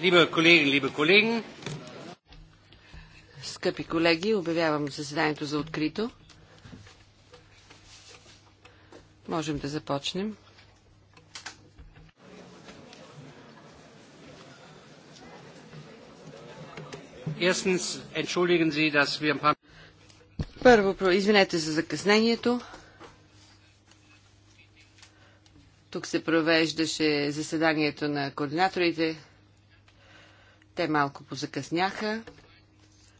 Liebe Kollegen, liebe Kollegen. Скъпи колеги, обявявам заседанието за открито. Можем да започнем. Erstens, entschuldigen Sie, dass wir ein paar... Първо, извинете за закъснението. Тук се провеждаше заседанието на координаторите те малко позакъсняха.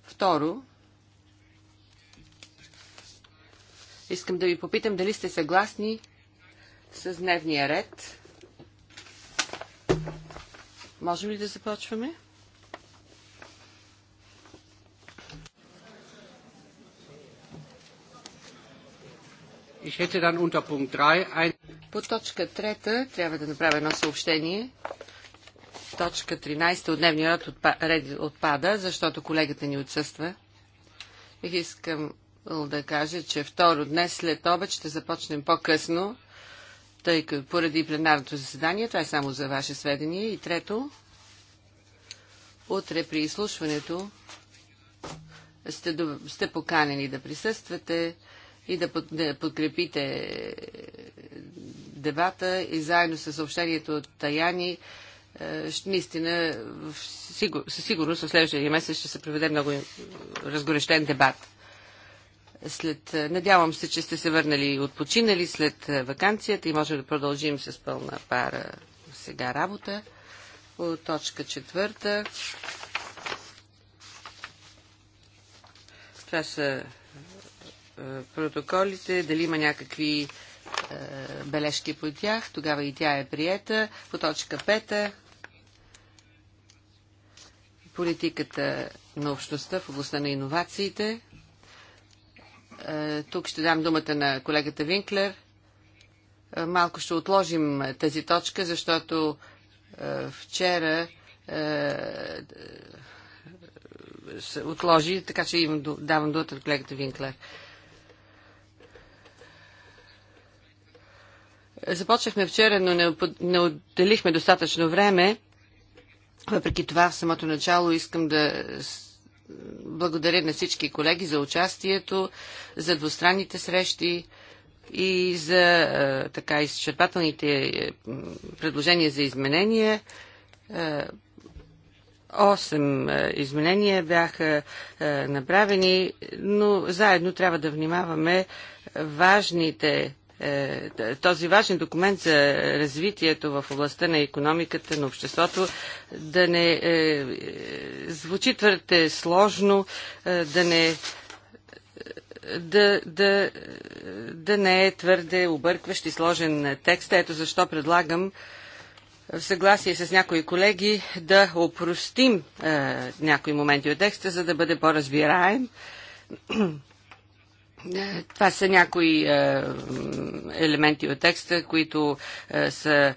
Второ, искам да ви попитам дали сте съгласни с дневния ред. Можем ли да започваме? По точка трета трябва да направя едно съобщение. Точка 13 от дневния ред отпада, защото колегата ни отсъства. Бих искам да кажа, че второ днес след обед ще започнем по-късно, тъй като поради пленарното заседание, това е само за ваше сведение. И трето, утре при изслушването сте, сте поканени да присъствате и да, да подкрепите дебата и заедно с съобщението от Таяни е, наистина със сигурност в следващия месец ще се проведе много е, разгорещен дебат. След, е, надявам се, че сте се върнали и отпочинали след вакансията и можем да продължим с пълна пара сега работа. По точка четвърта. Това са протоколите, дали има някакви бележки по тях, тогава и тя е приета. По точка 5 политиката на общността в областта на иновациите. Е, тук ще дам думата на колегата Винклер. Е, малко ще отложим тази точка, защото е, вчера се отложи, така че имам давам думата на колегата Винклер. Започнахме вчера, но не отделихме достатъчно време. Въпреки това, в самото начало искам да благодаря на всички колеги за участието, за двустранните срещи и за така изчерпателните е, предложения за изменения. Осем изменения бяха направени, но заедно трябва да внимаваме важните е, този важен документ за развитието в областта на економиката, на обществото, да не е, е, звучи твърде сложно, да не да, да, да не е твърде объркващ и сложен текст. Ето защо предлагам в съгласие с някои колеги да опростим е, някои моменти от текста, за да бъде по-разбираем е, това са някои е, елементи от текста, които е, са.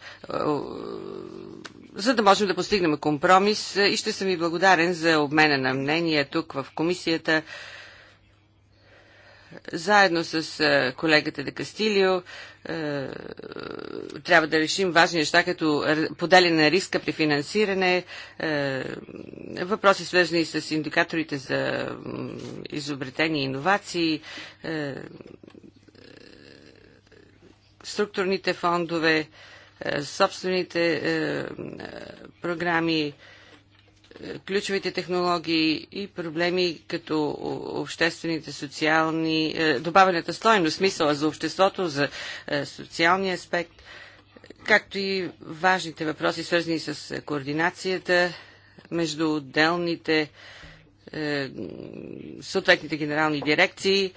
за да можем да постигнем компромис и ще съм ви благодарен за обмена на мнение тук в комисията. Заедно с е, колегата Де Кастилио е, трябва да решим важни неща, като поделяне на риска при финансиране, е, въпроси свързани с индикаторите за изобретени иновации, структурните фондове, собствените програми, ключовите технологии и проблеми като обществените, социални, е, добавената стойност, смисъла за обществото, за е, социалния аспект, както и важните въпроси, свързани с е, координацията между отделните съответните генерални дирекции.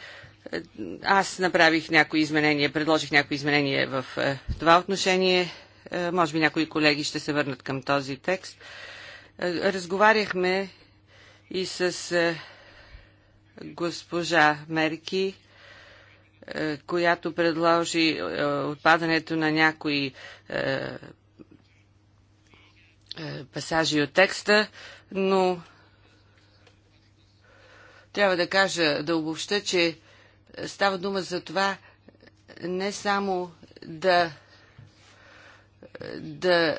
Аз направих някои изменения, предложих някои изменения в това отношение. Може би някои колеги ще се върнат към този текст. Разговаряхме и с е, госпожа Мерки, е, която предложи е, отпадането на някои пасажи от текста, но трябва да кажа, да обобща, че става дума за това не само да да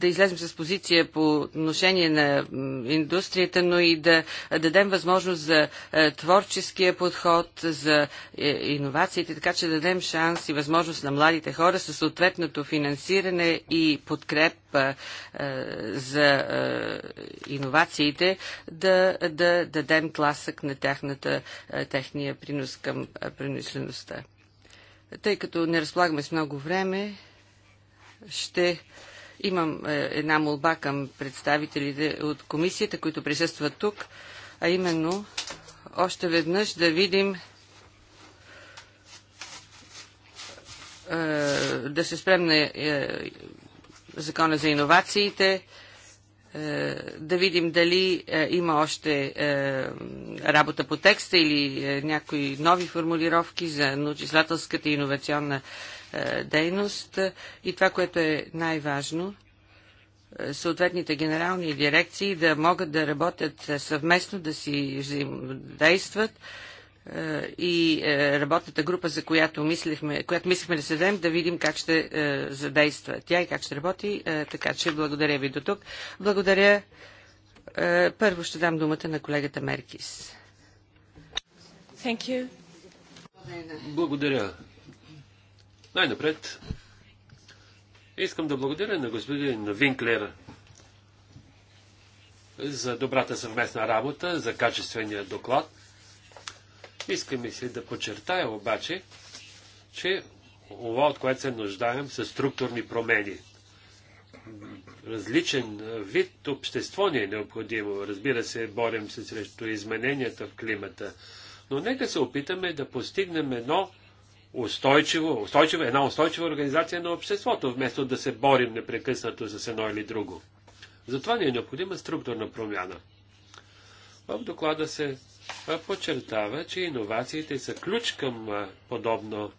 да излезем с позиция по отношение на индустрията, но и да дадем възможност за е, творческия подход, за е, иновациите, така че да дадем шанс и възможност на младите хора със съответното финансиране и подкреп е, за иновациите да, да дадем тласък на тяхната, техния принос към принесеността. Тъй като не разполагаме с много време, ще Имам е, една молба към представителите от комисията, които присъстват тук, а именно още веднъж да видим е, да се спрем на е, закона за иновациите, да видим дали има още работа по текста или някои нови формулировки за научислателската и иновационна е, дейност и това, което е най-важно, е, съответните генерални дирекции да могат да работят е, съвместно, да си взаимодействат и работната група, за която мислихме, която мислихме да седем, да видим как ще задейства тя и как ще работи. Така че благодаря ви до тук. Благодаря. Първо ще дам думата на колегата Меркис. Благодаря. Най-напред искам да благодаря на господин Винклер за добрата съвместна работа, за качествения доклад. Искам и се да подчертая обаче, че това, от което се нуждаем, са структурни промени. Различен вид общество ни е необходимо. Разбира се, борим се срещу измененията в климата. Но нека се опитаме да постигнем едно устойчиво, устойчиво, една устойчива организация на обществото, вместо да се борим непрекъснато с едно или друго. Затова ни е необходима структурна промяна. В доклада се подчертава, че иновациите са ключ към подобно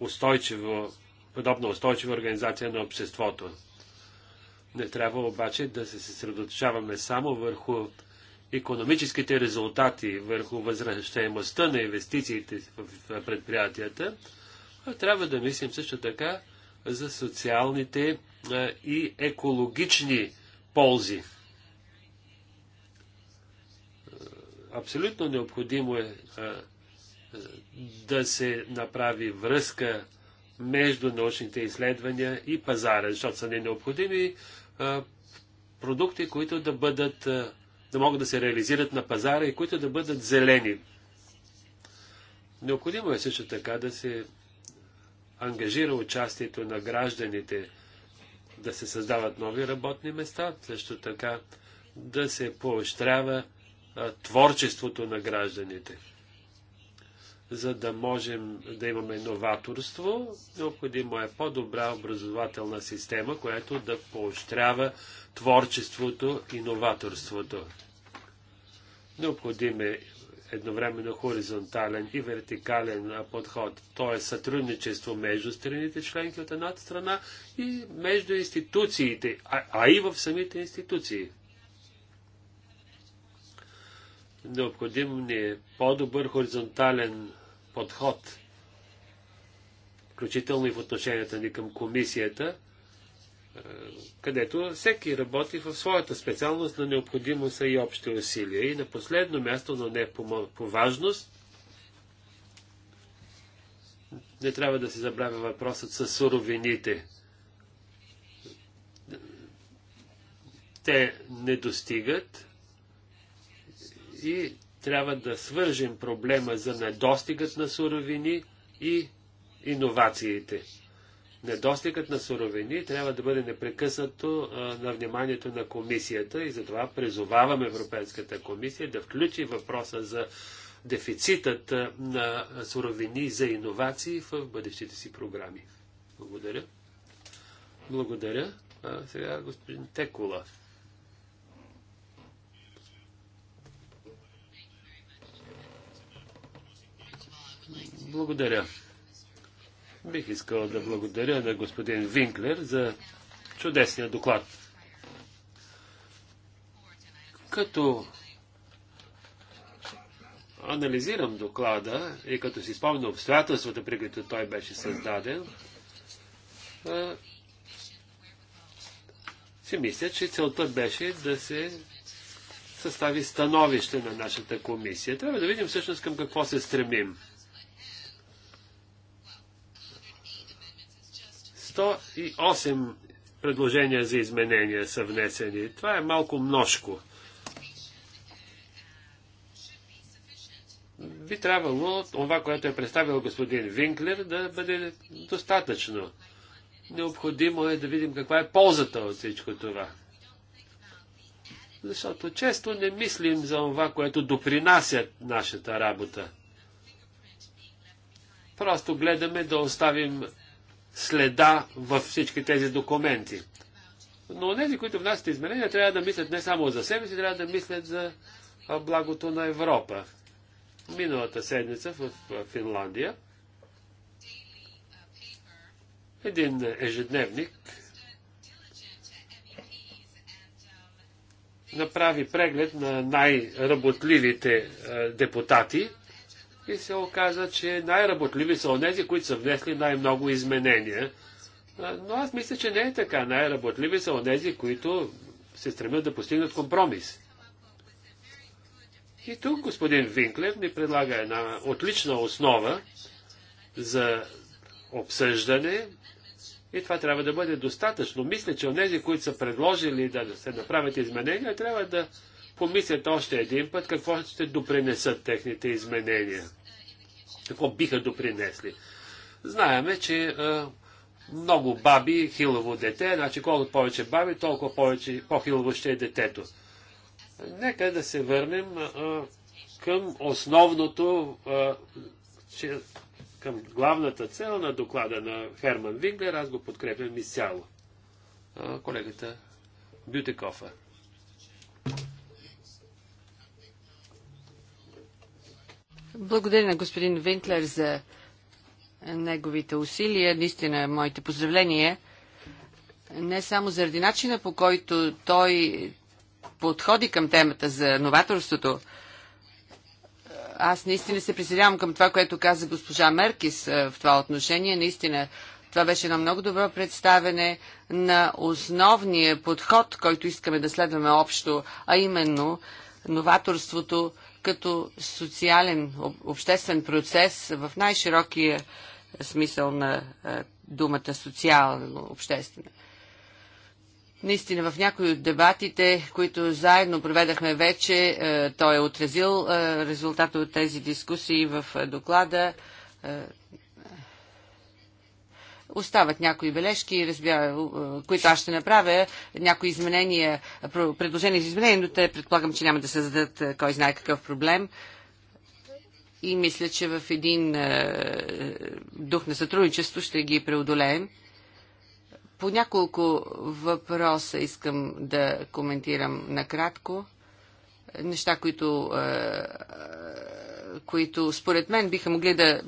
устойчиво, подобна устойчива организация на обществото. Не трябва обаче да се съсредоточаваме само върху економическите резултати върху възвръщаемостта на инвестициите в предприятията, а трябва да мислим също така за социалните и екологични ползи. Абсолютно необходимо е да се направи връзка между научните изследвания и пазара, защото са необходими продукти, които да бъдат да могат да се реализират на пазара и които да бъдат зелени. Необходимо е също така да се ангажира участието на гражданите, да се създават нови работни места, също така да се поощрява творчеството на гражданите. За да можем да имаме новаторство, необходимо е по-добра образователна система, която да поощрява творчеството и новаторството. Необходим е едновременно хоризонтален и вертикален подход, т.е. сътрудничество между страните членки от едната страна и между институциите, а, а и в самите институции. Необходим ни е по-добър хоризонтален подход, включително и в отношенията ни към комисията, където всеки работи в своята специалност, но необходимо са и общи усилия. И на последно място, но не по, по важност, не трябва да се забравя въпросът с суровините. Те не достигат и трябва да свържем проблема за недостигът на суровини и иновациите недостигът на суровини трябва да бъде непрекъснато на вниманието на комисията и затова призоваваме Европейската комисия да включи въпроса за дефицитът на суровини за иновации в бъдещите си програми. Благодаря. Благодаря. А сега господин Текула. Благодаря. Бих искал да благодаря на господин Винклер за чудесния доклад. Като анализирам доклада и като си спомня обстоятелствата, при които той беше създаден, си мисля, че целта беше да се състави становище на нашата комисия. Трябва да видим всъщност към какво се стремим. 108 предложения за изменения са внесени. Това е малко множко. Би трябвало това, което е представил господин Винклер, да бъде достатъчно. Необходимо е да видим каква е ползата от всичко това. Защото често не мислим за това, което допринася нашата работа. Просто гледаме да оставим следа във всички тези документи. Но тези, които внасят изменения, трябва да мислят не само за себе си, трябва да мислят за благото на Европа. Миналата седмица в Финландия един ежедневник направи преглед на най-работливите депутати и се оказа, че най-работливи са онези, които са внесли най-много изменения. Но аз мисля, че не е така. Най-работливи са онези, които се стремят да постигнат компромис. И тук господин Винклев ни предлага една отлична основа за обсъждане и това трябва да бъде достатъчно. Мисля, че онези, които са предложили да се направят изменения, трябва да помислят още един път какво ще допринесат техните изменения. Какво биха допринесли. Знаеме, че а, много баби, хилово дете, значи колкото повече баби, толкова повече, по хилово ще е детето. Нека да се върнем а, към основното, а, че, към главната цел на доклада на Херман Винглер, аз го подкрепям изцяло. Колегата Бютекофа. Благодаря на господин Винтлер за неговите усилия. Наистина, моите поздравления. Не само заради начина по който той подходи към темата за новаторството. Аз наистина се присъединявам към това, което каза госпожа Меркис е, в това отношение. Наистина, това беше едно много добро представене на основния подход, който искаме да следваме общо, а именно новаторството като социален обществен процес в най-широкия смисъл на думата социално обществена. Наистина в някои от дебатите, които заедно проведахме вече, той е отразил резултата от тези дискусии в доклада. Остават някои бележки, разбира, е, които аз ще направя, някои изменения, предложения за изменения, но те предполагам, че няма да създадат е, кой знае какъв проблем. И мисля, че в един е, дух на сътрудничество ще ги преодолеем. По няколко въпроса искам да коментирам накратко. Неща, които които според мен биха могли да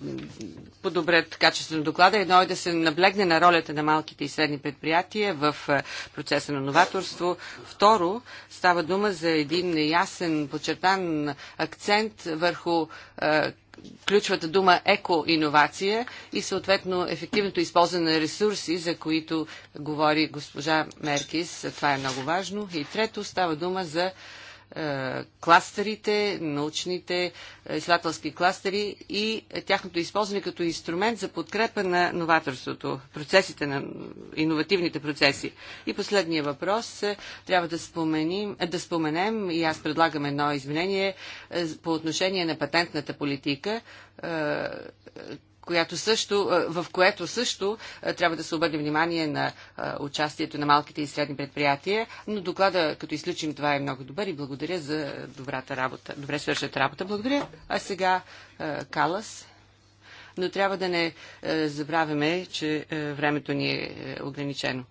подобрят качествено доклада. Едно е да се наблегне на ролята на малките и средни предприятия в е, процеса на новаторство. Второ, става дума за един ясен, подчертан акцент върху е, ключвата дума еко-инновация и съответно ефективното използване на ресурси, за които говори госпожа Меркис. Това е много важно. И трето, става дума за е, кластерите, научните е, изследователски кластери и тяхното използване като инструмент за подкрепа на новаторството, процесите на иновативните процеси. И последния въпрос е, трябва да, споменим, да споменем и аз предлагам едно изменение по отношение на патентната политика, която също, в което също трябва да се обърне внимание на участието на малките и средни предприятия. Но доклада, като изключим това, е много добър и благодаря за добрата работа. Добре свършата работа. Благодаря. А сега Калас. Но трябва да не забравяме, че времето ни е, е ограничено.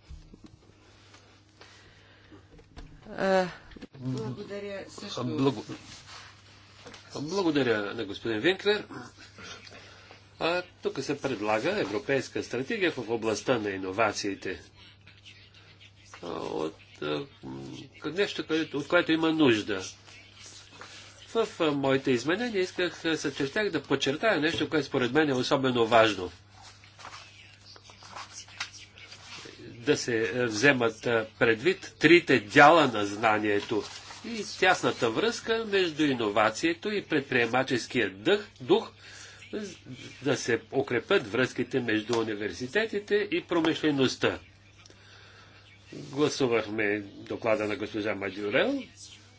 Благодаря също. Благодаря на господин Винклер. А, тук се предлага европейска стратегия в областта на иновациите. От нещо, от което има нужда. В моите изменения исках, съчетях да подчертая нещо, което според мен е особено важно. Да се вземат предвид трите дяла на знанието и тясната връзка между иновацието и предприемаческия дух, да се укрепят връзките между университетите и промишлеността. Гласувахме доклада на госпожа Мадюрел,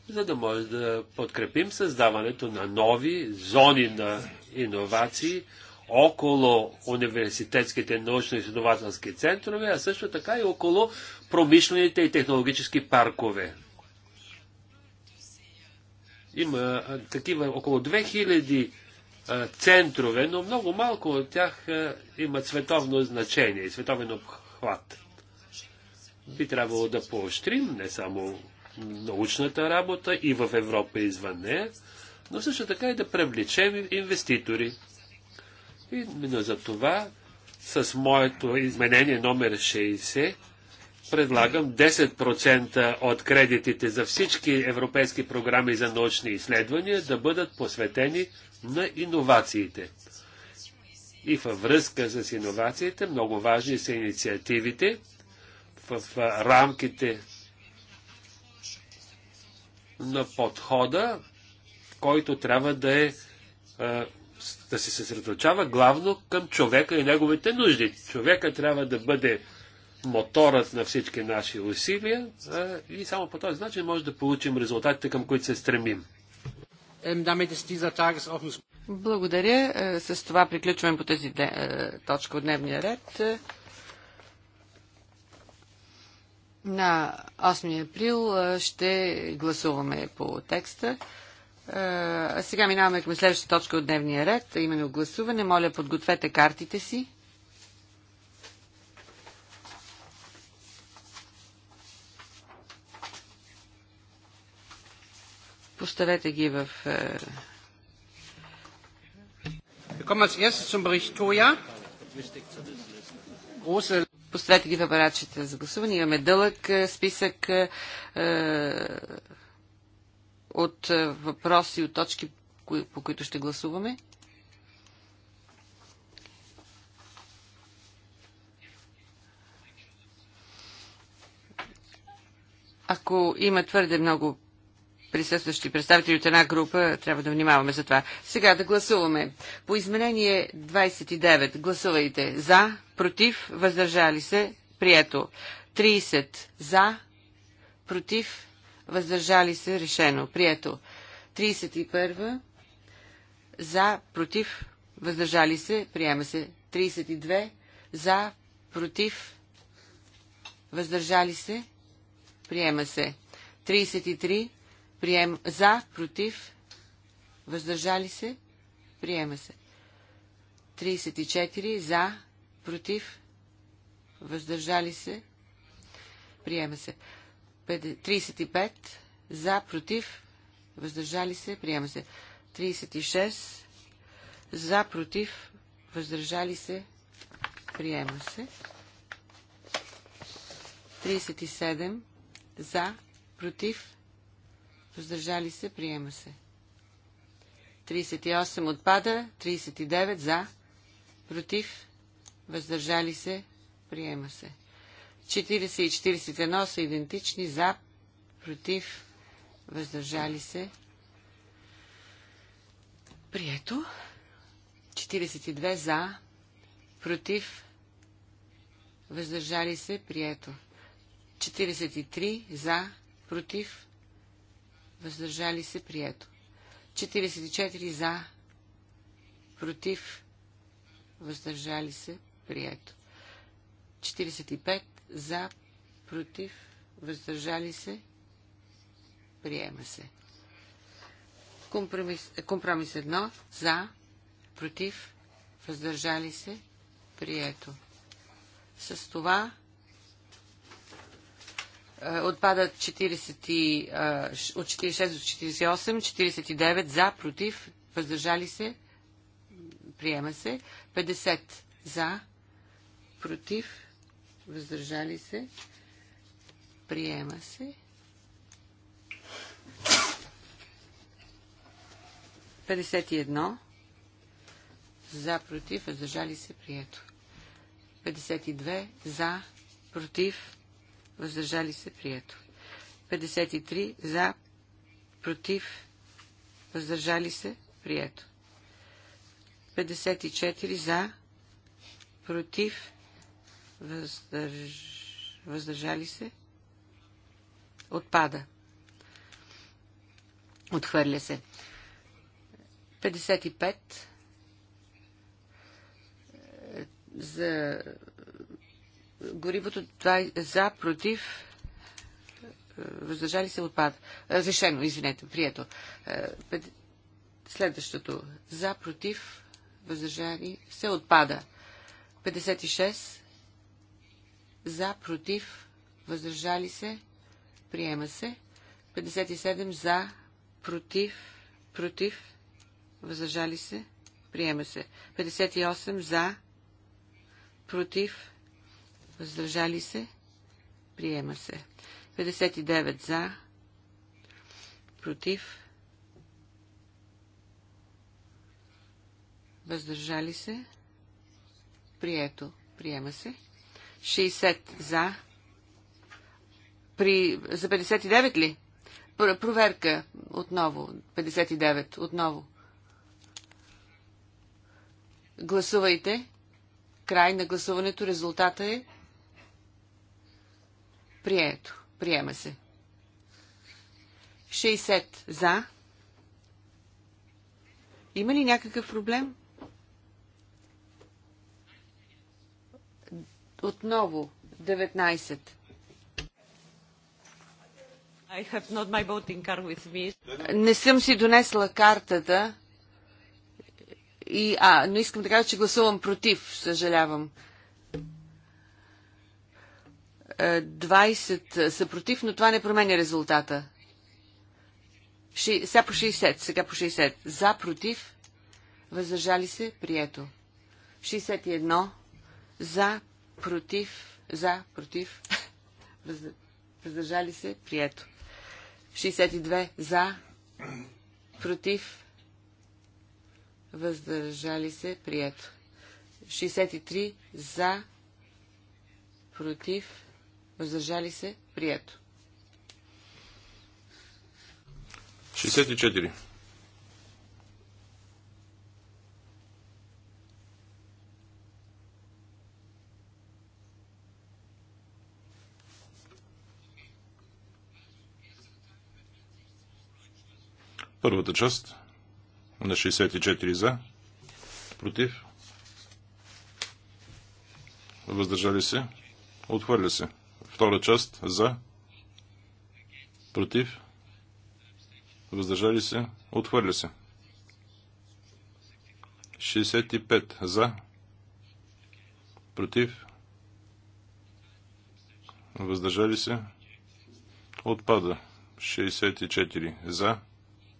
за да може да подкрепим създаването на нови зони на иновации около университетските научно-изследователски центрове, а също така и около промишлените и технологически паркове. Има такива около 2000 центрове, но много малко от тях имат световно значение, и световен обхват. Би трябвало да поощрим не само научната работа и в Европа извън нея, но също така и да привлечем инвеститори. Именно за това с моето изменение номер 60 предлагам 10% от кредитите за всички европейски програми за научни изследвания да бъдат посветени на иновациите. И във връзка с иновациите много важни са инициативите в рамките на подхода, който трябва да е да се съсредоточава главно към човека и неговите нужди. Човека трябва да бъде моторът на всички наши усилия и само по този начин може да получим резултатите, към които се стремим. Благодаря. Е, с това приключваме по тази е, точка от дневния ред. Е, на 8 април ще гласуваме по текста. А сега минаваме към следващата точка от дневния ред, именно гласуване. Моля, подгответе картите си. Поставете ги в... Е, Поставете ги в апаратчета за гласуване. Имаме дълъг е, списък е, от въпроси, от точки, по които ще гласуваме. Ако има твърде много присъстващи представители от една група, трябва да внимаваме за това. Сега да гласуваме. По изменение 29 гласувайте за, против, въздържали се, прието. 30 за, против, въздържали се, решено, прието. 31 за, против, въздържали се, приема се. 32 за, против, въздържали се, приема се. 33 Прием за, против, въздържали се, приема се. 34 за, против, въздържали се, приема се. 35 за, против, въздържали се, приема се. 36 за, против, въздържали се, приема се. 37 за, против, Въздържали се. Приема се. 38 отпада. 39 за. Против. Въздържали се. Приема се. 40 и 41 са идентични. За. Против. Въздържали се. Прието. 42 за. Против. Въздържали се. Прието. 43 за. Против въздържали се, прието. 44 за, против, въздържали се, прието. 45 за, против, въздържали се, приема се. Компромис, компромис 1 за, против, въздържали се, прието. С това е, отпадат 40, е, от 46 до 48, 49 за, против, въздържали се, приема се. 50 за, против, въздържали се, приема се. 51 за, против, въздържали се, прието. 52 за, против, въздържали се, прието. 53 за, против, въздържали се, прието. 54 за, против, въздърж... въздържали се, отпада. Отхвърля се. 55 за горивото това е за, против, е, въздържали се отпада. Разрешено, е, извинете, прието. Е, следващото. За, против, въздържали се отпада. 56. За, против, въздържали се, приема се. 57. За, против, против, въздържали се, приема се. 58. За, против, Въздържали се? Приема се. 59 за. Против. Въздържали се? Прието. Приема се. 60 за. При... За 59 ли? Проверка отново. 59. Отново. Гласувайте. Край на гласуването. Резултата е Прието. Приема се. 60 за. Има ли някакъв проблем? Отново 19. I have not my voting card with me. Не съм си донесла картата. И, а, но искам да кажа, че гласувам против. Съжалявам. 20 са против, но това не променя резултата. сега по 60, сега по 60. За, против, въздържали се, прието. 61. За, против, за, против, въздържали се, прието. 62. За, против, въздържали се, прието. 63. За, против, въздържали се, прието. 64. Първата част на 64 за, против, въздържали се, отхвърля се. Втора част за. Против. Въздържали се. Отхвърля се. 65 за. Против. Въздържали се. Отпада. 64 за.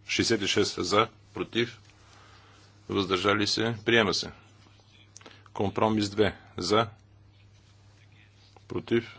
66 за. Против. Въздържали се. Приема се. Компромис 2 за. Против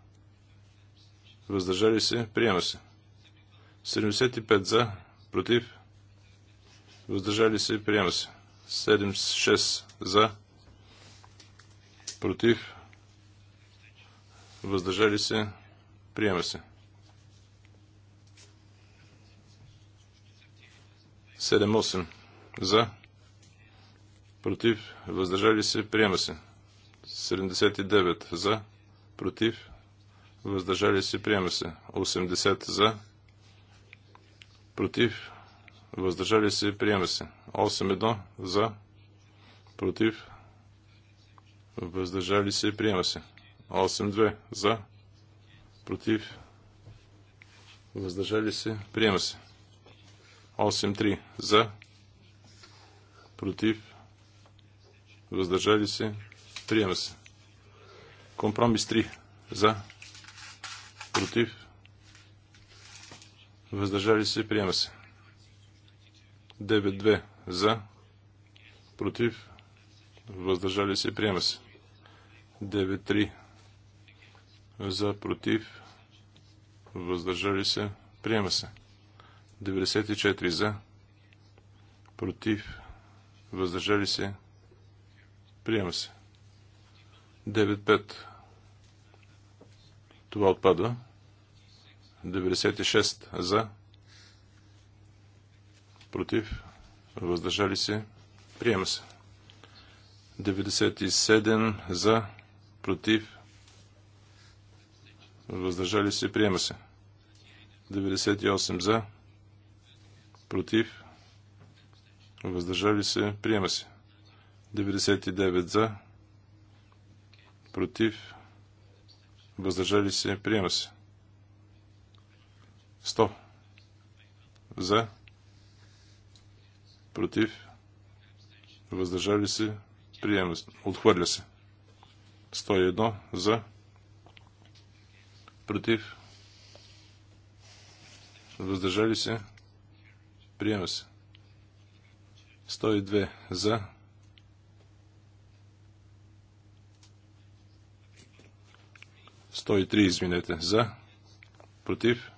въздържали се, приема се. 75 за, против, въздържали се, приема се. 76 за, против, въздържали се, приема се. 78 за, против, въздържали се, приема се. 79 за, против, въздържали се, приема се. 80 за, против, въздържали се, приема се. 8-1 за, против, въздържали се, приема се. 8-2 за, против, въздържали се, приема се. 8-3 за, против, въздържали се, приема се. Компромис 3 за, против, въздържали се, приема се. 9-2 за, против, въздържали се, приема се. 9-3 за, против, въздържали се, приема се. 94 за, против, въздържали се, приема се. 9-5 това отпада. 96 за. Против. Въздържали се. Приема се. 97 за. Против. Въздържали се. Приема се. 98 за. Против. Въздържали се. Приема се. 99 за. Против въздържали се, приема се. 100 за, против, въздържали се, приема се, отхвърля се. 101 за, против, въздържали се, приема се. 102 за, против, 103, извинете, за, против,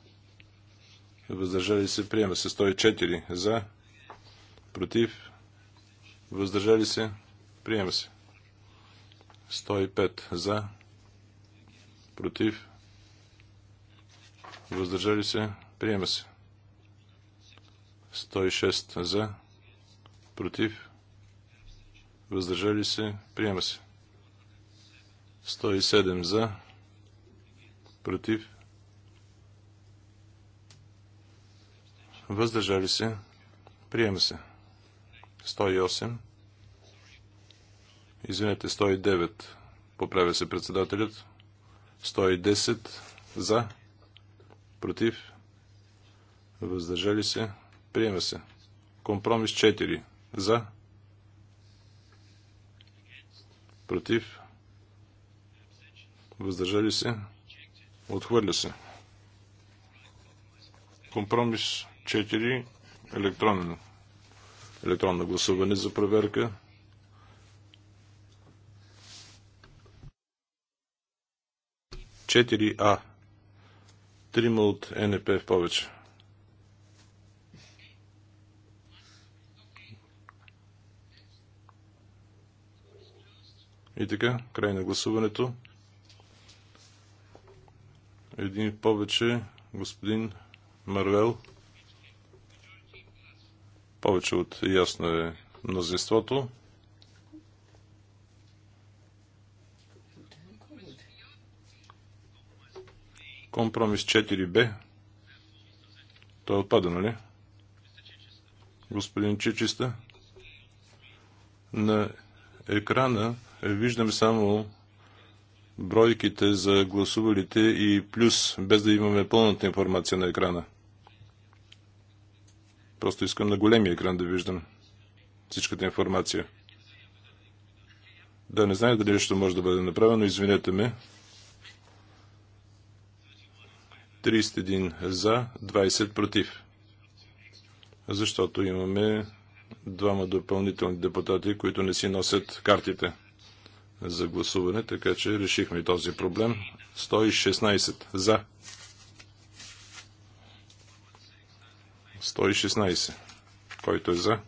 въздържали се, приема се 104 за, против, въздържали се, приема се 105 за, против, въздържали се, приема се 106 за, против, въздържали се, приема се 107 за, против, въздържали се, приема се. 108, извинете, 109, поправя се председателят, 110 за, против, въздържали се, приема се. Компромис 4 за, против, въздържали се, Отхвърля се. Компромис 4. Електронно. Електронно гласуване за проверка. Четири А. Трима от НП в повече. И така, край на гласуването. Един повече, господин Марвел. Повече от ясно е мнозинството. Компромис 4Б. Той е отпада, нали? Господин Чичиста. На екрана виждам само бройките за гласувалите и плюс, без да имаме пълната информация на екрана. Просто искам на големия екран да виждам всичката информация. Да, не знае дали нещо може да бъде направено, извинете ме. 31 за, 20 против. Защото имаме двама допълнителни депутати, които не си носят картите за гласуване, така че решихме този проблем. 116 за. 116. Който е за?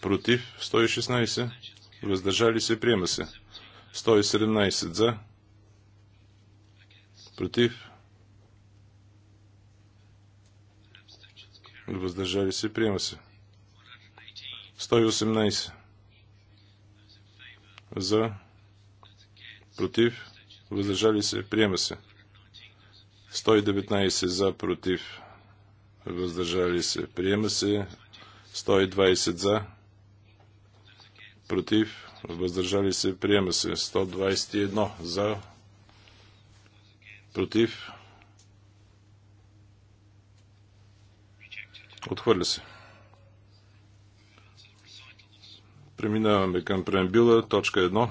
Против 116. Въздържали се, приема се. 117 за. Против. Въздържали се, приема се. 118 за, против, въздържали се, приема се. 119 за, против, въздържали се, приема се. 120 за, против, въздържали се, приема се. 121 за, против, отхвърля се. Преминаваме към преамбила, точка 1,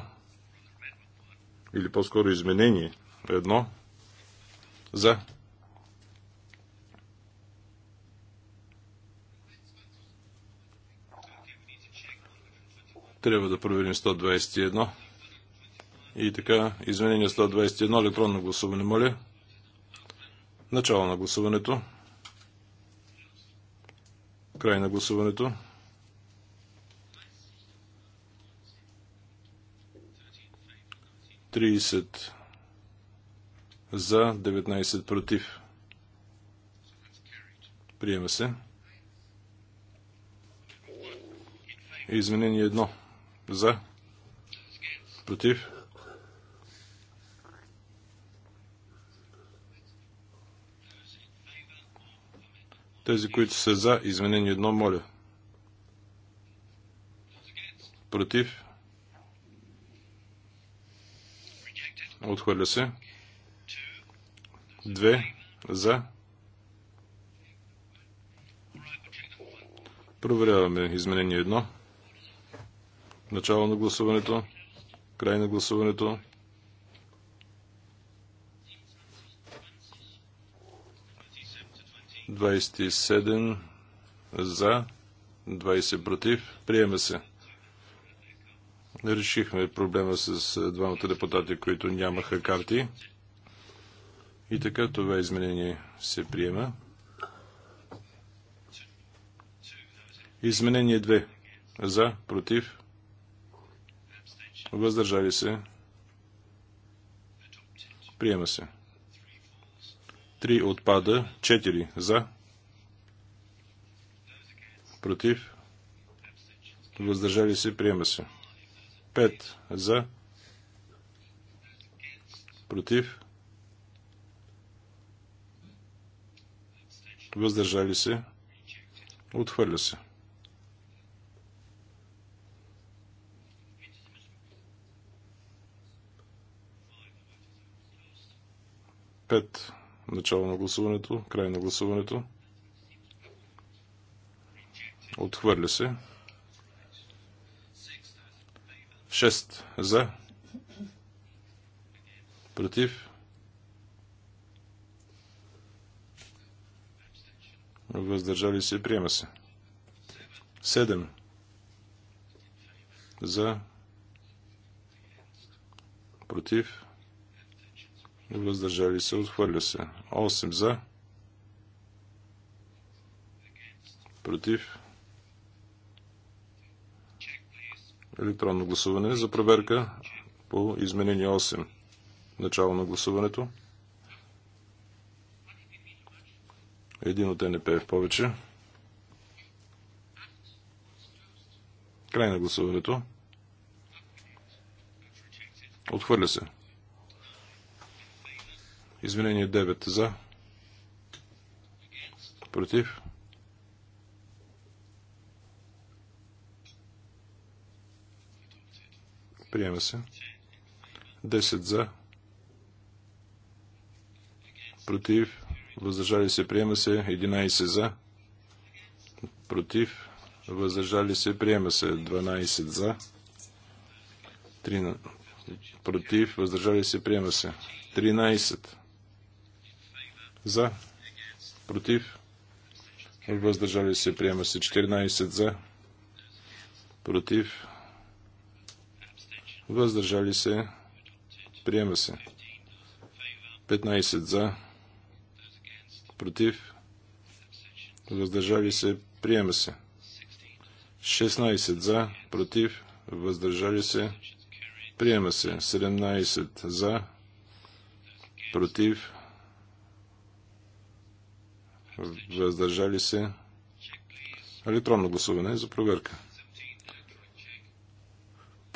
или по-скоро изменение 1, за Трябва да проверим 121. И така, изменение 121, електронно гласуване, моля. Начало на гласуването. Край на гласуването. 30 за, 19 против. Приема се. Изменение 1 за, против. Тези, които са за изменение 1, моля. Против. Отхвърля се. 2 за. Проверяваме изменение едно. Начало на гласуването. Край на гласуването. Двадесет и седем за, 20 против. Приема се решихме проблема с двамата депутати, които нямаха карти. И така това изменение се приема. Изменение 2. За, против, въздържали се, приема се. 3 отпада, 4 за, против, въздържали се, приема се. 5 за, против, въздържали се, отхвърля се. Пет. Начало на гласуването, край на гласуването. Отхвърля се. 6 за, против, въздържали се, приема се. 7 за, против, въздържали се, отхвърля се. 8 за, против, електронно гласуване за проверка по изменение 8. Начало на гласуването. Един от НП в повече. Край на гласуването. Отхвърля се. Изменение 9 за. Против. Приема се. 10 за. Против. Въздържали се. Приема се. 11 за. Против. Въздържали се. Приема се. 12 за. 3 против. Въздържали се. Приема се. 13 за. Против. Въздържали се. Приема се. 14 за. Против въздържали се, приема се. 15 за, против, въздържали се, приема се. 16 за, против, въздържали се, приема се. 17 за, против, въздържали се. Електронно гласуване за проверка.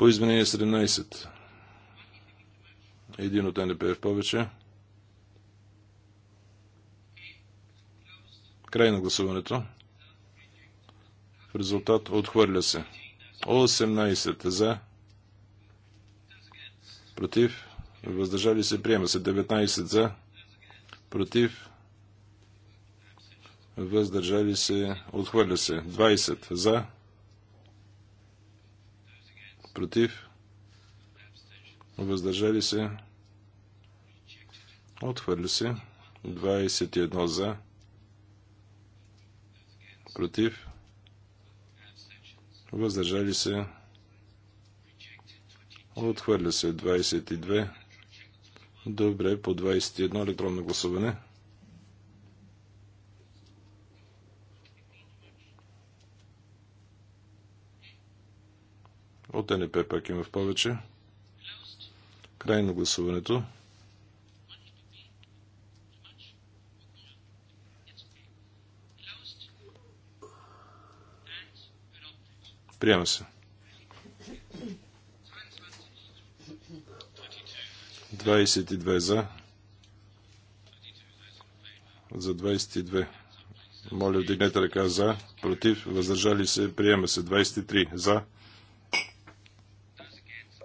По изменение 17. Един от НДПФ повече. Край на гласуването. В резултат отхвърля се. 18 за. Против. Въздържали се. Приема се. 19 за. Против. Въздържали се. Отхвърля се. 20 за против, въздържали се, отхвърли се, 21 за, против, въздържали се, отхвърля се 22. Добре, по 21 електронно гласуване. От НП пак има в повече. Край на гласуването. Приема се. 22 за. За 22. Моля, вдигнете ръка за. Против. Въздържали се. Приема се. 23 за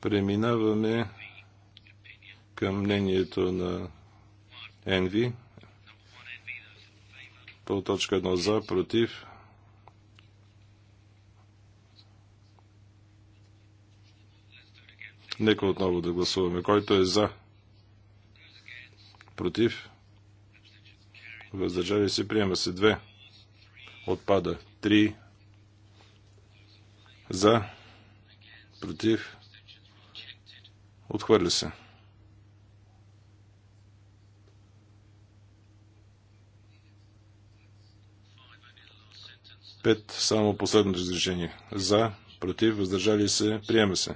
Преминаваме към мнението на Енви. По точка 1 за, против. Нека отново да гласуваме. Който е за? Против? Въздържали се, приема се. 2. Отпада. Три. За. Против. Отхвърля се. Пет, само последното изречение. За, против, въздържали се, приема се.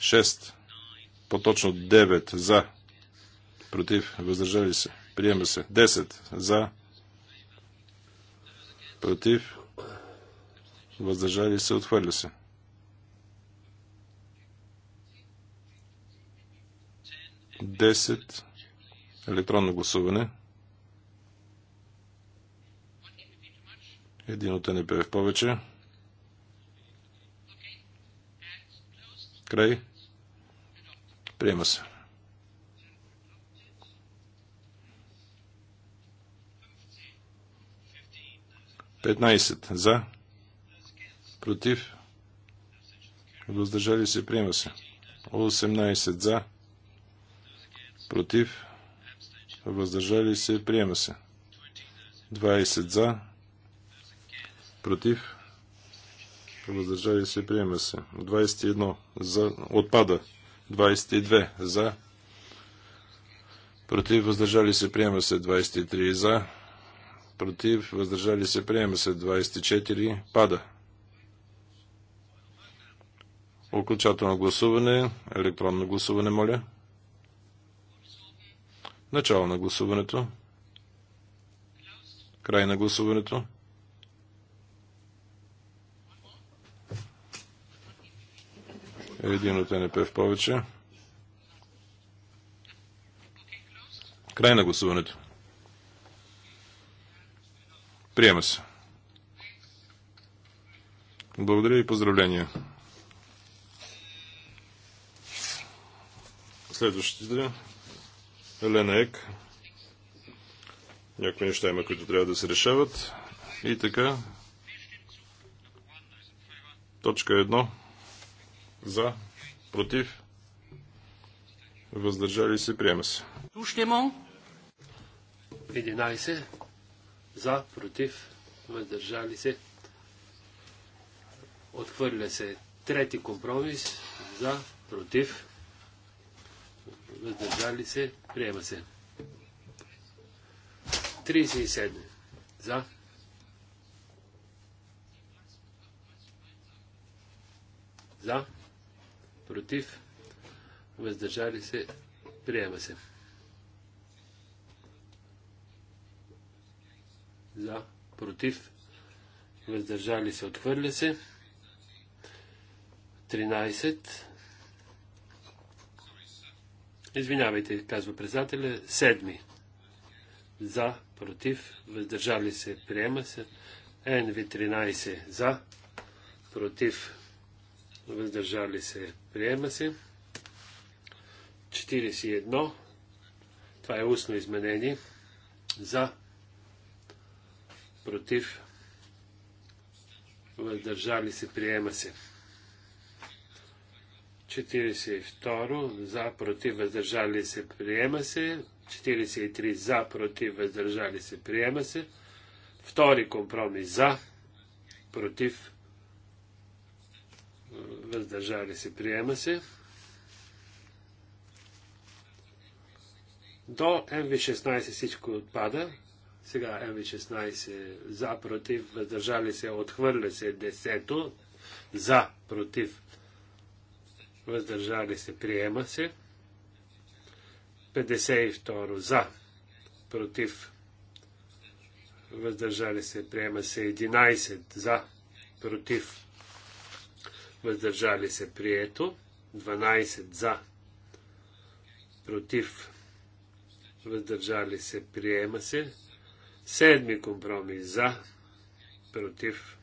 Шест, по-точно девет, за, против, въздържали се, приема се. Десет, за, против, въздържали се, отхвърля се. 10. Електронно гласуване. Един от НП в повече. Край. Приема се. 15 за, против, въздържали се, приема се. Осемнайсет. за, против, въздържали се, приема се. 20 за, против, въздържали се, приема се. 21 за, отпада. 22 за, против, въздържали се, приема се. 23 за, против, въздържали се, приема се. 24 пада. Окончателно гласуване, електронно гласуване, моля. Начало на гласуването. Край на гласуването. Един от НП в повече. Край на гласуването. Приема се. Благодаря и поздравления. Следващите Елена Някои неща има, които трябва да се решават. И така. Точка 1. За. Против. Въздържали се. Приема се. 11. За. Против. Въздържали се. Отхвърля се. Трети компромис. За. Против въздържали се, приема се. 37 за. За. Против. Въздържали се. Приема се. За. Против. Въздържали се. Отхвърля се. 13. Извинявайте, казва председателя. Седми. За, против, въздържали се, приема се. НВ-13 за, против, въздържали се, приема се. 41. Това е устно изменение. За, против, въздържали се, приема се. 42 за, против, въздържали се, приема се. 43 за, против, въздържали се, приема се. Втори компромис за, против, въздържали се, приема се. До МВ-16 всичко отпада. Сега МВ-16 за, против, въздържали се, отхвърля се, десето, за, против, въздържали се, приема се. 52 за, против, въздържали се, приема се 11 за, против, въздържали се, прието, 12 за, против, въздържали се, приема се, седми компромис за, против,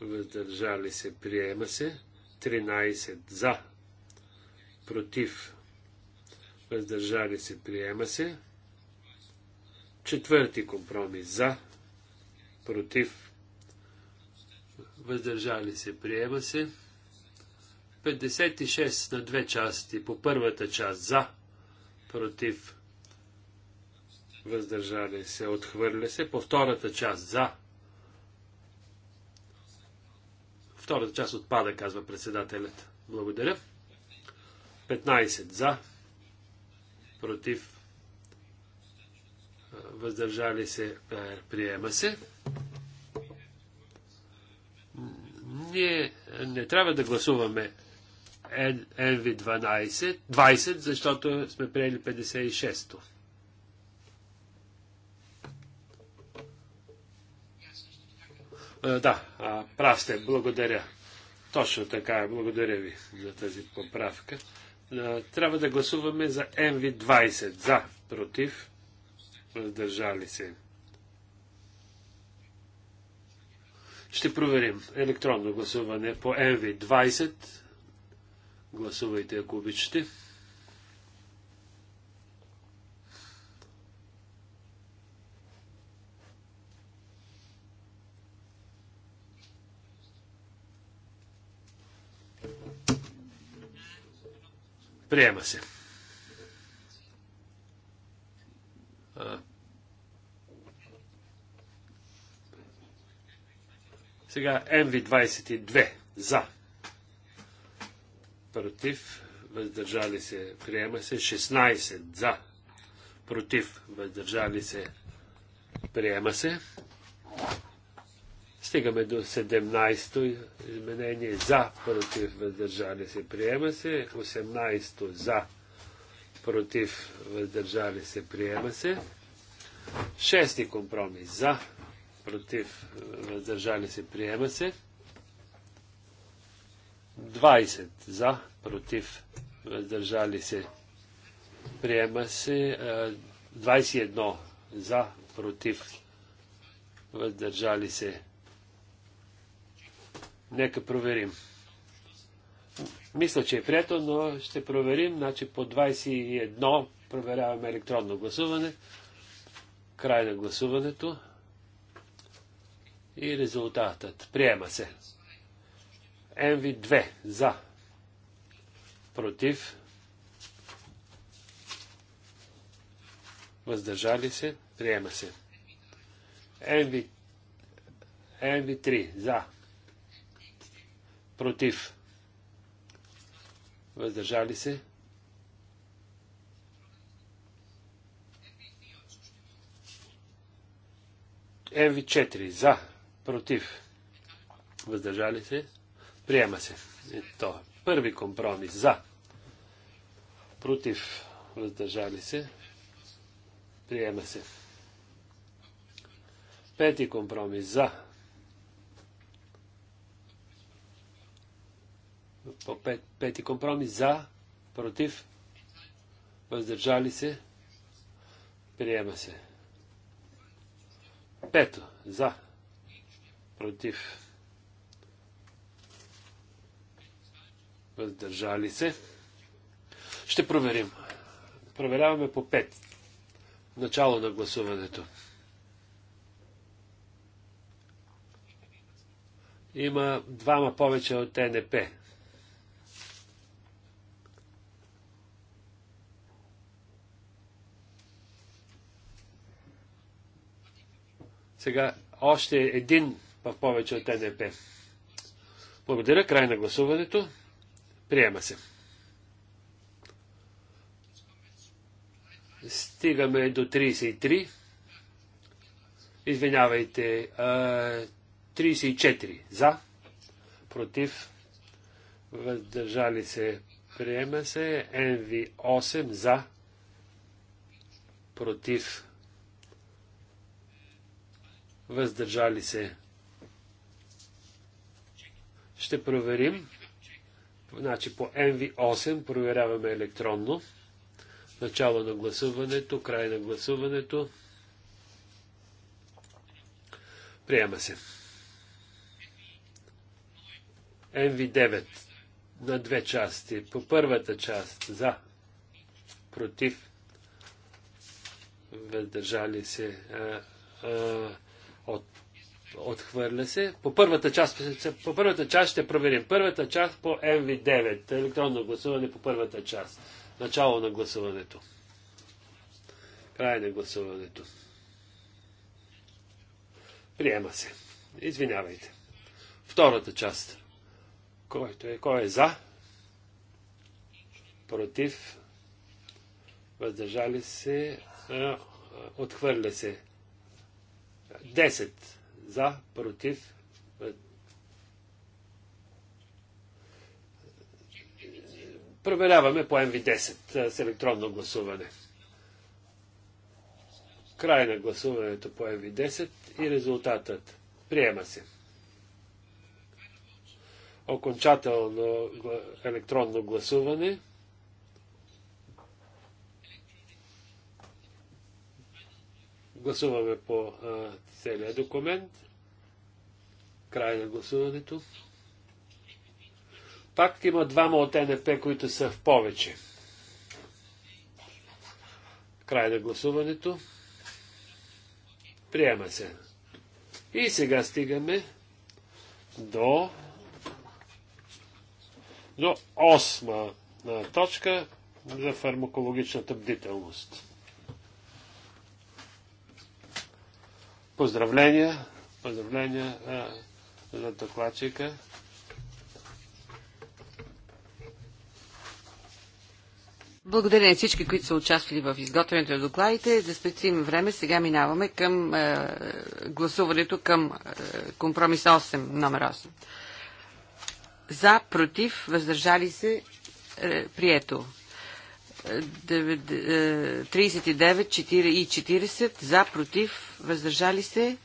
въздържали се, приема се, 13 за, против, въздържали се, приема се. Четвърти компромис за, против, въздържали се, приема се. 56 на две части, по първата част за, против, въздържали се, отхвърля се, по втората част за, Втората част отпада, казва председателят. Благодаря. 15 за, против, въздържали се, приема се. Ние не трябва да гласуваме NV12, 20, защото сме приели 56-то. Е, да, прав сте, благодаря. Точно така благодаря ви за тази поправка. Е, трябва да гласуваме за МВ-20. За, против, въздържали се. Ще проверим електронно гласуване по МВ-20. Гласувайте, ако обичате. Приема се. Сега МВ-22 за. Против. Въздържали се. Приема се. 16 за. Против. Въздържали се. Приема се. Стигаме до 17-то изменение за, против, въздържали се, приема се. 18-то за, против, въздържали се, приема се. Шести компромис за, против, въздържали се, приема се. 20 за, против, въздържали се, приема се. 21 за, против, въздържали се, Нека проверим. Мисля, че е прието, но ще проверим. Значи по 21 проверяваме електронно гласуване. Край на гласуването. И резултатът. Приема се. МВ2 за. Против. Въздържали се. Приема се. МВ... 3 за против, въздържали се. Еви 4 за, против, въздържали се, приема се. Ето. Е. първи компромис за, против, въздържали се, приема се. Пети компромис за, По пет, пети компромис за, против, въздържали се, приема се. Пето, за, против, въздържали се. Ще проверим. Проверяваме по 5. Начало на гласуването. Има двама повече от ТНП. Сега още един в повече от НДП. Благодаря. Край на гласуването. Приема се. Стигаме до 33. Извинявайте, 34 за, против, въздържали се, приема се, NV8 за, против, въздържали се. Ще проверим. Значи по mv 8 проверяваме електронно. Начало на гласуването, край на гласуването. Приема се. mv 9 на две части. По първата част за, против, въздържали се. А, а, от, отхвърля се. По първата, част, по първата част ще проверим. Първата част по MV9. Електронно гласуване по първата част. Начало на гласуването. Край на гласуването. Приема се. Извинявайте. Втората част. Който е, кой е за? Против? Въздържали се? Отхвърля се. 10 за, против. Е, проверяваме по МВ-10 е, с електронно гласуване. Край на гласуването по МВ-10 и резултатът. Приема се. Окончателно електронно гласуване – Гласуваме по целия целият документ. Край на гласуването. Пак има двама от НП, които са в повече. Край на гласуването. Приема се. И сега стигаме до, до осма точка за фармакологичната бдителност. Поздравления, поздравления а, за докладчика. Благодаря на всички, които са участвали в изготвянето на докладите. За специфим време сега минаваме към е, гласуването към е, компромис 8, номер 8. За, против, въздържали се, е, прието. 39 е, и 40 за, против, въздържали се.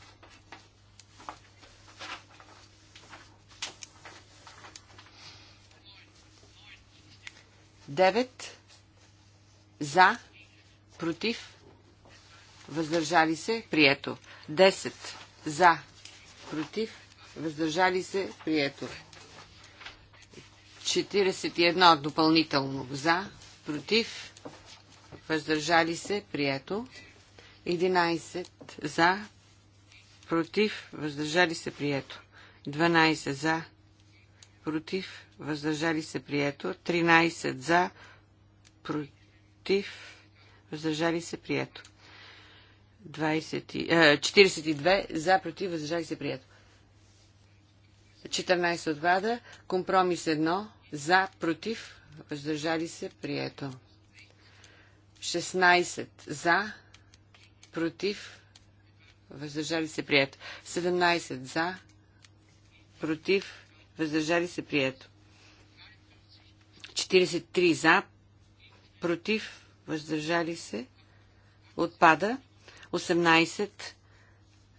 Девет за, против, въздържали се, прието. 10 за, против, въздържали се, прието. 41 допълнително за, против, въздържали се, прието. 11 за, против, въздържали се, прието. 12 за, против, въздържали се, прието. 13 за, против, въздържали се, прието. 42 за, против, въздържали се, прието. 14 отвада, компромис 1, за, против, въздържали се, прието. 16 за, против, въздържали се, прието. 17 за, против, въздържали се, прието. 43 за, против, въздържали се, отпада. 18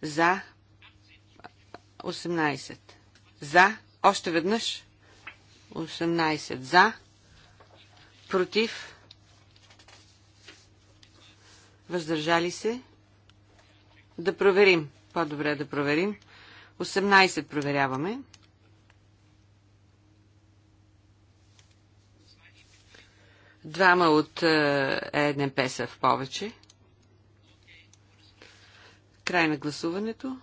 за, 18 за, още веднъж, 18 за, против, въздържали се. Да проверим. По-добре да проверим. 18 проверяваме. Двама от ЕНП е са в повече. Край на гласуването.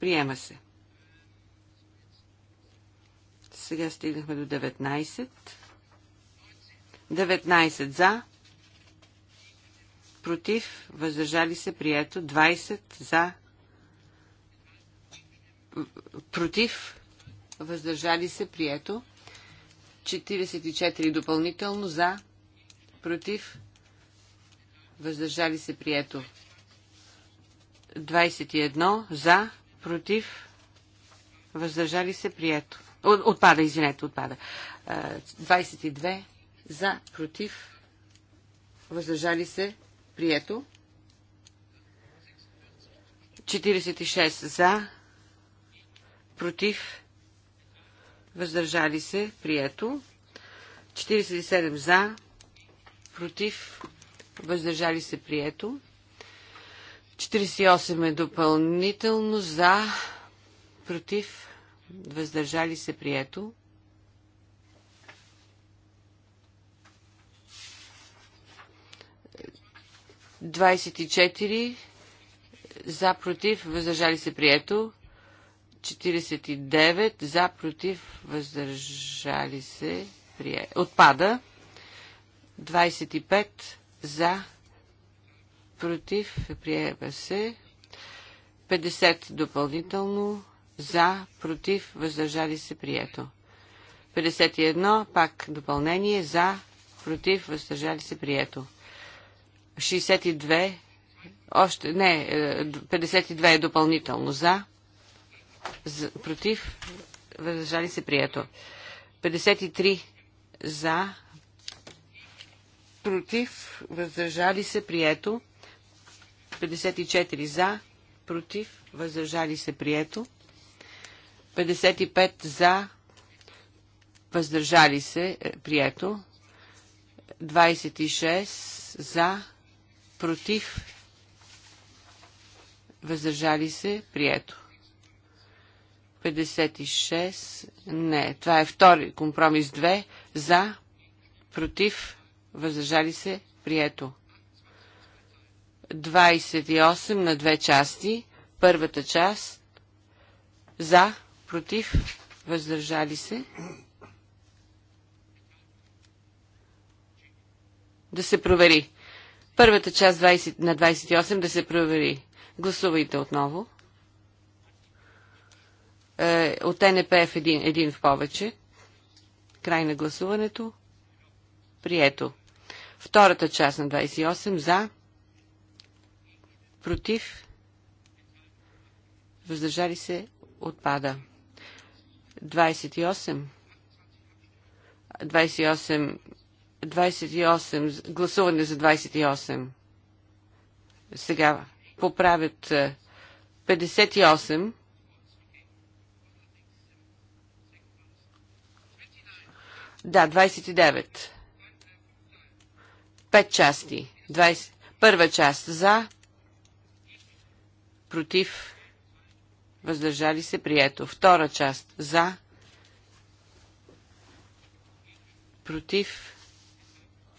Приема се. Сега стигнахме до 19. 19 за, против, въздържали се, прието. 20 за, против, въздържали се, прието. 44 допълнително за, против, въздържали се, прието. 21 за, против, въздържали се, прието. Отпада, извинете, отпада. 22 е, за, против, въздържали се, прието. 46 за, против, въздържали се, прието. 47 за, против, въздържали се, прието. 48 е допълнително за, против, въздържали се, прието. 24 за, против, въздържали се, прието. 49 за, против, въздържали се, прието. Отпада. 25 за, против, приема се. 50 допълнително за, против, въздържали се, прието. 51 пак допълнение за, против, въздържали се, прието. 62, още, не, 52 е, е допълнително за, за против, въздържали се прието. 53 за, против, въздържали се прието. 54 за, против, въздържали се прието. 55 за, въздържали се е, прието. 26 за, против, въздържали се, прието. 56, не, това е втори компромис 2, за, против, въздържали се, прието. 28 на две части, първата част, за, против, въздържали се. Да се провери. Първата част 20, на 28 да се провери. Гласувайте отново. Е, от НПФ един, един в повече. Край на гласуването. Прието. Втората част на 28 за. Против. Въздържали се. Отпада. 28. 28 28, гласуване за 28. Сега поправят 58. Е, да, 29. Пет части. 20. Първа част за, против, въздържали се, прието. Втора част за, против,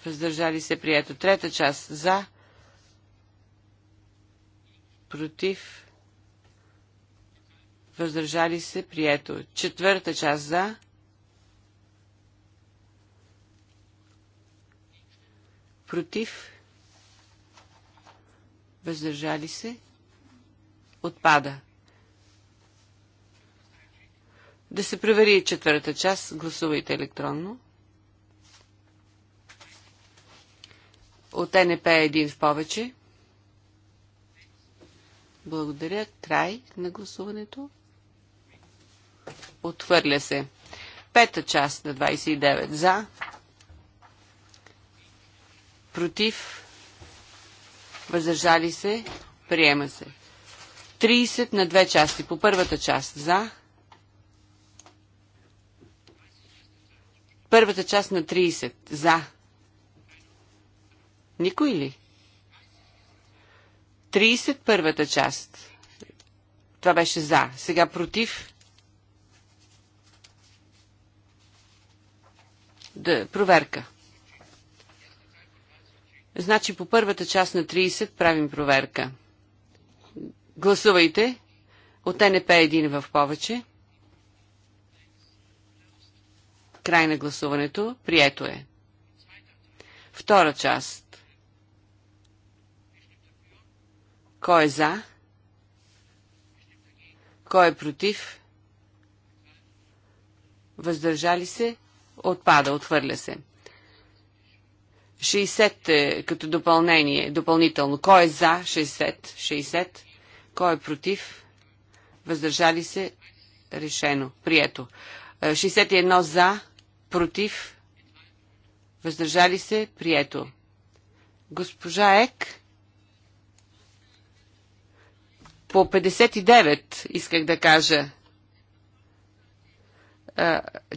въздържали се, прието. Трета част за, против, въздържали се, прието. Четвърта част за, против, въздържали се, отпада. Да се провери четвърта част, гласувайте електронно. От НП е един в повече. Благодаря. Край на гласуването. Отхвърля се. Пета част на 29 за. Против. Въздържали се. Приема се. 30 на две части. По първата част за. Първата част на 30 за. Никой ли? 31-та част. Това беше за. Сега против. Да, проверка. Значи по първата част на 30 правим проверка. Гласувайте. От НП е един в повече. Край на гласуването. Прието е. Втора част. Кой е за? Кой е против? Въздържали се? Отпада, отхвърля се. 60 като допълнение, допълнително. Кой е за 60? 60. Кой е против? Въздържали се? Решено. Прието. 61 е, за, против, въздържали се, прието. Госпожа Ек, по 59, исках да кажа.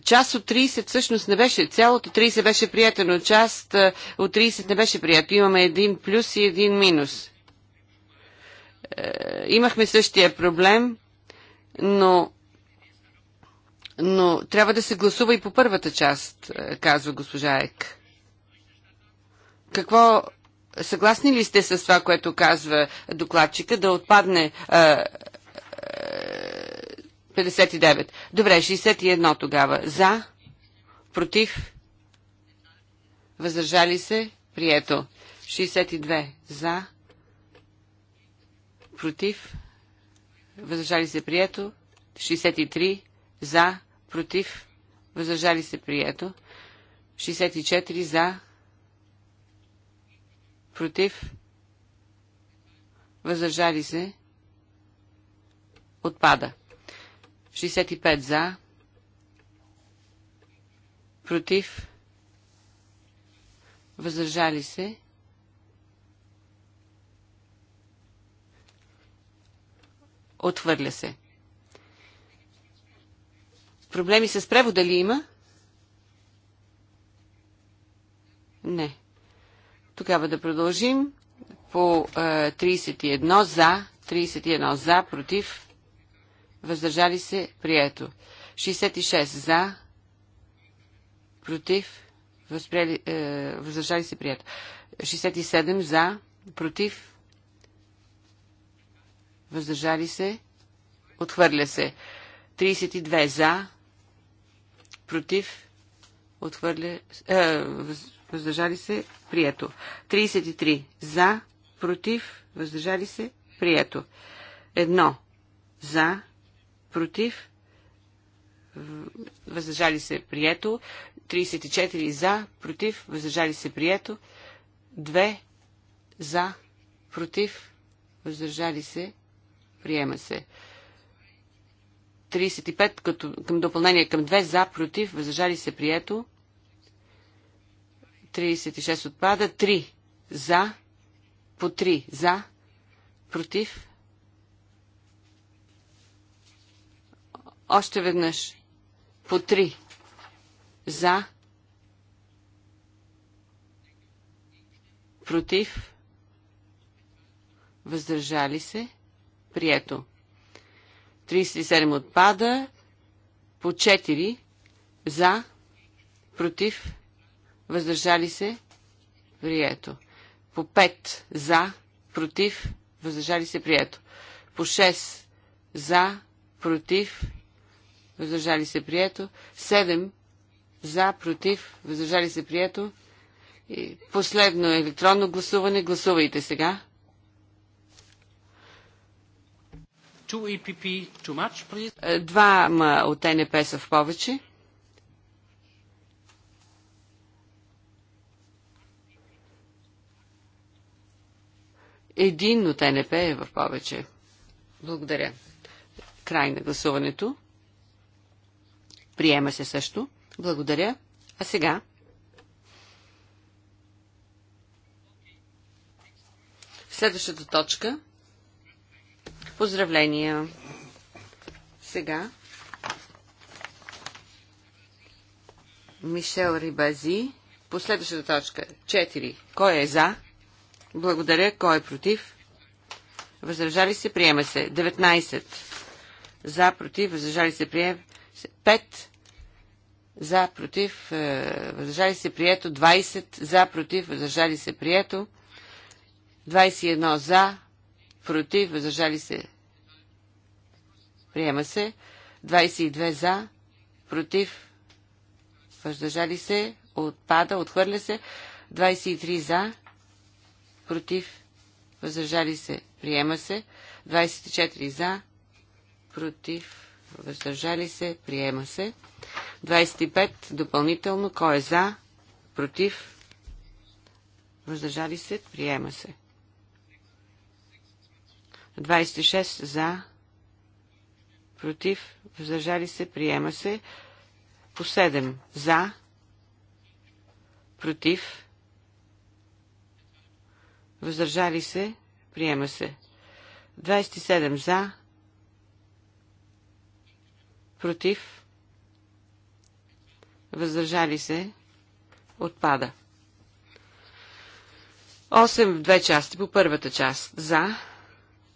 Част от 30 всъщност не беше, цялото 30 беше прието, но част от 30 не беше прието. Имаме един плюс и един минус. Имахме същия проблем, но, но трябва да се гласува и по първата част, казва госпожа Ек. Какво Съгласни ли сте с това, което казва докладчика, да отпадне а, 59? Добре, 61 тогава. За? Против? Въздържали се? Прието. 62. За? Против? Въздържали се? Прието. 63. За? Против? Въздържали се? Прието. 64. За? против, въздържали се, отпада. 65 за, против, въздържали се, Отвърля се. Проблеми с превода ли има? Не. Тогава да продължим по 31 е, за, 31 за, против, въздържали се, прието. 66 за, против, възприели, е, въздържали се, прието. 67 за, против, въздържали се, отхвърля се. 32 за, против, отхвърля, е, въз, въздържали се, прието. 33 за, против, въздържали се, прието. 1 за, против, въздържали се, прието. 34 за, против, въздържали се, прието. 2 за, против, въздържали се, приема се. 35 като, към допълнение към 2 за, против, въздържали се, прието. 36 отпада. 3 за. По 3 за. Против. Още веднъж. По 3 за. Против. Въздържали се. Прието. 37 отпада. По 4 за. Против въздържали се, прието. По 5 за, против, въздържали се, прието. По 6 за, против, въздържали се, прието. 7 за, против, въздържали се, прието. И последно електронно гласуване. Гласувайте сега. 2 EPP too much, please. Е, от НП са в повече. Един от НП е в повече. Благодаря. Край на гласуването. Приема се също. Благодаря. А сега? Следващата точка. Поздравления. Сега. Мишел Рибази. Последващата точка. Четири. Кой е за? Благодаря. Кой е против? Въздържали се, приема се. 19. Е, За, против, въздържали се, приема се. 5. За, против, въздържали се, прието. 20. За, против, въздържали се, прието. 21. За, против, въздържали се, приема се. 22. За, против, въздържали се, отпада, отхвърля се. 23. За, против, въздържали се, приема се. 24 за, против, въздържали се, приема се. 25 допълнително, кой е за, против, въздържали се, приема се. 26 за, против, въздържали се, приема се. По 7 за, против, въздържали се, приема се. 27 за, против, въздържали се, отпада. 8 в две части по първата част. За,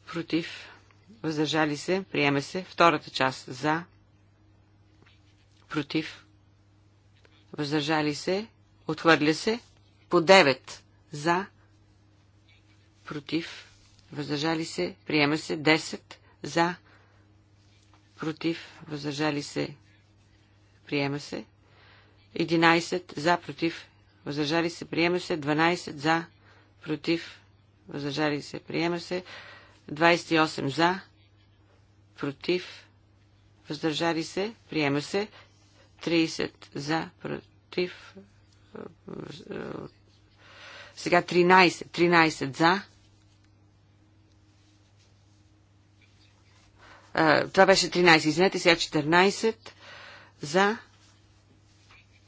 против, въздържали се, приема се. Втората част. За, против, въздържали се, отхвърля се. По 9. За, против, въздържали се, приема се 10 за, против, въздържали се, приема се 11 за, против, въздържали се, приема се 12 за, против, въздържали се, приема се 28 за, против, въздържали се, приема се 30 за, против, сега 13, 13 за, А, това беше 13, извинете, сега 14 за,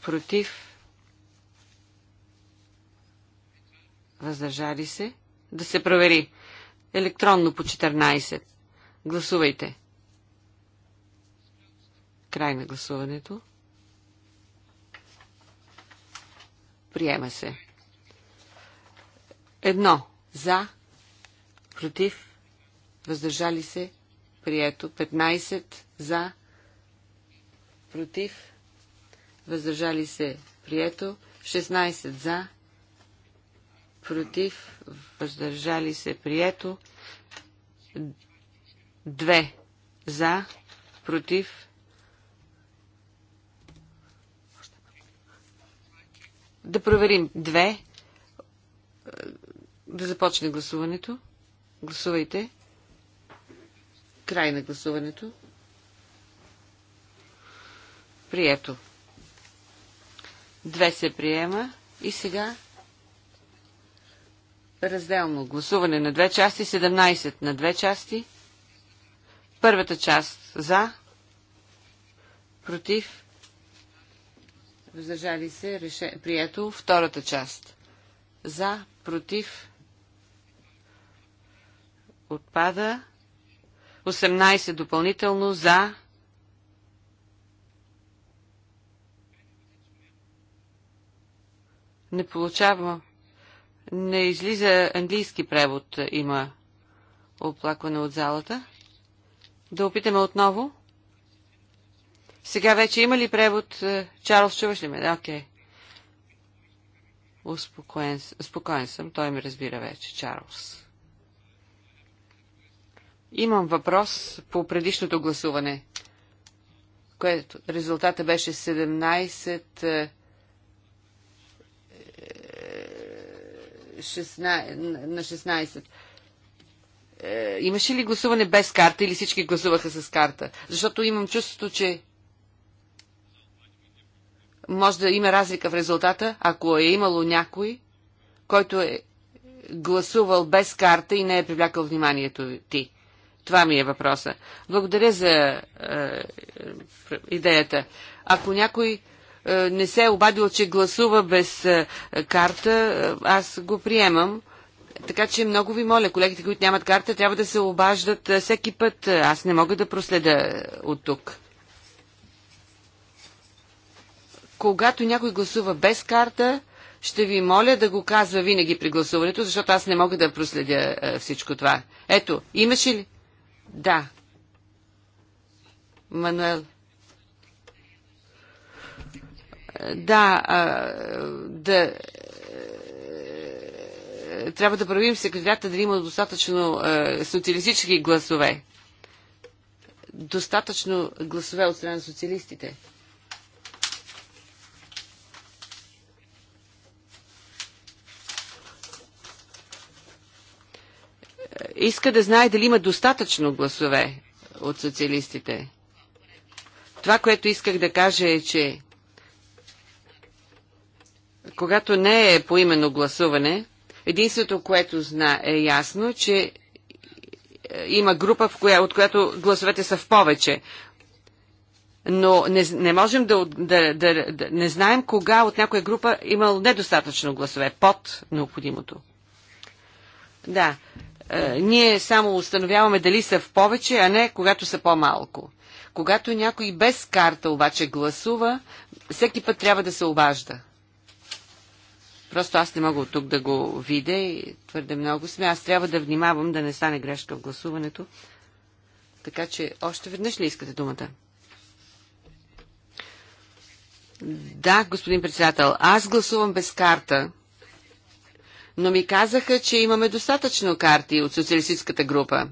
против, въздържали се. Да се провери. Електронно по 14. Гласувайте. Край на гласуването. Приема се. Едно. За. Против. Въздържали се. Прието. 15 за. Против. Въздържали се. Прието. 16 за. Против. Въздържали се. Прието. 2 за. Против. Да проверим. 2. Да започне гласуването. Гласувайте. Край на гласуването. Прието. Две се приема. И сега разделно гласуване на две части, 17 на две части. Първата част за, против, въздържали се, реше... прието. Втората част за, против, отпада. 18 допълнително за. Не получавам. Не излиза английски превод, има оплакване от залата. Да опитаме отново. Сега вече има ли превод? Чарлз, чуваш ли ме? Да, окей. Успокоен, Успокоен, съм, той ми разбира вече, Чарлз. Имам въпрос по предишното гласуване, което резултата беше 17 е, е, на 16. Е, имаше ли гласуване без карта или всички гласуваха с карта? Защото имам чувството, че може да има разлика в резултата, ако е имало някой, който е гласувал без карта и не е привлякал вниманието ти. Това ми е въпроса. Благодаря за е, идеята. Ако някой е, не се е обадил, че гласува без е, карта, е, аз го приемам. Така че много ви моля, колегите, които нямат карта, трябва да се обаждат е, всеки път. Аз не мога да проследа е, от тук. Когато някой гласува без карта, ще ви моля да го казва винаги при гласуването, защото аз не мога да проследя всичко това. Ето, имаше ли? Да. Мануел. Да, а, да е, трябва да правим секретарята да има достатъчно а, е, социалистически гласове. Достатъчно гласове от страна на социалистите. иска да знае дали има достатъчно гласове от социалистите. Това, което исках да кажа е, че когато не е именно гласуване, единството, което зна, е ясно, че е, има група, в коя, от която гласовете са в повече. Но не, не можем да, да, да, да не знаем кога от някоя група имало недостатъчно гласове под необходимото. Да, е, ние само установяваме дали са в повече, а не когато са по-малко. Когато някой без карта обаче гласува, всеки път трябва да се обажда. Просто аз не мога от тук да го видя и твърде много сме. Аз трябва да внимавам да не стане грешка в гласуването. Така че още веднъж ли искате думата? Да, господин председател, аз гласувам без карта но ми казаха, че имаме достатъчно карти от социалистическата група.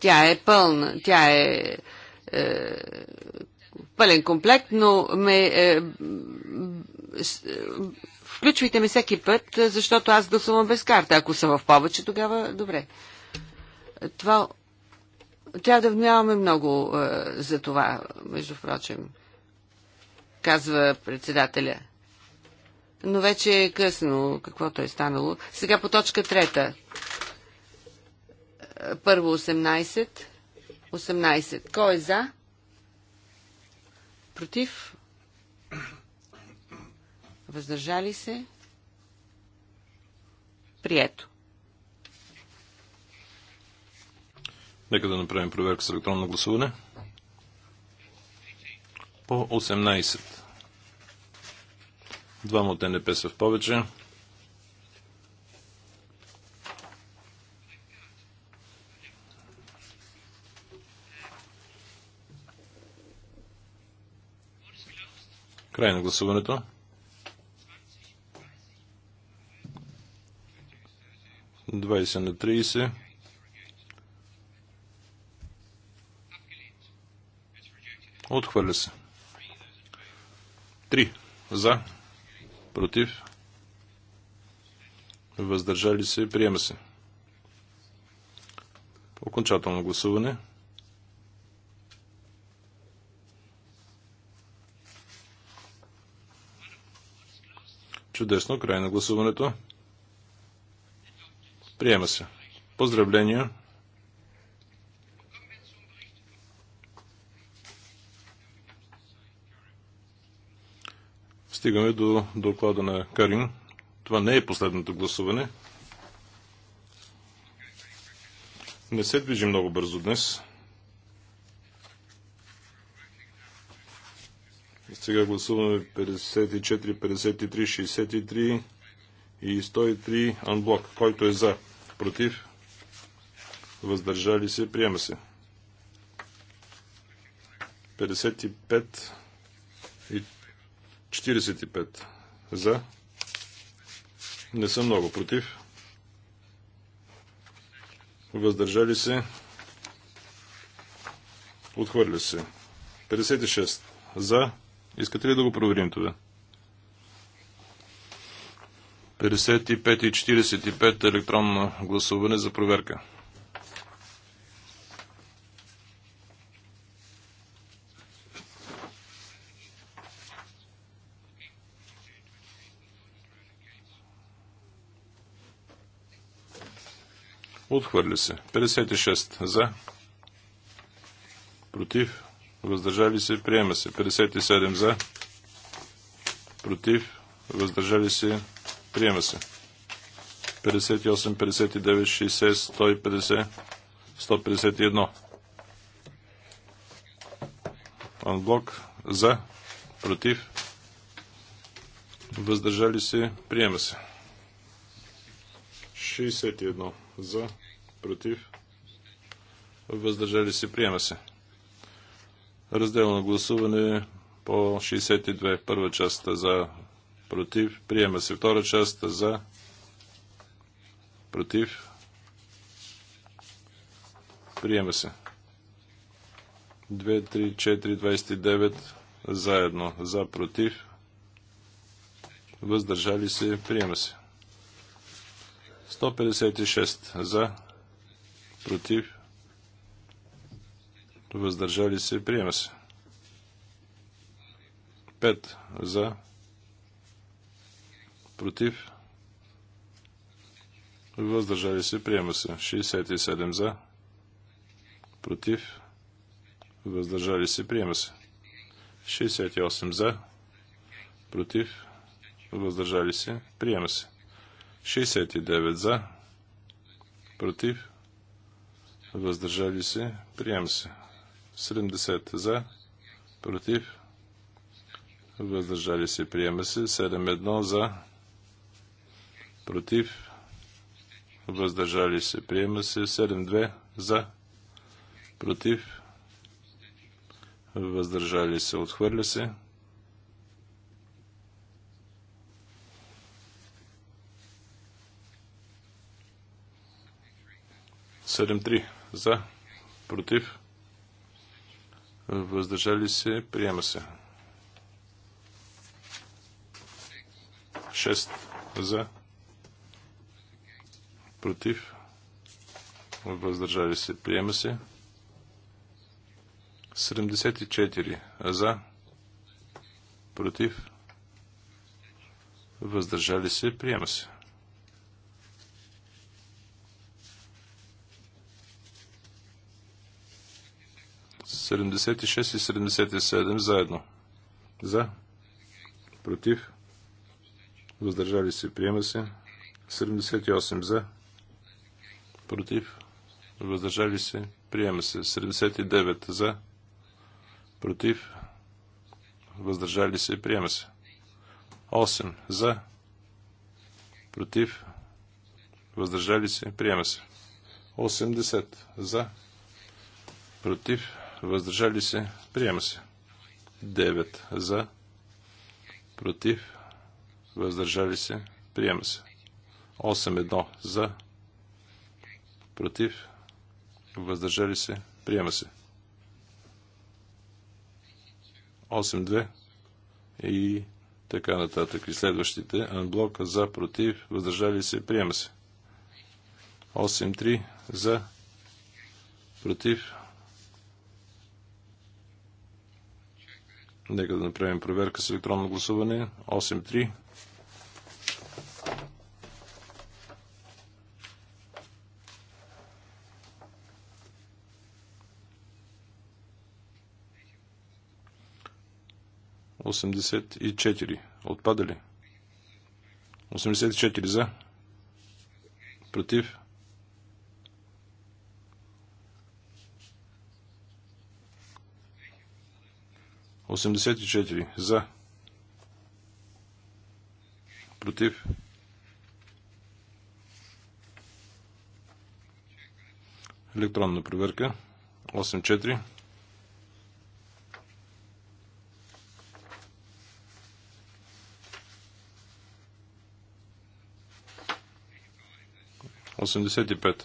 Тя е пълна, тя е, е пълен комплект, но ме е, е включвайте ме всеки път, защото аз гласувам без карта. Ако съм в повече, тогава добре. Това трябва да внимаваме много е, за това, между прочим, казва председателя но вече е късно, каквото е станало. Сега по точка трета. Първо 18. 18. Кой е за? Против? Въздържали се? Прието. Нека да направим проверка с електронно гласуване. По 18. Двама от НДП са в повече. Край на гласуването. Двадесет на тридесет. Отхвърля се. Три за. Против? Въздържали се? Приема се. Окончателно гласуване. Чудесно. Край на гласуването. Приема се. Поздравления Стигаме до доклада на Карин. Това не е последното гласуване. Не се движи много бързо днес. Сега гласуваме 54, 53, 63 и 103 анблок. Който е за, против, въздържали се, приема се. 55 и 45 за. Не са много против. Въздържали се. Отхвърля се. 56 за. Искате ли да го проверим това? 55 и 45 електронно гласуване за проверка. Отхвърля се. 56 за. Против. Въздържали се. Приема се. 57 за. Против. Въздържали се. Приема се. 58, 59, 60, 150, 151. Анблок. За. Против. Въздържали се. Приема се. 61 за, против, въздържали се, приема се. Разделно гласуване по 62. Първа част за против, приема се. Втора част за против, приема се. 2, 3, 4, 29 заедно. За против, въздържали се, приема се. 156 за против, въздържали се, приема се. 5 за, против, въздържали се, приема се. 67 за, против, въздържали се, приема се. 68 за, против, въздържали се, приема се. 69 за, против, въздържали се, прием се. 70 за, против, въздържали се, приема се. 7-1 за, против, въздържали се, приема се. 7-2 за, против, въздържали се, отхвърля се. Седем три за, против, въздържали се, приема се. 6 за, против, въздържали се, приема се. 74 за, против, въздържали се, приема се. 76 и 77 заедно. За. Против. Въздържали се. Приема се. 78 за. Против. Въздържали се. Приема се. 79 за. Против. Въздържали се. Приема се. 8 за. Против. Въздържали се. Приема се. 80 за. Против въздържали се, приема се. 9 за, против, въздържали се, приема се. 8-1 за, против, въздържали се, приема се. 8-2 и така нататък. И следващите анблок за, против, въздържали се, приема се. 8-3 за, против, Нека да направим проверка с електронно гласуване. 8-3. Осемдесет и четири. Отпада ли? 84 за. Против. 84 за. Против. Електронна проверка. 84.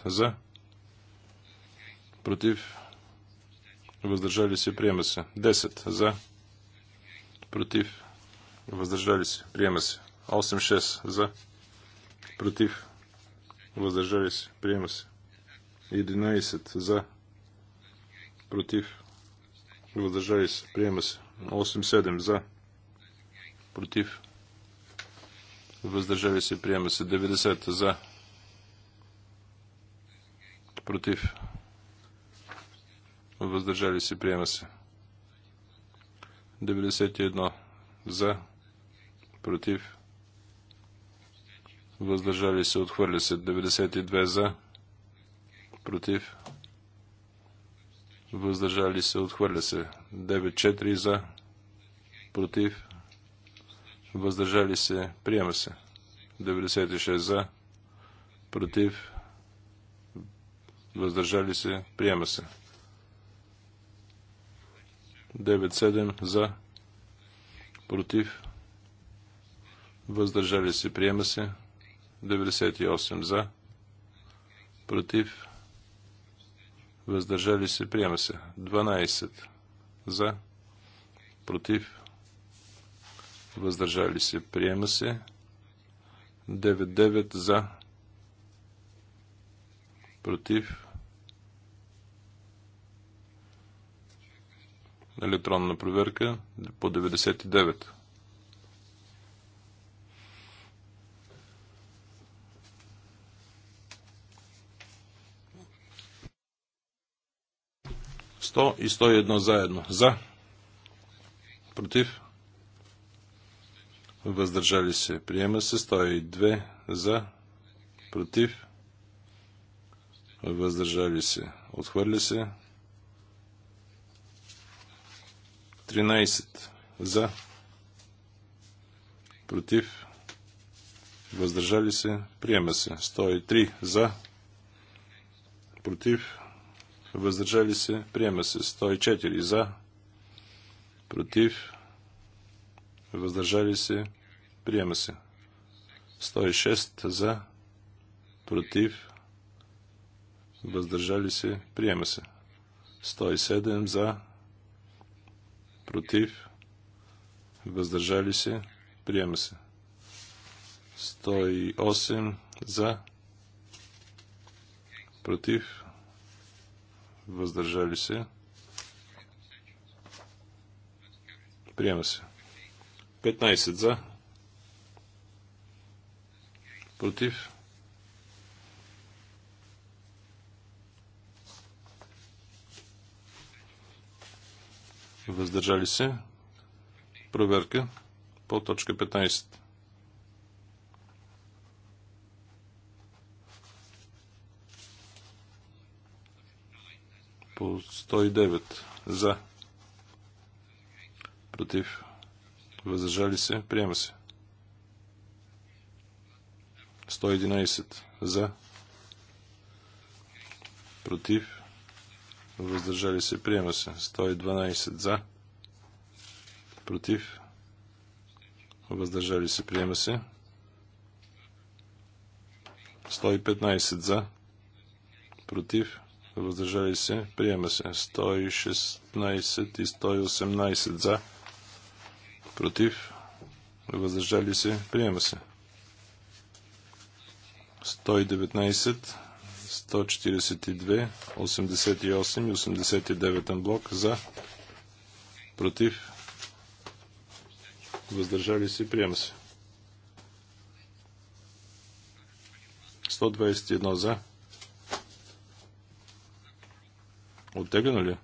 за. Против. Въздържали се. Приема се. 10 за против, въздържали се, приема се. 8-6 за, против, въздържали се, приема се. 11 за, против, въздържали се, приема се. 8-7 за, против, въздържали се, приема се. 90 за, против, въздържали се, приема се. 91 за, против, въздържали се, отхвърля се 92 за, против, въздържали се, отхвърля се 94 за, против, въздържали се, приема се 96 за, против, въздържали се, приема се 9-7 за, против, въздържали се, приема се, 98 за, против, въздържали се, приема се, 12 за, против, въздържали се, приема се, 9-9 за, против, електронна проверка по 99. 100 и 101 заедно. За. Против. Въздържали се. Приема се. 102 за. Против. Въздържали се. Отхвърля се. 13 за, против, въздържали се, приема се. 103 за, против, въздържали се, приема се. 104 за, против, въздържали се, приема се. 106 за, против, въздържали се, приема се. 107 за, против, въздържали се, приема се. 108 за, против, въздържали се, приема се. 15 за, против, въздържали се. Проверка по точка 15. По 109 за. Против. Въздържали се. Приема се. 111 за. Против въздържали се, приема се. 112 за, против, въздържали се, приема се. 115 за, против, въздържали се, приема се. 116 и 118 за, против, въздържали се, приема се. 119 142, 88 и 89 блок за, против, въздържали се, приема се. 121 за. Оттеглено ли?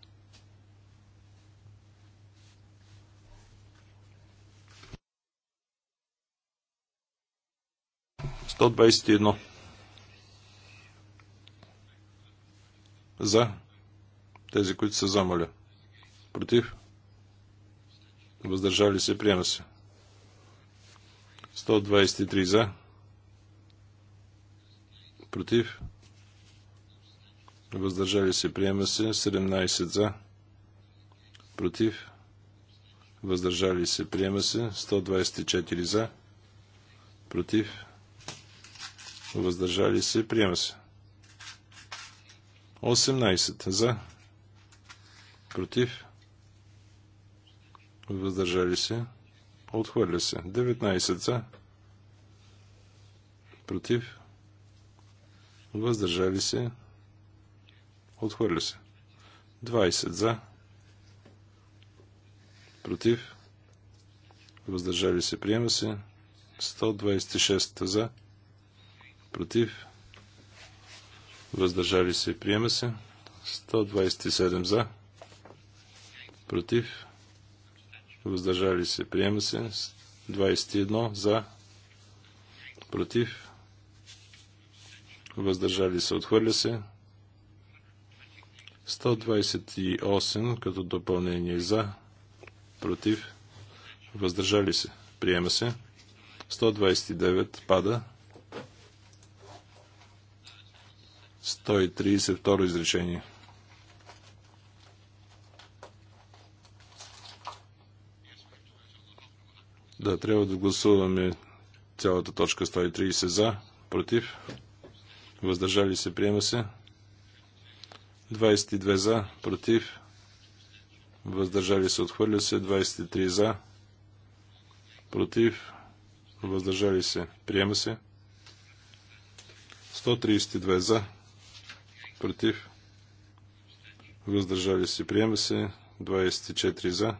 Сто двадесет едно. За. Тези, които са за, моля. Против. Въздържали се. Приема се. 123 за. Против. Въздържали се. Приема се. 17 за. Против. Въздържали се. Приема се. 124 за. Против. Въздържали се. Приема се. 18 за, против, въздържали се, отхвърля се. 19 за, против, въздържали се, отхвърля се. 20 за, против, въздържали се, приема се. 126 за, против, въздържали се, приема се. 127 за, против, въздържали се, приема се. 21 за, против, въздържали се, отхвърля се. 128 като допълнение за, против, въздържали се, приема се. 129 пада. 132 второ изречение. Да, трябва да гласуваме цялата точка 130 за, против, въздържали се, приема се. 22 за, против, въздържали се, отхвърля се. 23 за, против, въздържали се, приема се. 132 за, против, въздържали се, приема се, 24 за,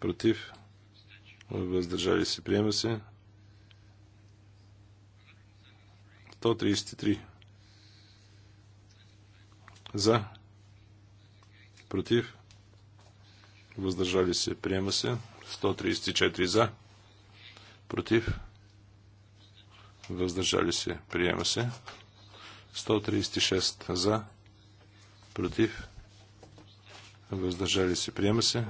против, въздържали се, приема се, 133 за, против, въздържали се, приема се, 134 за, против, въздържали се, приема се. 136 за, против, въздържали се, приема се.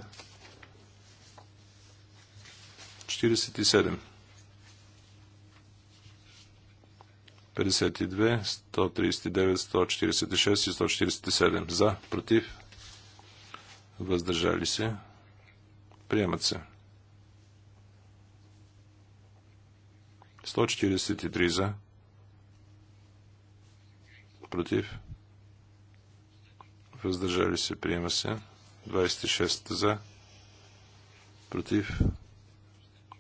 47. 52, 139, 146 и 147 за, против, въздържали се, приемат се. 143 за, против, въздържали се, приема се. 26 за, против,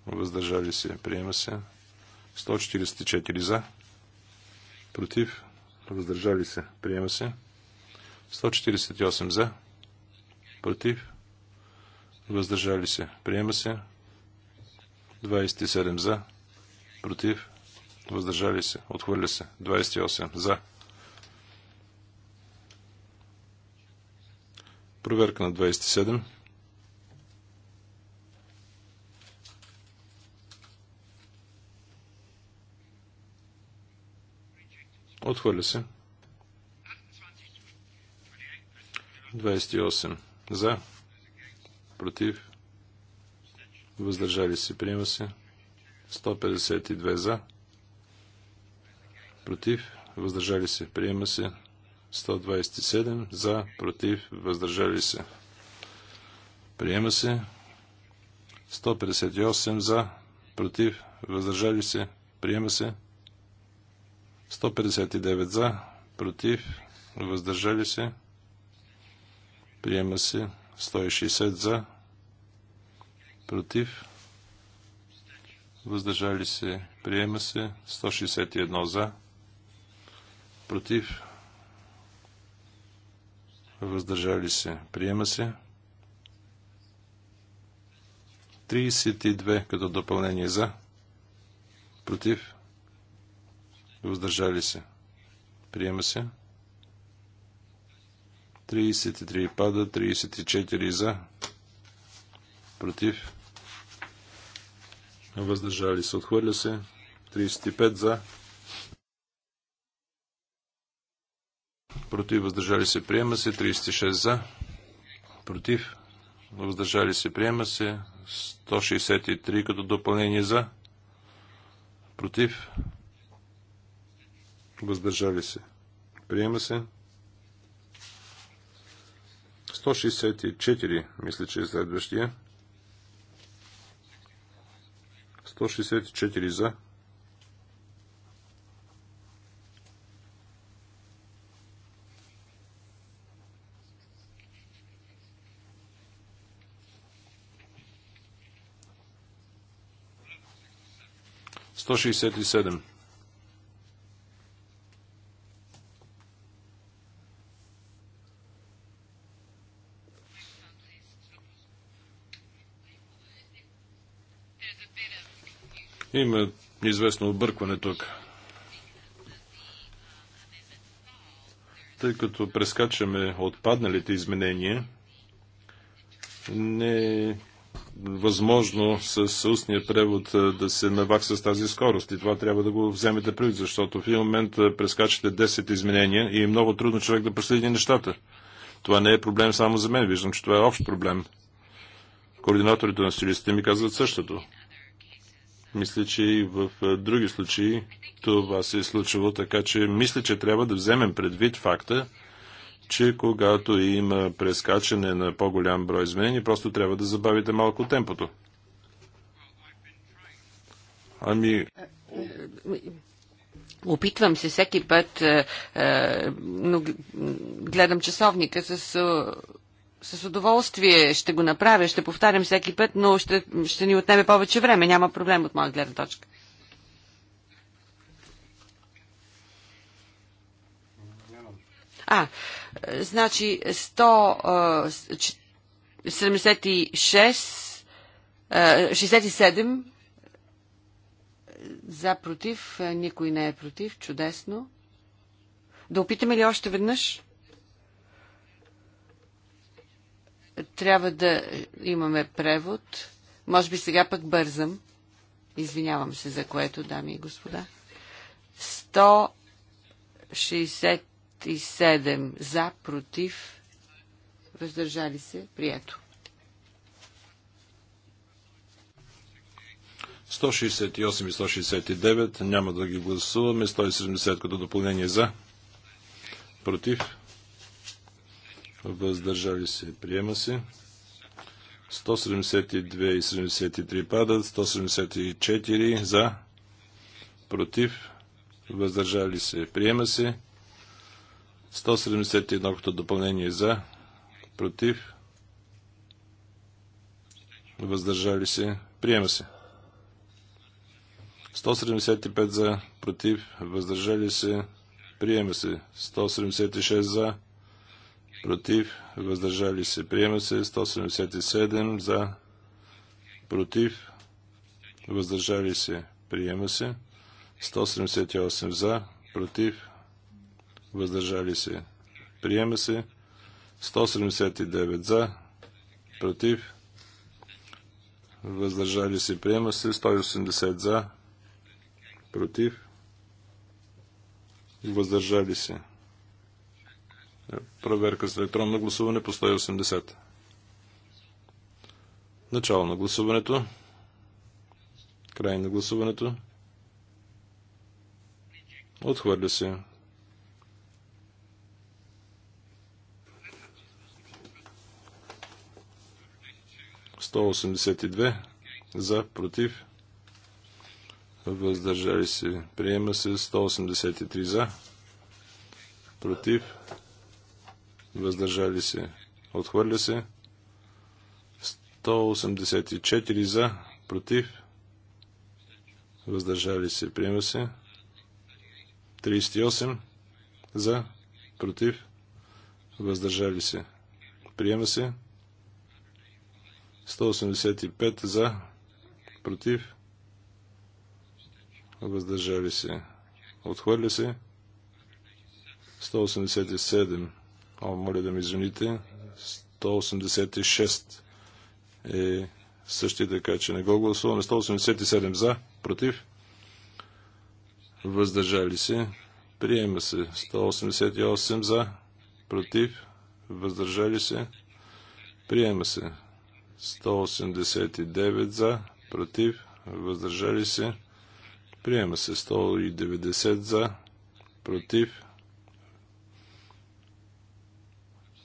въздържали се, приема се. 144 за, против, въздържали се, приема се. 148 за, против, въздържали се, приема се. 27 за, против, въздържали се, отхвърля се. 28 за, Проверка на 27. Отхвърля се. 28. За. Против. Въздържали се. Приема се. 152 за. Против. Въздържали се. Приема се. 127 за, против, въздържали се. Приема се. 158 за, против, въздържали се. Приема се. 159 за, против, въздържали се. Приема се. 160 за, против, въздържали се. Приема се. 161 за, против, въздържали се, приема се. 32 като допълнение за, против, въздържали се, приема се. 33 пада, 34 за, против, въздържали се, отхвърля се, 35 за, против, въздържали се, приема се. 36 за, против, въздържали се, приема се. 163 като допълнение за, против, въздържали се, приема се. 164, мисля, че е следващия. 164 за, 167. Има известно объркване тук. Тъй като прескачаме отпадналите изменения, не възможно с устния превод да се навакса с тази скорост. И това трябва да го вземете предвид, защото в един момент прескачате 10 изменения и е много трудно човек да проследи нещата. Това не е проблем само за мен. Виждам, че това е общ проблем. Координаторите на стилистите ми казват същото. Мисля, че и в други случаи това се е случило, така че мисля, че трябва да вземем предвид факта, че когато има прескачане на по-голям брой изменения, просто трябва да забавите малко темпото. Ами... Опитвам се всеки път, е, е, но гледам часовника с е, с удоволствие ще го направя, ще повтарям всеки път, но ще, ще ни отнеме повече време. Няма проблем от моя гледна точка. А, Значи 176, 67 за против, никой не е против, чудесно. Да опитаме ли още веднъж? Трябва да имаме превод. Може би сега пък бързам. Извинявам се за което, дами и господа. 160 27 за, против, въздържали се, прието. 168 и 169 няма да ги гласуваме. 170 като допълнение за, против, въздържали се, приема се. 172 и 73 падат, 174 за, против, въздържали се, приема се. 171 като допълнение за, против, въздържали се, приема се. 175 за, против, въздържали се, приема се. 176 за, против, въздържали се, приема се. 177 за, против, въздържали се, приема се. 178 за, против, въздържали се, приема се. 179 за, против, въздържали се, приема се. 180 за, против, въздържали се. Проверка с електронно гласуване по 180. Начало на гласуването. Край на гласуването. Отхвърля се. 182 за, против, въздържали се. Приема се 183 за, против, въздържали се. Отхвърля се. 184 за, против, въздържали се. Приема се. 38 за, против, въздържали се. Приема се. 185 за, против, въздържали се, отхвърля се. 187, о, моля да ми извините, 186 е същи, така че не го гласуваме. 187 за, против, въздържали се, приема се. 188 за, против, въздържали се, приема се. 189 за, против, въздържали се. Приема се 190 за, против,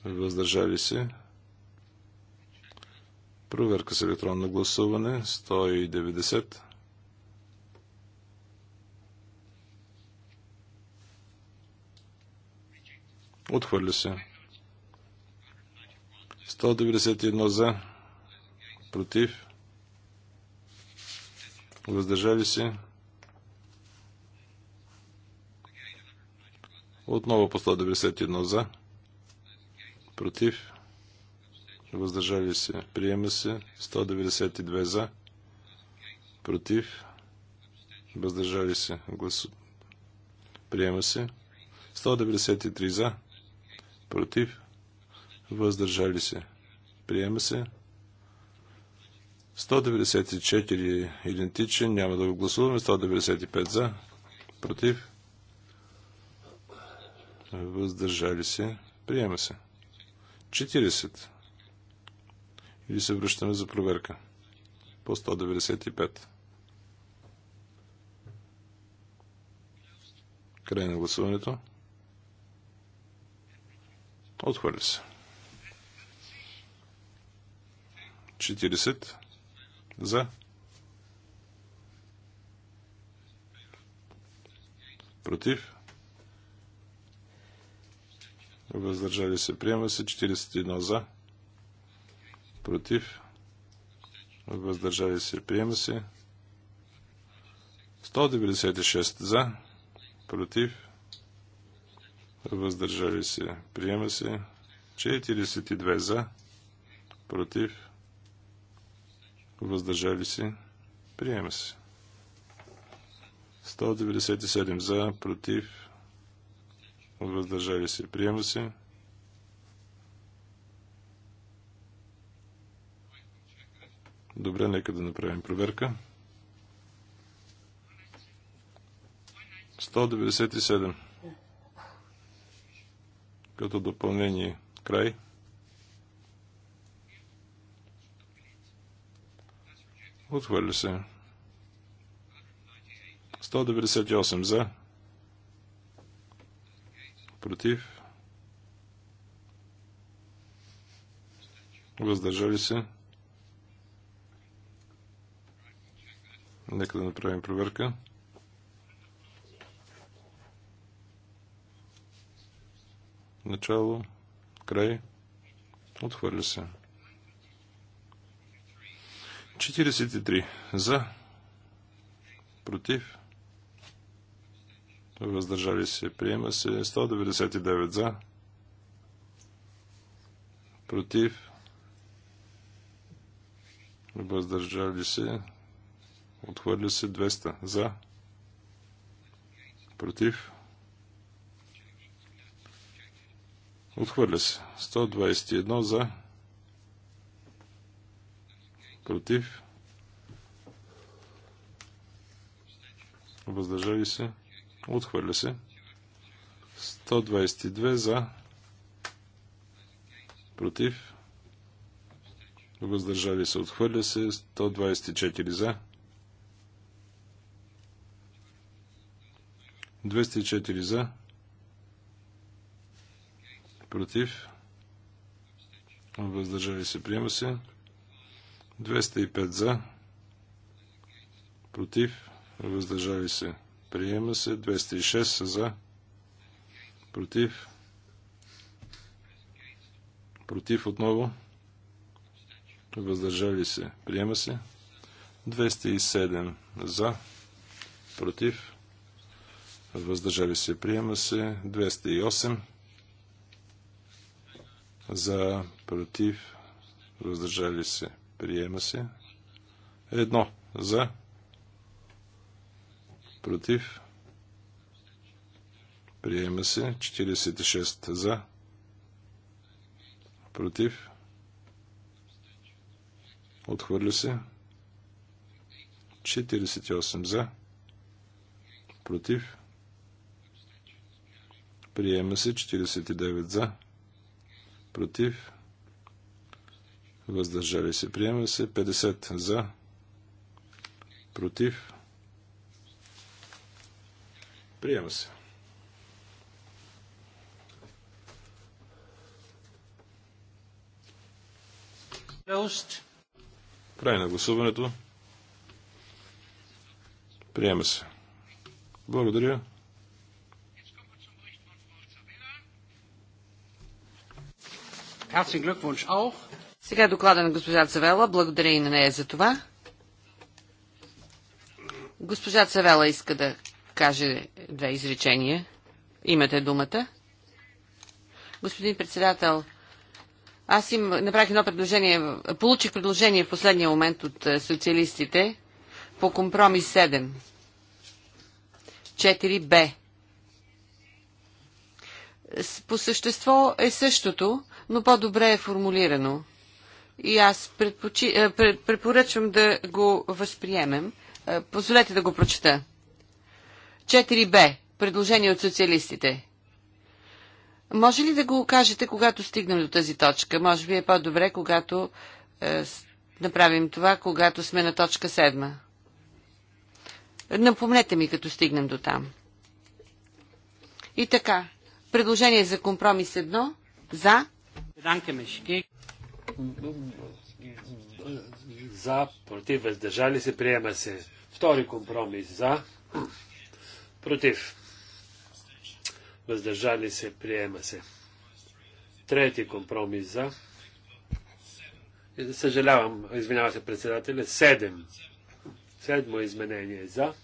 въздържали се. Проверка с електронно гласуване 190. Отхвърля се. 191 за, против, въздържали се. Отново по 191 за, против, въздържали се. Приема се 192 за, против, въздържали се. Приема се 193 за, против, въздържали се. Приема се 194 идентичен, няма да го гласуваме. 195 за, против, въздържали се, приема се. 40. Или се връщаме за проверка. По 195. Край на гласуването. Отхвърли се. 40. За. Против. Въздържали се. Приема се. 41 за. Против. Въздържали се. Приема се. 196 за. Против. Въздържали се. Приема се. 42 за. Против въздържали се, приема се. 197 за, против, въздържали се, приема се. Добре, нека да направим проверка. 197. Като допълнение край. Отхвърля се. 198 за. Против. Въздържали се. Нека да направим проверка. Начало. Край. Отхвърля се. 43. За. Против. Въздържали се. Приема се. 199 за. Против. Въздържали се. Отхвърля се 200. За. Против. Отхвърля се. 121 за. Против. Въздържали се. Отхвърля се. 122 за. Против. Въздържали се. Отхвърля се. 124 за. 204 за. Против. Въздържали се. Приема се. 205 за, против, въздържали се, приема се, 206 за, против, против отново, въздържали се, приема се, 207 за, против, въздържали се, приема се, 208 за, против, въздържали се, Приема се. Едно. За. Против. Приема се. 46 за. Против. Отхвърля се. 48 за. Против. Приема се. 49 за. Против въздържали се, приема се. 50 за, против, приема се. Край на гласуването. Приема се. Благодаря. Herzlichen Glückwunsch auch. Сега доклада на госпожа Цавела. Благодаря и на нея за това. Госпожа Цавела иска да каже две изречения. Имате думата. Господин председател, аз им направих едно предложение, получих предложение в последния момент от е, социалистите по компромис 7. 4Б. По същество е същото, но по-добре е формулирано и аз предпочи, е, препоръчвам да го възприемем. Е, позволете да го прочета. 4Б. Предложение от социалистите. Може ли да го кажете, когато стигнем до тази точка? Може би е по-добре, когато е, направим това, когато сме на точка 7. Напомнете ми, като стигнем до там. И така, предложение за компромис 1. За. За, против, въздържали се, приема се. Втори компромис. За, против, въздържали се, приема се. Трети компромис. За, съжалявам, извинява се председателя, седем. Седмо изменение. За,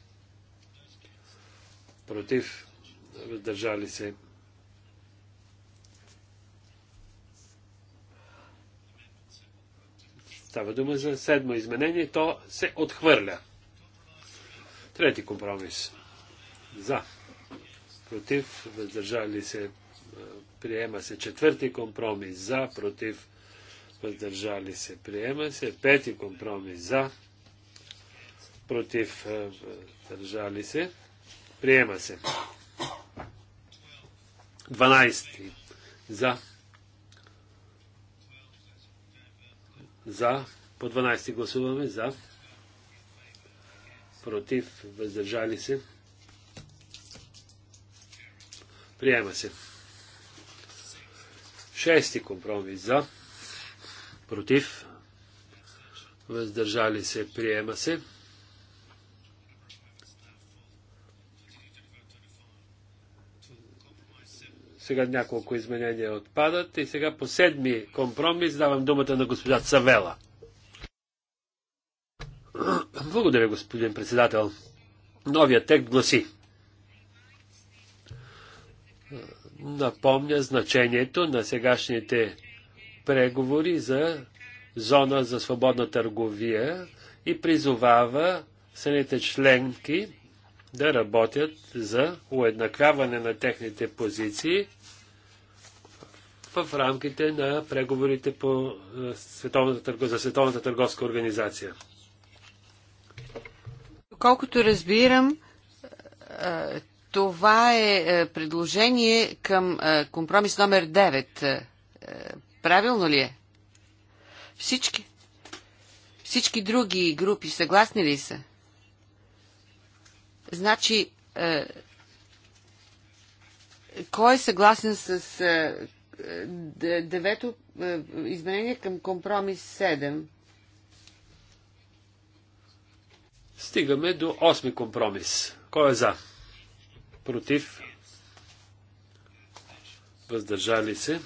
против, въздържали се, Става дума за седмо изменение, то се отхвърля. Трети компромис. За. Против. Въздържали се. Приема се. Четвърти компромис. За. Против. Въздържали се. Приема се. Пети компромис. За. Против. Въздържали се. Приема се. 12. За За. По 12 гласуваме. За. Против. Въздържали се. Приема се. Шести компромис. За. Против. Въздържали се. Приема се. Сега няколко изменения отпадат. И сега по седми компромис давам думата на госпожа Цавела. Благодаря, господин председател. Новия текст гласи. Напомня значението на сегашните преговори за зона за свободна търговия и призовава страните членки да работят за уеднаквяване на техните позиции в рамките на преговорите по е, Световната, за Световната търговска организация. Колкото разбирам, е, това е, е предложение към компромис номер 9. Правилно ли е? Всички? Всички други групи съгласни ли са? Значи, е, кой е съгласен с е, е девето е, изменение към компромис 7? Стигаме до 8 компромис. Кой е за? Против? Въздържали се?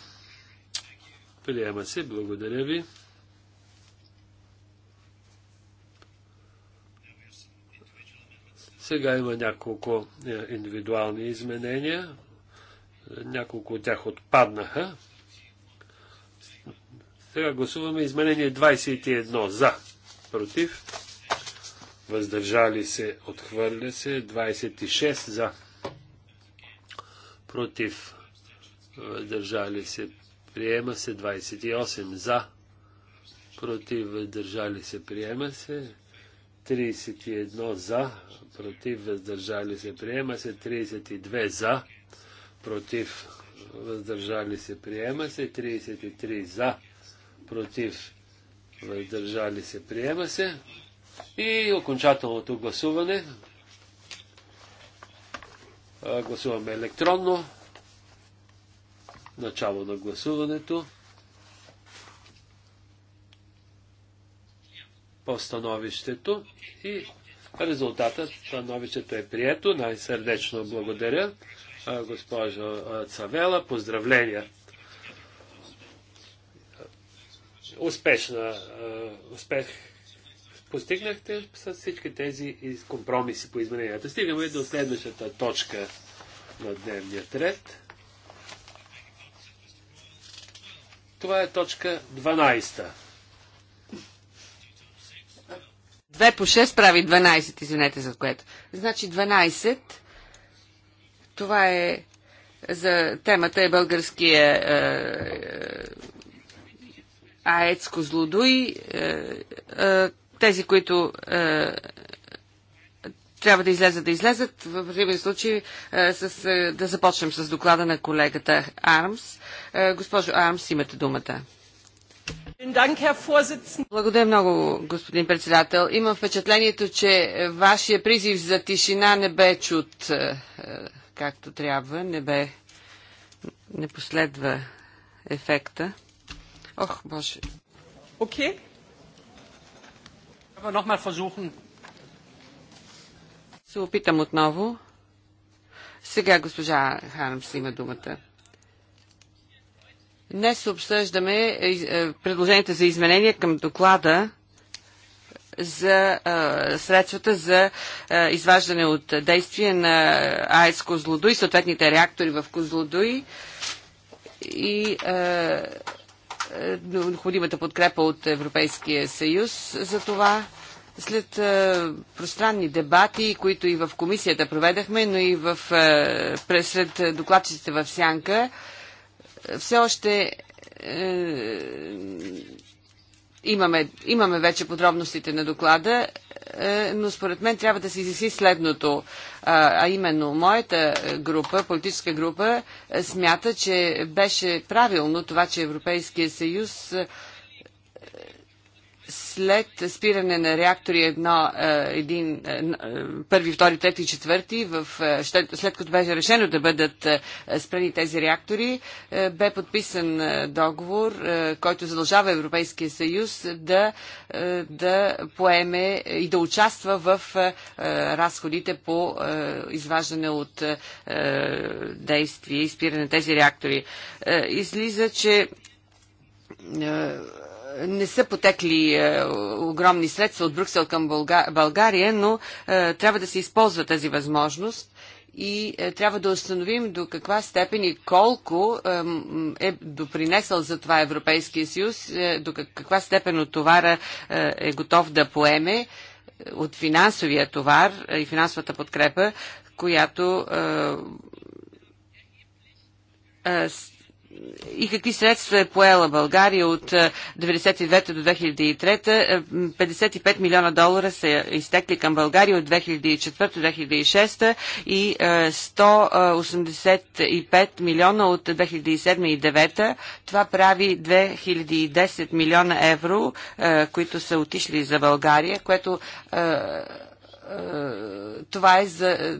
Приема се. Благодаря ви. Сега има няколко е, индивидуални изменения. Няколко от тях отпаднаха. Сега гласуваме изменение 21 за, против, въздържали се, отхвърля се, 26 за, против, въздържали се, приема се, 28 за, против, въздържали се, приема се, 31 за, против, въздържали се, приема се. 32 за, против, въздържали се, приема се. 33 за, против, въздържали се, приема се. И окончателното гласуване. Гласуваме електронно. Начало на гласуването. по становището и резултатът, становището е прието. Най-сърдечно благодаря, госпожо Цавела. Поздравления! Успешна, успех постигнахте с всички тези компромиси по измененията. Стигаме до следващата точка на дневния ред. Това е точка 12. 2 по 6 прави 12, извинете за което. Значи 12, това е за темата е българския е, е, аец Козлодуй. Е, е, тези, които е, трябва да излезат, да излезат. В противен случай е, с, е, да започнем с доклада на колегата Армс. Е, госпожо Армс, имате думата. Благодаря много, господин председател. Имам впечатлението, че вашия призив за тишина не бе чут е, както трябва, не бе, не последва ефекта. Ох, Боже. Окей. Okay. Се опитам отново. Сега госпожа Хармс има думата. Днес обсъждаме е, е, предложенията за изменения към доклада за а, е, средствата за а, изваждане от действие на АЕЦ Козлодуй, съответните реактори в Козлодуй и необходимата подкрепа от Европейския съюз за това. След а, пространни дебати, които и в комисията проведахме, но и в, а, сред докладчиците в Сянка, а, все още е, имаме, имаме вече подробностите на доклада, е, но според мен трябва да се изясни следното. А, а именно, моята група, политическа група, смята, че беше правилно това, че Европейския съюз е, след спиране на реактори 1, 1, 2, 3 4, в, е, след като беше решено да бъдат е, спрени тези реактори, е, бе подписан договор, който задължава Европейския съюз да, да поеме и да участва в разходите по изваждане от действие и спиране на тези реактори. Излиза, че не са потекли е, огромни средства от Брюксел към Бълга... България, но е, трябва да се използва тази възможност и е, трябва да установим до каква степен и колко е, е допринесъл за това Европейския съюз, е, до каква степен от товара е, е готов да поеме е, от финансовия товар е, и финансовата подкрепа, която е, е и какви средства е поела България от 1992 е, до 2003. 55 е, милиона долара са изтекли към България от 2004 до 2006 и 185 е, милиона от 2007 и 2009. Това прави 2010 милиона евро, които са отишли за България, което това е за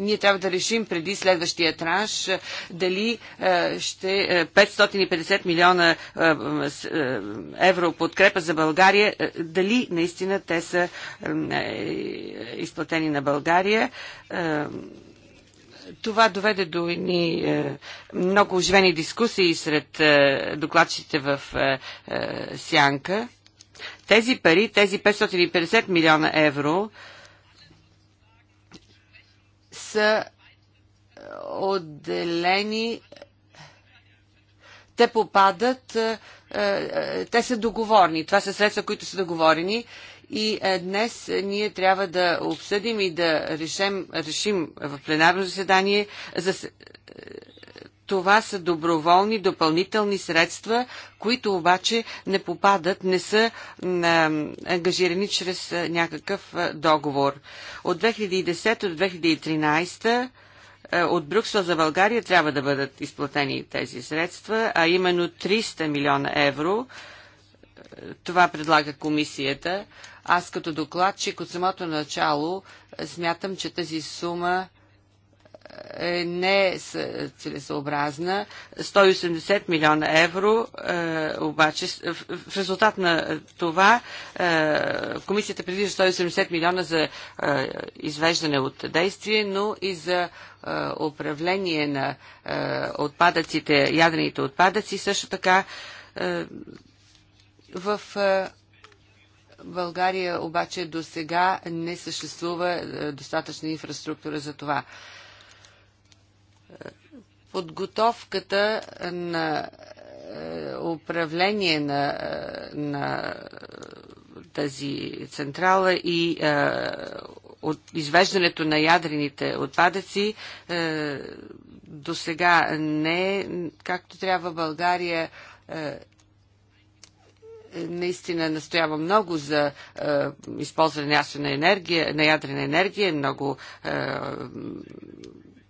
ние трябва да решим преди следващия транш е, дали е, ще 550 е, милиона евро подкрепа за България, дали наистина те са изплатени на България това доведе до едни много оживени дискусии сред докладчите в Сянка. Тези пари, тези 550 милиона евро, са е, отделени. Те попадат, е, е, те са договорни. Това са средства, които са договорени. И днес ние трябва да обсъдим и да решим, решим в пленарно заседание за това са доброволни допълнителни средства, които обаче не попадат, не са ангажирани чрез някакъв договор. От 2010 до 2013 от Брюксел за България трябва да бъдат изплатени тези средства, а именно 300 милиона евро. Това предлага комисията. Аз като докладчик от самото начало смятам, че тази сума е не е е, целесообразна. 180 милиона евро е, обаче в резултат на това е, комисията предвижда 180 милиона за е, извеждане от действие, но и за е, управление на отпадъците, ядрените отпадъци. Също така в България обаче до сега не съществува достатъчна инфраструктура за това подготовката на е, управление на, е, на тази централа и а, е, от извеждането на ядрените отпадъци а, до сега не както трябва България а, наистина настоява много за а, използване на ядрена енергия, на ядрена енергия много а,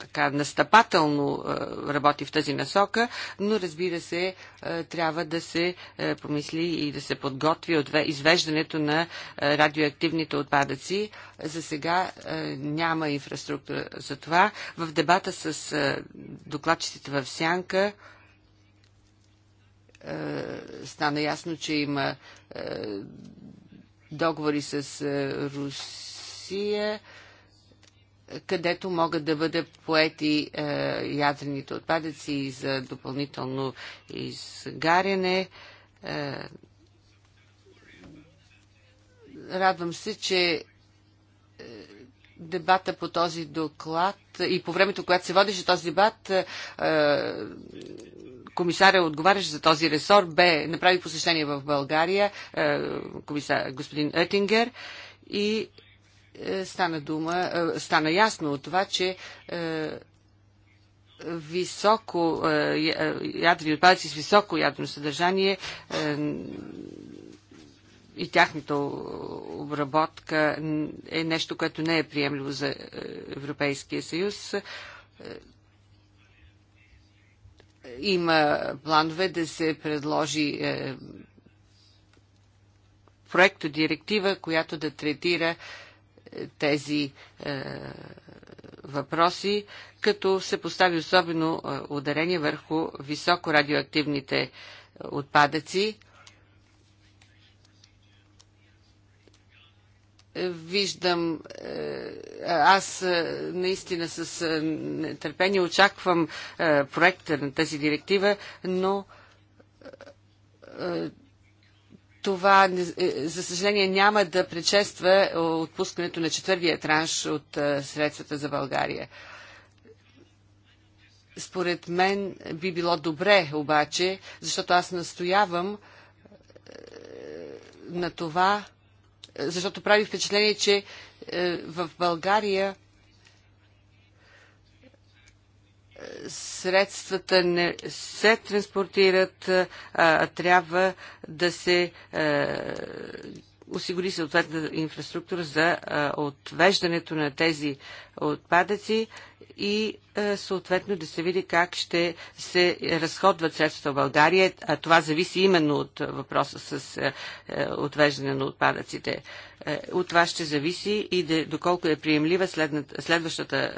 така настъпателно е, работи в тази насока, но разбира се, е, трябва да се е, помисли и да се подготви от извеждането на радиоактивните отпадъци. За сега няма инфраструктура за това. В дебата с докладчиците в Сянка стана ясно, че има договори с Русия където могат да бъдат поети е, ядрените отпадъци за допълнително изгаряне. Е, радвам се, че е, дебата по този доклад и по времето, когато се водеше този дебат, е, комисаря отговаряше за този ресор бе направи посещение в България, е, комисар, господин Етингер и е, стана дума, е, стана ясно от това, че е, високо ядрени отпадъци с високо ядрено съдържание и тяхната обработка е нещо, което не е приемливо за Европейския съюз. Има планове да се предложи проекто директива, която да третира тези е, въпроси, като се постави особено е, ударение върху високо радиоактивните е, отпадъци. Виждам, е, аз наистина с нетърпение очаквам проекта на тази директива, но това, е, за съжаление, няма да предшества отпускането на четвъртия транш от е, средствата за България. Според мен би било добре обаче, защото аз настоявам е, на това, защото прави впечатление, че в България средствата не се транспортират, а трябва да се осигури съответна инфраструктура за отвеждането на тези отпадъци и съответно да се види как ще се разходват средства в България. А това зависи именно от въпроса с отвеждане на отпадъците. От това ще зависи и да, доколко е приемлива следващата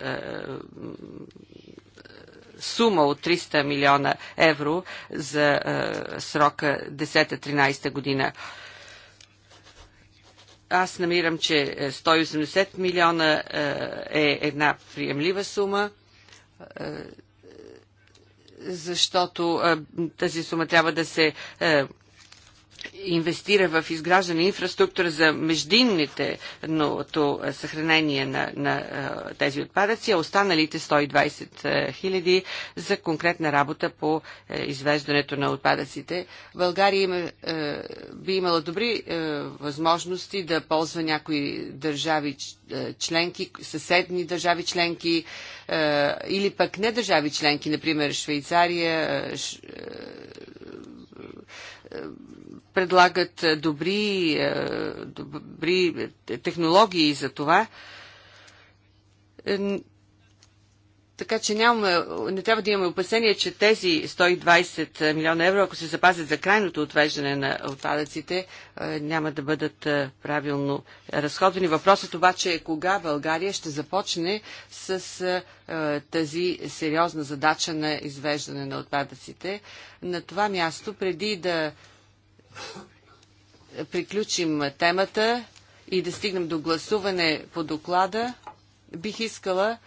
сума от 300 милиона евро за е, срока 10-13 година. Аз намирам, че 180 е, милиона е, е една приемлива сума е, защото тази сума трябва да се инвестира в изграждане инфраструктура за междинните е, съхранение на, на е, тези отпадъци, а останалите 120 е, хиляди за конкретна работа по извеждането на отпадъците. България има, би имала добри възможности да ползва някои държави членки, съседни държави членки или пък не държави членки, например Швейцария, предлагат е, добри, е, добри технологии за това. Е, така че нямаме, не трябва да имаме опасение, че тези 120 милиона евро, ако се запазят за крайното отвеждане на отпадъците, няма да бъдат правилно разходвани. Въпросът обаче е кога България ще започне с тази сериозна задача на извеждане на отпадъците. На това място, преди да приключим темата и да стигнем до гласуване по доклада, бих искала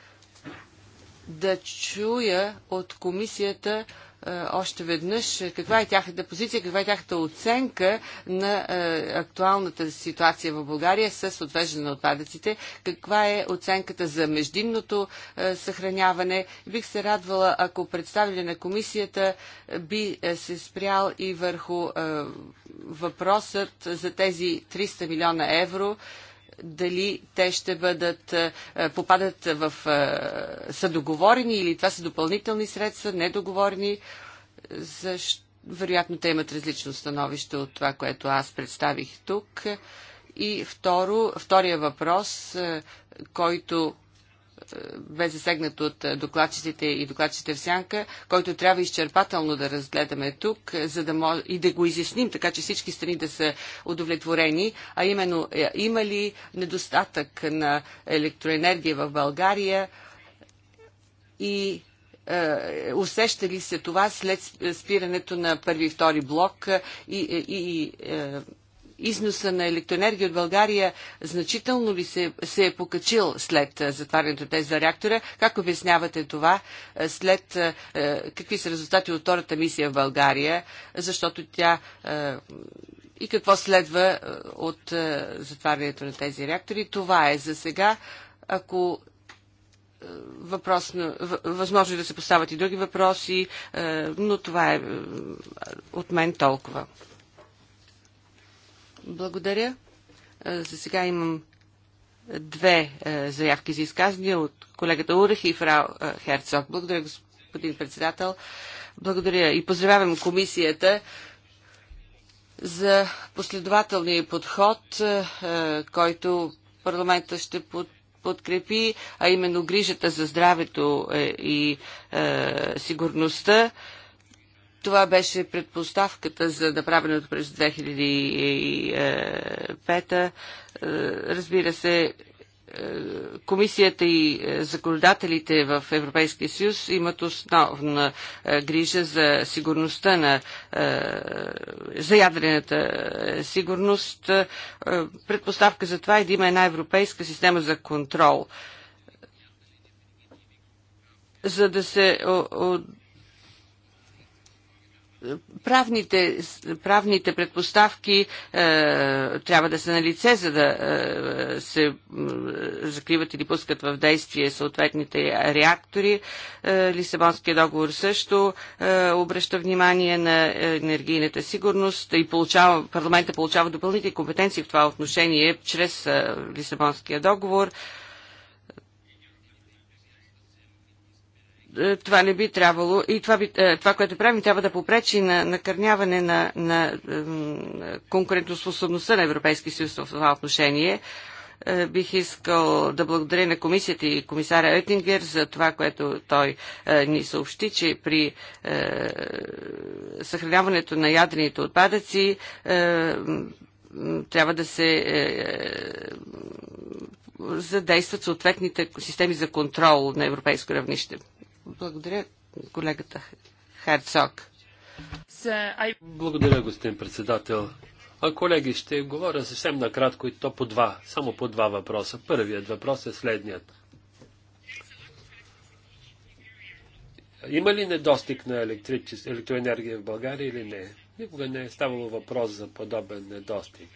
да чуя от комисията е, още веднъж е, каква е тяхната позиция, каква е тяхната оценка на е, актуалната ситуация в България с отвеждане на отпадъците, каква е оценката за междинното съхраняване. Бих се радвала, ако представили на комисията би се спрял и върху въпросът за тези 300 милиона евро, дали те ще бъдат, е, е, попадат в, е, са договорени или това са допълнителни средства, недоговорени, защо вероятно те имат различно становище от това, което аз представих тук. И второ, втория въпрос, който бе засегнат от докладчиците и докладчиците в сянка, който трябва изчерпателно да разгледаме тук за да може и да го изясним, така че всички страни да са удовлетворени, а именно е, има ли недостатък на електроенергия в България и е, усеща ли се това след спирането на първи и втори блок е, и, и, и износа на електроенергия от България значително ли се, се е покачил след затварянето тези за реактора? Как обяснявате това? След какви са резултати от втората мисия в България? Защото тя и какво следва от затварянето на тези реактори? Това е за сега. Ако въпрос, възможно е да се поставят и други въпроси, но това е от мен толкова. Благодаря. Е, за сега имам е, две е, заявки за изказвания от колегата Урех и фрау Херцог. Благодаря, господин председател. Благодаря и поздравявам комисията за последователния подход, който парламента ще под подкрепи, а именно грижата за здравето и е, сигурността това беше предпоставката за направеното през 2005. Е, разбира се, е, комисията и е, законодателите в Европейския съюз имат основна грижа за сигурността на за ядрената сигурност. Предпоставка за това е да има една европейска система за контрол. За да се правните, правните предпоставки е, трябва да са на лице, за да е, се е, закриват или пускат в действие съответните реактори. Е, Лисабонския договор също е, обръща внимание на енергийната сигурност и получава, парламента получава допълнителни компетенции в това отношение чрез е, Лисабонския договор. Е, Е, това не би трябвало и това, би, е, това което правим, трябва да попречи на накърняване на, на конкурентоспособността на Европейския съюз в това отношение. Е, бих искал да благодаря на комисията и комисаря Етингер за това, което той ни съобщи, че при съхраняването на ядрените отпадъци трябва да се задействат съответните системи за контрол на европейско равнище. Благодаря, колегата Херцог. Благодаря, господин председател. А колеги, ще говоря съвсем накратко и то по два, само по два въпроса. Първият въпрос е следният. Има ли недостиг на електроенергия в България или не? Никога не е ставало въпрос за подобен недостиг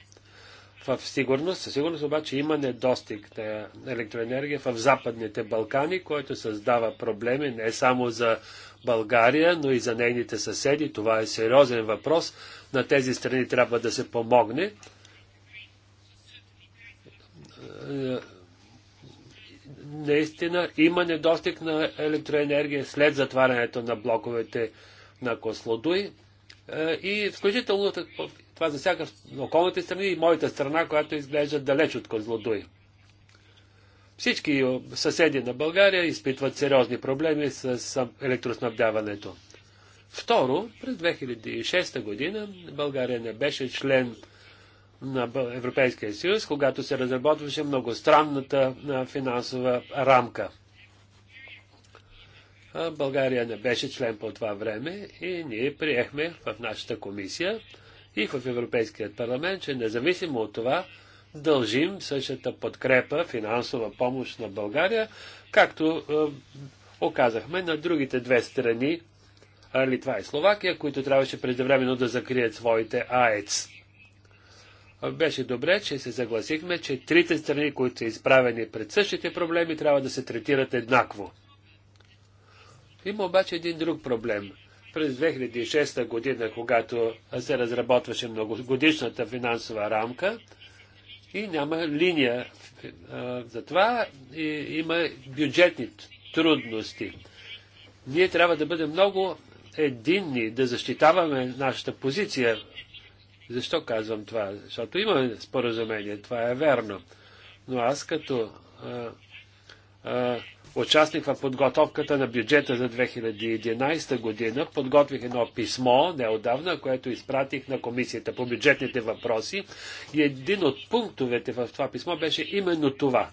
в сигурност. Със сигурност обаче има недостиг на електроенергия в Западните Балкани, който създава проблеми не само за България, но и за нейните съседи. Това е сериозен въпрос. На тези страни трябва да се помогне. Наистина има недостиг на електроенергия след затварянето на блоковете на Кослодуй е, и включително това засяга околните страни и моята страна, която изглежда далеч от Козлодуй. Всички съседи на България изпитват сериозни проблеми с електроснабдяването. Второ, през 2006 година България не беше член на Европейския съюз, когато се разработваше многостранната финансова рамка. България не беше член по това време и ние приехме в нашата комисия и в Европейският парламент, че независимо от това дължим същата подкрепа, финансова помощ на България, както е, оказахме на другите две страни, Литва и Словакия, които трябваше преждевременно да закрият своите АЕЦ. Беше добре, че се загласихме, че трите страни, които са изправени пред същите проблеми, трябва да се третират еднакво. Има обаче един друг проблем – през 2006 година, когато се разработваше многогодишната финансова рамка и няма линия за това, и има бюджетни трудности. Ние трябва да бъдем много единни, да защитаваме нашата позиция. Защо казвам това? Защото имаме споразумение, това е верно. Но аз като а, а, участник в подготовката на бюджета за 2011 година. Подготвих едно писмо неодавна, което изпратих на Комисията по бюджетните въпроси и един от пунктовете в това писмо беше именно това.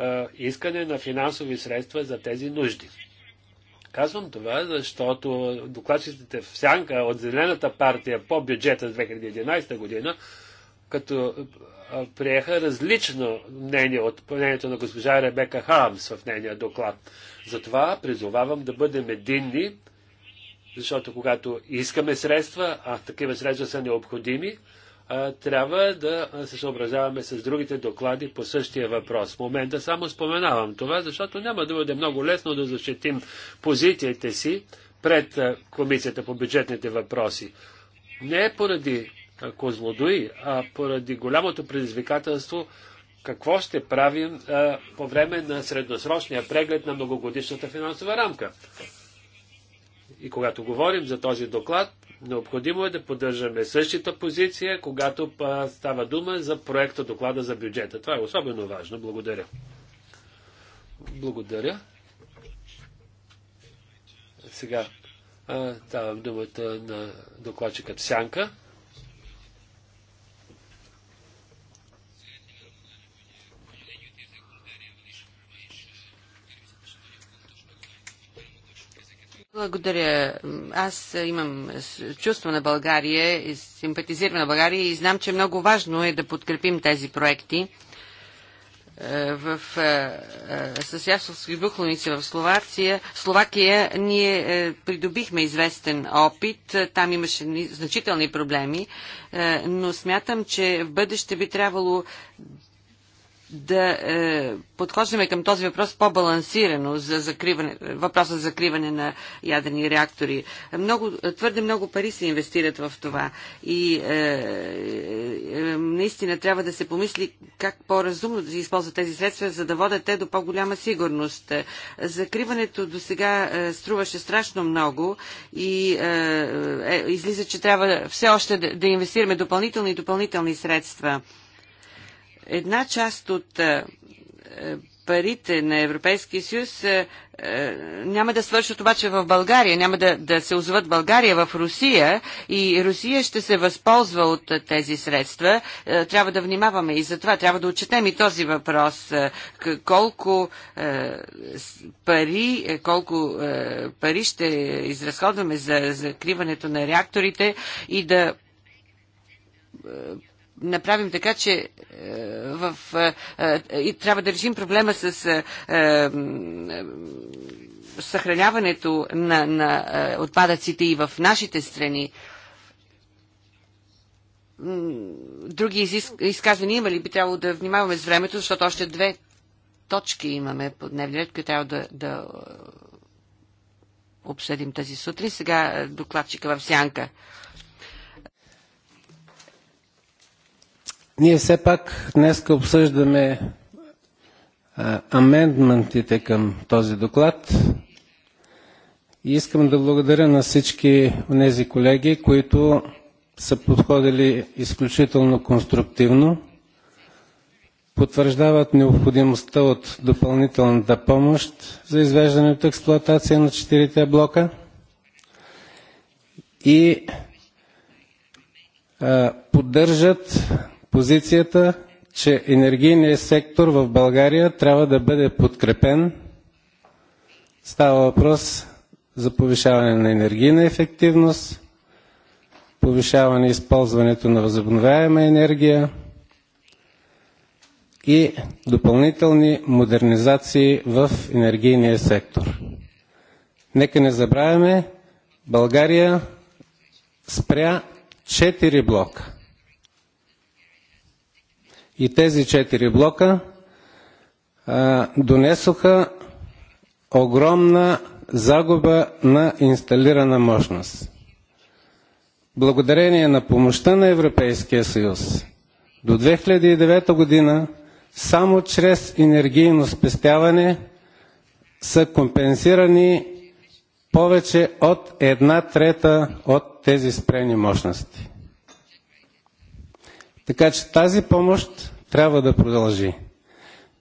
Е, искане на финансови средства за тези нужди. Казвам това, защото докладчиците в сянка от Зелената партия по бюджета за 2011 година, като приеха различно мнение от мнението на госпожа Ребека Хармс в нейния доклад. Затова призовавам да бъдем единни, защото когато искаме средства, а такива средства са необходими, трябва да се съобразяваме с другите доклади по същия въпрос. В момента само споменавам това, защото няма да бъде много лесно да защитим позициите си пред Комисията по бюджетните въпроси. Не поради Козлодуи, а поради голямото предизвикателство, какво ще правим а, по време на средносрочния преглед на многогодишната финансова рамка. И когато говорим за този доклад, необходимо е да поддържаме същата позиция, когато а, става дума за проекта доклада за бюджета. Това е особено важно. Благодаря. Благодаря. Сега а, давам думата на докладчикът Сянка. Благодаря. Аз имам чувство на България, симпатизирам на България и знам, че много важно е да подкрепим тези проекти. Е, в, е, е, с Ясовски Бухлоници в Словакия, Словакия ние придобихме известен опит. Там имаше значителни проблеми, но смятам, че в бъдеще би трябвало да е, подхождаме към този въпрос по-балансирано за закриване, въпроса за закриване на ядрени реактори. Много, твърде много пари се инвестират в това и е, е, е, наистина трябва да се помисли как по-разумно да се използват тези средства, за да водят те до по-голяма сигурност. Закриването до сега е, струваше страшно много и е, е, излиза, че трябва все още да, да инвестираме допълнителни и допълнителни средства. Една част от е, е, парите на Европейския съюз е, няма да свършат обаче в България, няма да, да се озоват България в Русия и Русия ще се възползва от тези средства. Трябва да внимаваме и затова трябва да отчетем и този въпрос. Колко пари, колко пари ще изразходваме за закриването на реакторите и да направим така, че е, в, е, е, и трябва да решим проблема с съхраняването на, на отпадъците и в нашите страни. Други изказвания има ли? Би трябвало да внимаваме с времето, защото още две точки имаме по дневния ред, които трябва да, да обсъдим тази сутрин. Сега докладчика в сянка. Ние все пак днес обсъждаме амендментите към този доклад. И искам да благодаря на всички тези колеги, които са подходили изключително конструктивно, потвърждават необходимостта от допълнителната помощ за извеждане от експлоатация на четирите блока и поддържат позицията, че енергийният сектор в България трябва да бъде подкрепен. Става въпрос за повишаване на енергийна ефективност, повишаване използването на възобновяема енергия и допълнителни модернизации в енергийния сектор. Нека не забравяме, България спря 4 блока. И тези четири блока а, донесоха огромна загуба на инсталирана мощност. Благодарение на помощта на Европейския съюз до 2009 година само чрез енергийно спестяване са компенсирани повече от една трета от тези спрени мощности. Така че тази помощ трябва да продължи.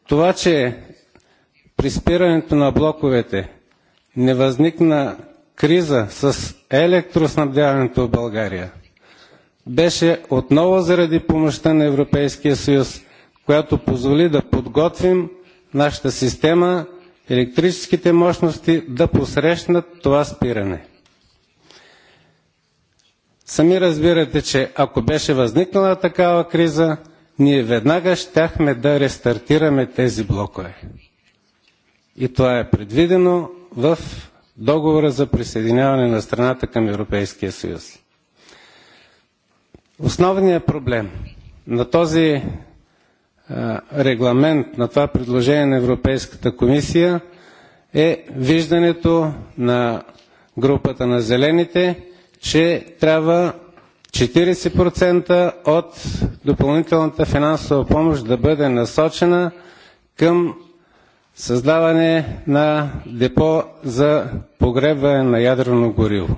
Това, че при спирането на блоковете не възникна криза с електроснабдяването в България, беше отново заради помощта на Европейския съюз, която позволи да подготвим нашата система, електрическите мощности да посрещнат това спиране. Сами разбирате, че ако беше възникнала такава криза, ние веднага щяхме да рестартираме тези блокове. И това е предвидено в договора за присъединяване на страната към Европейския съюз. Основният проблем на този регламент, на това предложение на Европейската комисия е виждането на групата на зелените че трябва 40% от допълнителната финансова помощ да бъде насочена към създаване на депо за погребване на ядрено гориво.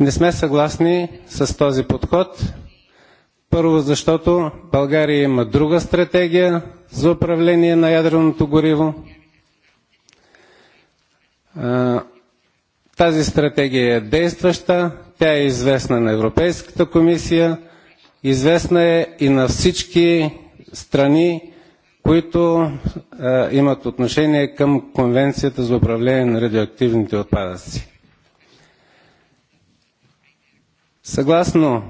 Не сме съгласни с този подход. Първо, защото България има друга стратегия за управление на ядреното гориво. Тази стратегия е действаща, тя е известна на Европейската комисия, известна е и на всички страни, които имат отношение към Конвенцията за управление на радиоактивните отпадъци. Съгласно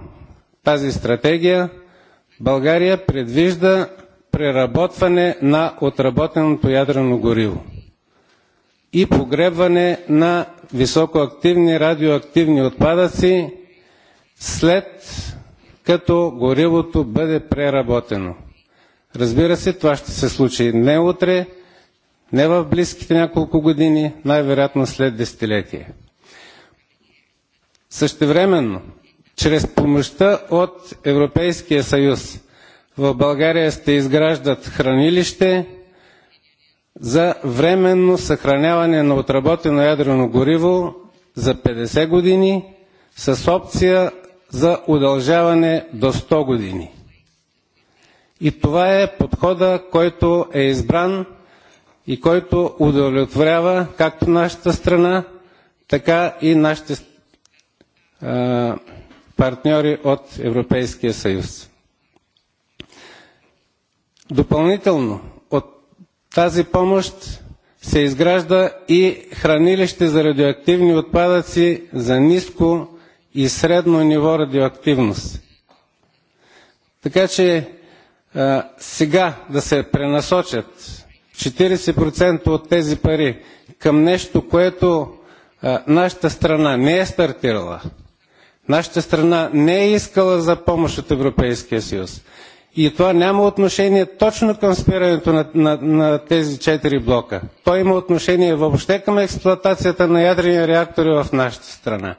тази стратегия, България предвижда преработване на отработеното ядрено гориво и погребване на високоактивни радиоактивни отпадъци след като горивото бъде преработено. Разбира се, това ще се случи не утре, не в близките няколко години, най-вероятно след десетилетие. Същевременно, чрез помощта от Европейския съюз в България ще изграждат хранилище, за временно съхраняване на отработено ядрено гориво за 50 години с опция за удължаване до 100 години. И това е подхода, който е избран и който удовлетворява както нашата страна, така и нашите а, партньори от Европейския съюз. Допълнително, тази помощ се изгражда и хранилище за радиоактивни отпадъци за ниско и средно ниво радиоактивност. Така че а, сега да се пренасочат 40% от тези пари към нещо, което а, нашата страна не е стартирала. Нашата страна не е искала за помощ от Европейския съюз. И това няма отношение точно към спирането на, на, на тези четири блока. То има отношение въобще към експлоатацията на ядрени реактори в нашата страна.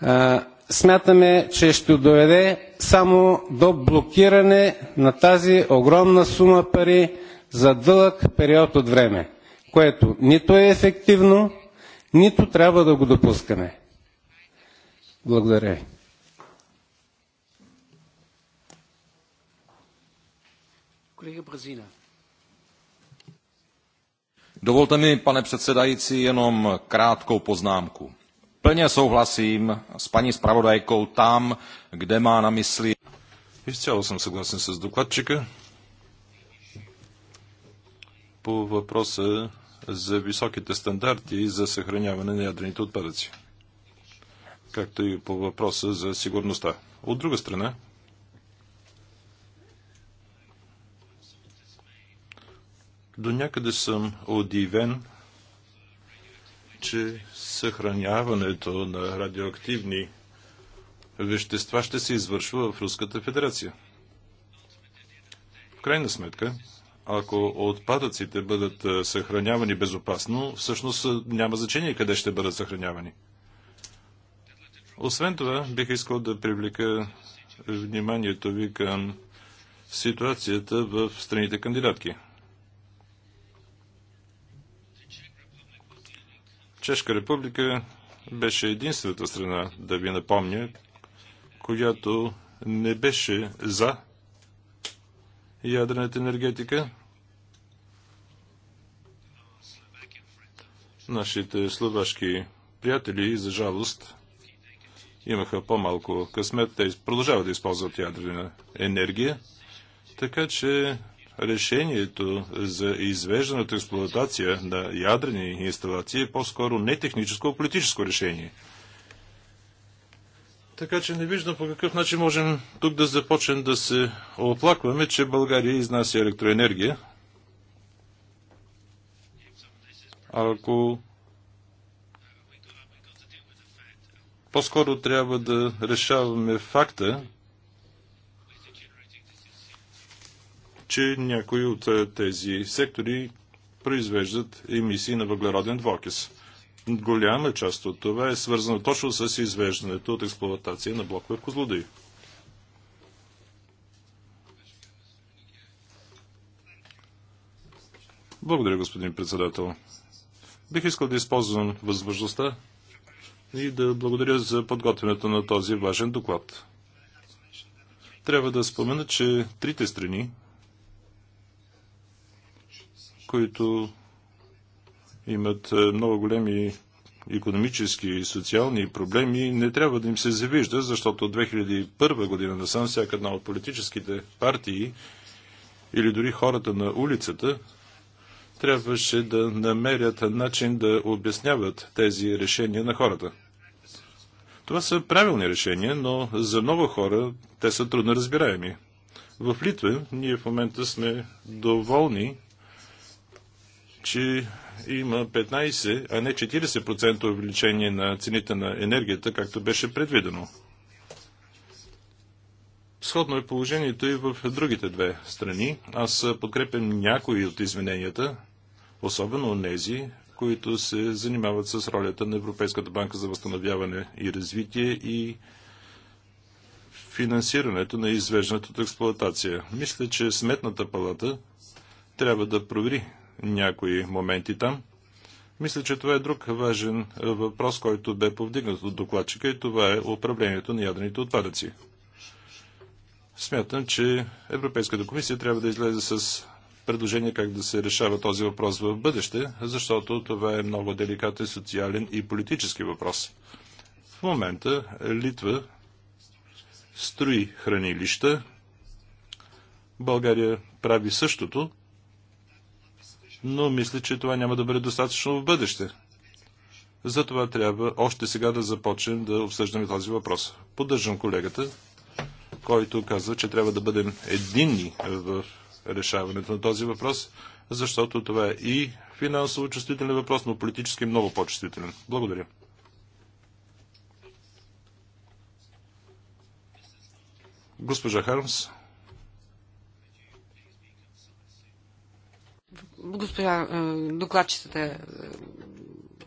А, смятаме, че ще доведе само до блокиране на тази огромна сума пари за дълъг период от време, което нито е ефективно, нито трябва да го допускаме. Благодаря ви. Kolega Brzina. Dovolte mi, pane předsedající, jenom krátkou poznámku. Plně souhlasím s paní zpravodajkou tam, kde má na mysli. Изцяло съм съгласен с докладчика по въпроса за високите стандарти за съхраняване на ядрените отпадъци, както и по въпроса за сигурността. От друга страна, До някъде съм удивен, че съхраняването на радиоактивни вещества ще се извършва в Руската федерация. В крайна сметка, ако отпадъците бъдат съхранявани безопасно, всъщност няма значение къде ще бъдат съхранявани. Освен това, бих искал да привлека вниманието ви към ситуацията в страните кандидатки. Чешка република беше единствената страна, да ви напомня, която не беше за ядрената енергетика. Нашите словашки приятели, за жалост, имаха по-малко късмет. Те продължават да използват ядрена енергия. Така че решението за извеждането експлуатация на ядрени инсталации е по-скоро не техническо, а политическо решение. Така че не виждам по какъв начин можем тук да започнем да се оплакваме, че България изнася електроенергия. ако по-скоро трябва да решаваме факта, че някои от е, тези сектори произвеждат емисии на въглероден двокис. Голяма част от това е свързано точно с извеждането от експлуатация на блокове Козлодей. Благодаря, господин председател. Бих искал да използвам възможността и да благодаря за подготвянето на този важен доклад. Трябва да спомена, че трите страни които имат е, много големи економически и социални проблеми, не трябва да им се завижда, защото от 2001 година насам всяка една от политическите партии или дори хората на улицата трябваше да намерят начин да обясняват тези решения на хората. Това са правилни решения, но за много хора те са трудно разбираеми. В Литва ние в момента сме доволни че има 15, а не 40% увеличение на цените на енергията, както беше предвидено. Сходно е положението и в другите две страни. Аз подкрепям някои от измененията, особено нези, които се занимават с ролята на Европейската банка за възстановяване и развитие и финансирането на извеждането от експлоатация. Мисля, че Сметната палата трябва да провери някои моменти там. Мисля, че това е друг важен е, въпрос, който бе повдигнат от докладчика и това е управлението на ядрените отпадъци. Смятам, че Европейската комисия трябва да излезе с предложение как да се решава този въпрос в бъдеще, защото това е много деликатен социален и политически въпрос. В момента Литва строи хранилища, България прави същото, но мисля, че това няма да бъде достатъчно в бъдеще. Затова трябва още сега да започнем да обсъждаме този въпрос. Поддържам колегата, който казва, че трябва да бъдем единни в решаването на този въпрос, защото това е и финансово чувствителен въпрос, но политически много по-чувствителен. Благодаря. Госпожа Хармс. Госпожа е, докладчицата, е,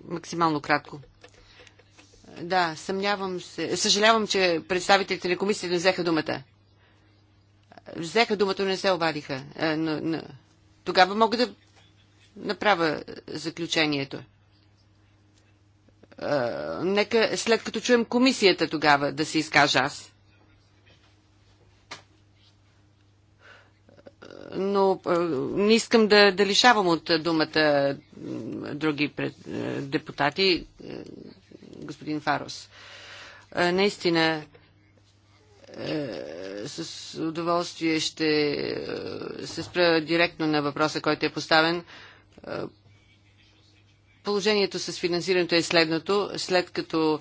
максимално кратко. Да, съмнявам се. Съжалявам, че представителите на комисията не взеха думата. Взеха думата, но не се обадиха. Е, но, но... Тогава мога да направя заключението. Нека след като чуем комисията тогава да се изкажа аз. но не искам да, да лишавам от думата други пред, депутати. Господин Фарос, наистина с удоволствие ще се спра директно на въпроса, който е поставен. Положението с финансирането е следното. След като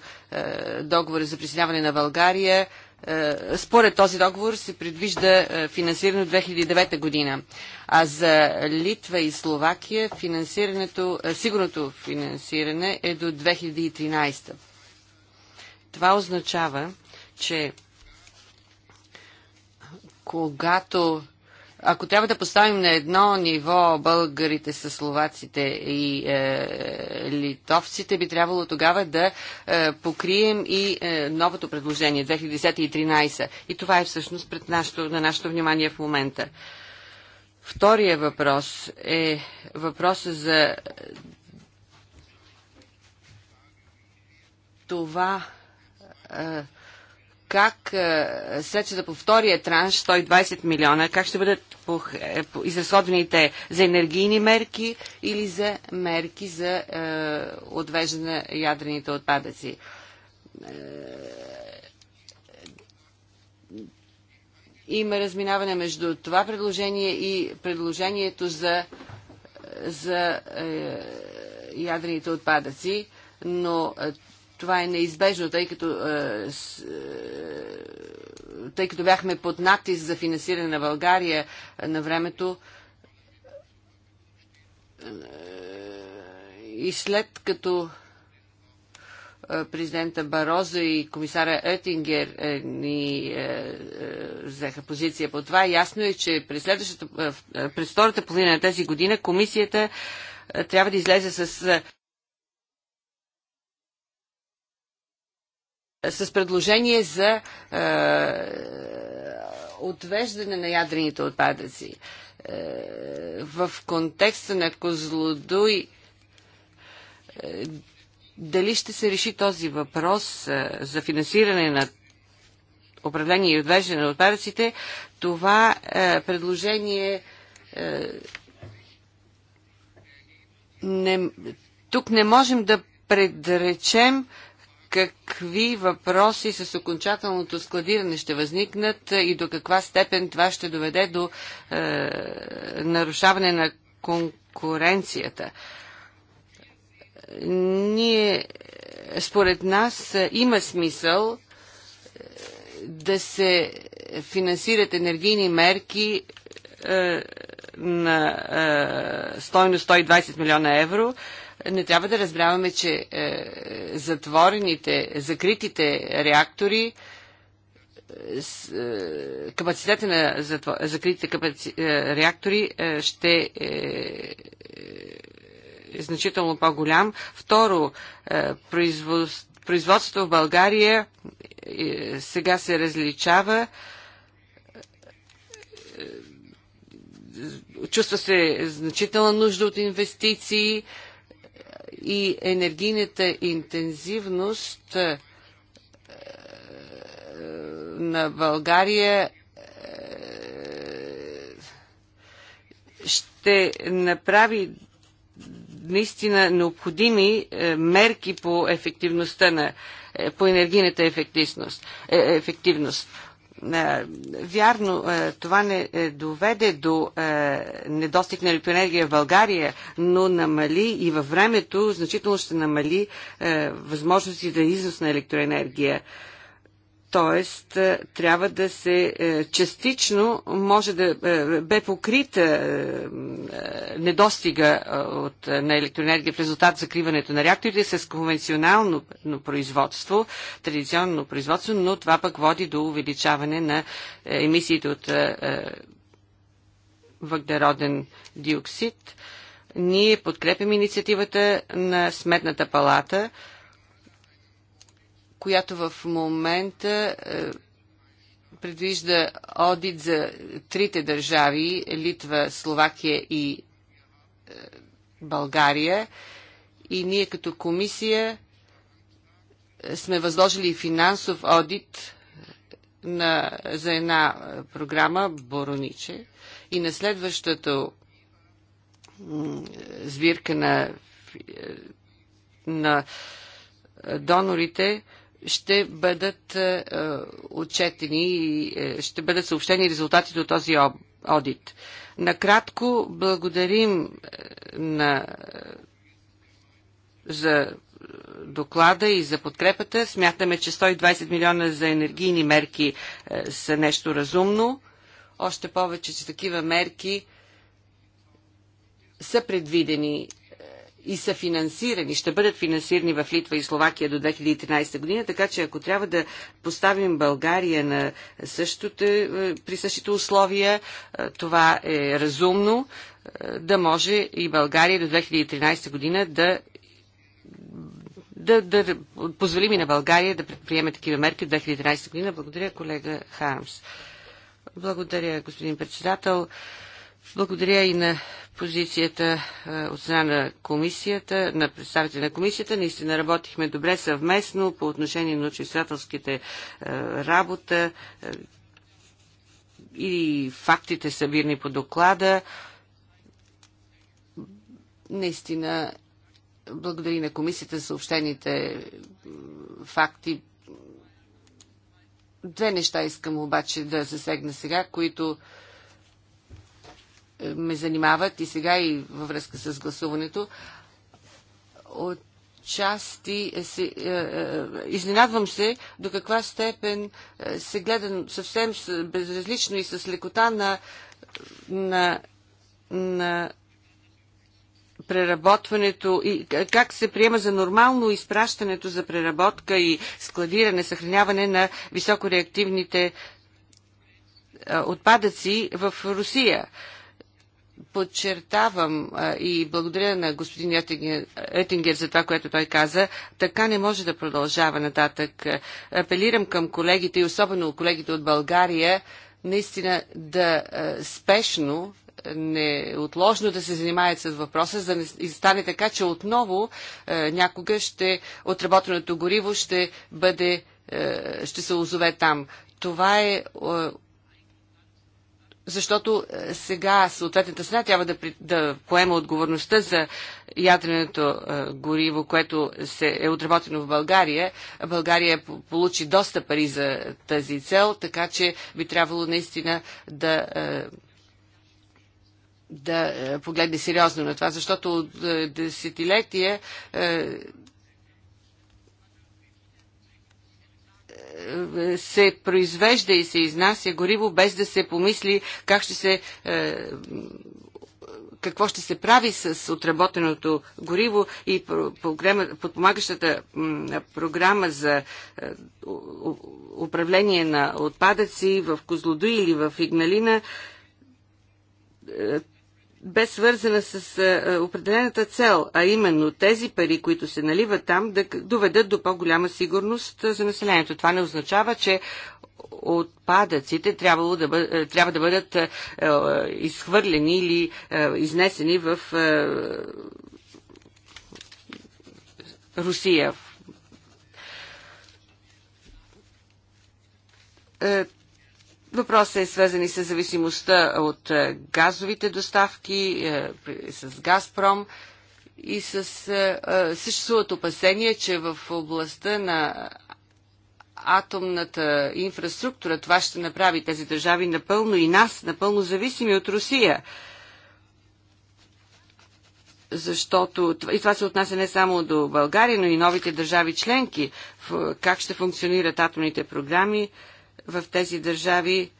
договор за присъединяване на България е, според този договор се предвижда е, финансиране от 2009 година. А за Литва и Словакия финансирането, е, сигурното финансиране е до 2013. Това означава, че когато ако трябва да поставим на едно ниво българите с словаците и е, литовците, би трябвало тогава да е, покрием и е, новото предложение 2013. И това е всъщност пред нашото, на нашето внимание в момента. Втория въпрос е въпроса за това е, как е, след да повтория транш 120 милиона, как ще бъдат е, изразходваните за енергийни мерки или за мерки за е, отвеждане на ядрените отпадъци? Има разминаване между това предложение и предложението за, за ядрените отпадъци, но това е неизбежно, тъй като тъй като бяхме под натиск за финансиране на България на времето, и след като президента Барозо и комисара Етингер е, ни е, е, взеха позиция по това. Ясно е, че през, следващата, през втората половина на тази година комисията трябва да излезе с с предложение за е, отвеждане на ядрените отпадъци. Е, в контекста на Козлодуй е, дали ще се реши този въпрос за финансиране на управление и отвеждане на отпадъците, това предложение не, тук не можем да предречем какви въпроси с окончателното складиране ще възникнат и до каква степен това ще доведе до е, нарушаване на конкуренцията. Ние, според нас, има смисъл е, да се финансират енергийни мерки е, на е, стойност 120 милиона евро, е, не трябва да разбраваме, че е, затворените, закритите реактори е, е, капацитета на затвор... закритите капаци... реактори ще е значително по-голям. Второ, производството в България сега се различава. Чувства се значителна нужда от инвестиции и енергийната интензивност е, на България е, ще направи наистина необходими е, мерки по ефективността на по енергийната ефективност. ефективност. Е, вярно, е, това не е, доведе до недостиг на електроенергия в България, но намали и във времето значително ще намали възможности за износ на електроенергия. Т.е. трябва да се е, частично може да е, бе покрита е, недостига от, на електроенергия в резултат закриването на реакторите с конвенционално производство, традиционно производство, но това пък води до увеличаване на емисиите от въглероден диоксид. Ние подкрепим инициативата на Сметната палата – която в момента е, предвижда одит за трите държави Литва, Словакия и е, България. И ние като комисия е, сме възложили финансов одит на, за една програма Борониче и на следващото сбирка на, на донорите ще бъдат е, е, отчетени и е, ще бъдат съобщени резултатите от този одит. Накратко благодарим на, за доклада и за подкрепата. Смятаме, че 120 милиона за енергийни мерки са нещо разумно. Още повече, че такива мерки са предвидени и са финансирани, ще бъдат финансирани в Литва и Словакия до 2013 година, така че ако трябва да поставим България на същото, е, при същите условия, е, това е разумно, е, да може и България до 2013 година да да, да позволим и на България да предприеме такива мерки в 2013 година. Благодаря, колега Хармс. Благодаря, господин председател. Благодаря и на позицията от страна на комисията, на представителя на комисията. Наистина работихме добре съвместно по отношение на учествателските работа и фактите събирани по доклада. Наистина и на комисията за съобщените факти. Две неща искам обаче да засегна сега, които ме занимават и сега и във връзка с гласуването. От части се, е, е, е, изненадвам се до каква степен е, се гледа съвсем безразлично и с лекота на, на, на преработването и как се приема за нормално изпращането за преработка и складиране, съхраняване на високореактивните е, отпадъци в Русия подчертавам и благодаря на господин Етингер за това, което той каза, така не може да продължава нататък. Апелирам към колегите и особено колегите от България, наистина да спешно неотложно да се занимаят с въпроса, за да не стане така, че отново някога ще отработеното гориво ще бъде, ще се озове там. Това е защото е, сега съответната страна трябва да, да поема отговорността за ядреното е, гориво, което се е отработено в България. България получи доста пари за тази цел, така че би трябвало наистина да. Е, да погледне сериозно на това, защото от десетилетие се произвежда и се изнася гориво, без да се помисли как ще се е, какво ще се прави с отработеното гориво и подпомагащата програма за е, управление на отпадъци в Козлодуй или в Игналина е, бе свързана с определената цел, а именно тези пари, които се наливат там, да доведат до по-голяма сигурност за населението. Това не означава, че отпадъците трябвало да бъ... трябва да бъдат изхвърлени или изнесени в Русия. Е, Въпросът е свързан и с зависимостта от е, газовите доставки, е, с Газпром и с е, съществуват опасения, че в областта на атомната инфраструктура това ще направи тези държави напълно и нас, напълно зависими от Русия защото и това се отнася не само до България, но и новите държави членки, как ще функционират атомните програми, в тези държави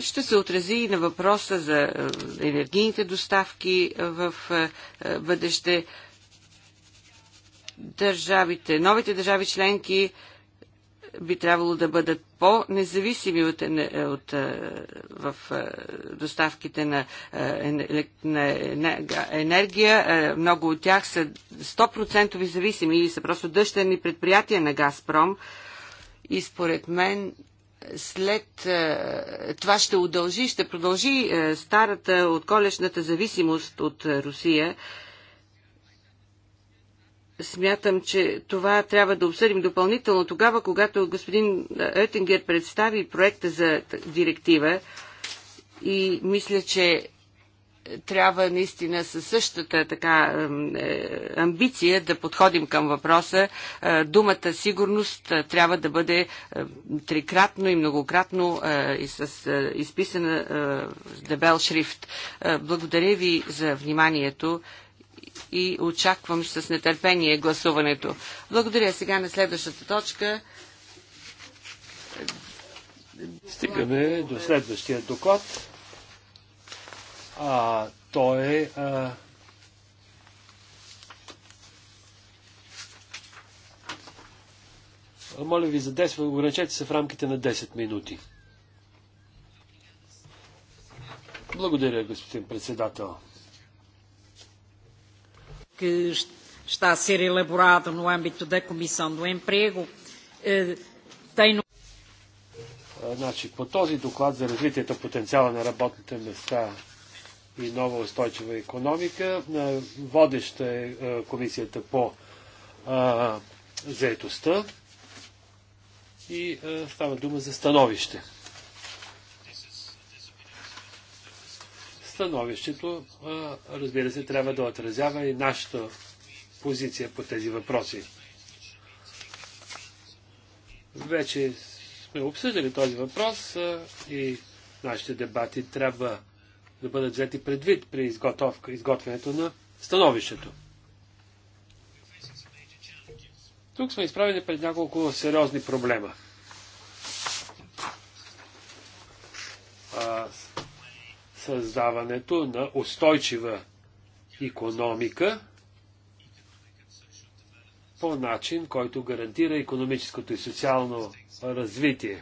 ще се отрази и на въпроса за е, енергийните доставки в е, е, бъдеще. Държавите, новите държави членки би трябвало да бъдат по-независими от, от, е, в е, доставките на, е, на енергия. Много от тях са 100% зависими или са просто дъщерни предприятия на Газпром. И според мен след това ще удължи, ще продължи старата отколешната зависимост от Русия смятам, че това трябва да обсъдим допълнително тогава, когато господин Оттингер представи проекта за директива и мисля, че трябва наистина със същата така е, амбиция да подходим към въпроса. Е, думата сигурност е, трябва да бъде трикратно и многократно и с изписана с дебел шрифт. Благодаря ви за вниманието и очаквам с нетърпение гласуването. Благодаря. Сега на следващата точка. Стигаме до следващия доклад. А, той е а, моля ви за 10, ограничете се в рамките на 10 минути. Благодаря, господин председател que está a ser elaborado no âmbito da Comissão do Emprego, eh, tem no... Eh, значи, по този доклад за развитието потенциала на работните места и нова устойчива економика, водеща е, е комисията по заетостта и е, става дума за становище. Становището, разбира се, трябва да отразява и нашата позиция по тези въпроси. Вече сме обсъждали този въпрос и нашите дебати трябва да бъдат взети предвид при изготовка, изготвянето на становището. Тук сме изправени пред няколко сериозни проблема създаването на устойчива економика по начин, който гарантира економическото и социално развитие.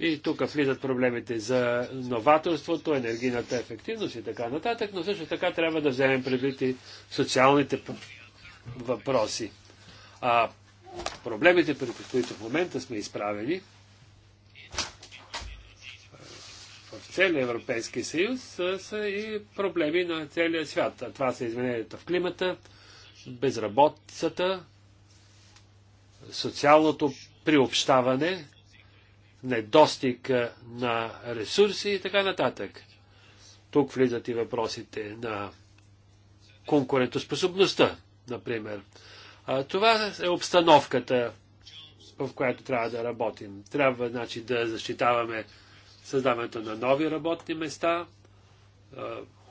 И тук влизат проблемите за новаторството, енергийната ефективност и така нататък, но също така трябва да вземем предвид и социалните въпроси. А проблемите, пред които в момента сме изправени, целия Европейски съюз са, са и проблеми на целия свят. А това са измененията в климата, безработицата, социалното приобщаване, недостиг на ресурси и така нататък. Тук влизат и въпросите на конкурентоспособността, например. А, това е обстановката, в която трябва да работим. Трябва значи, да защитаваме създаването на нови работни места,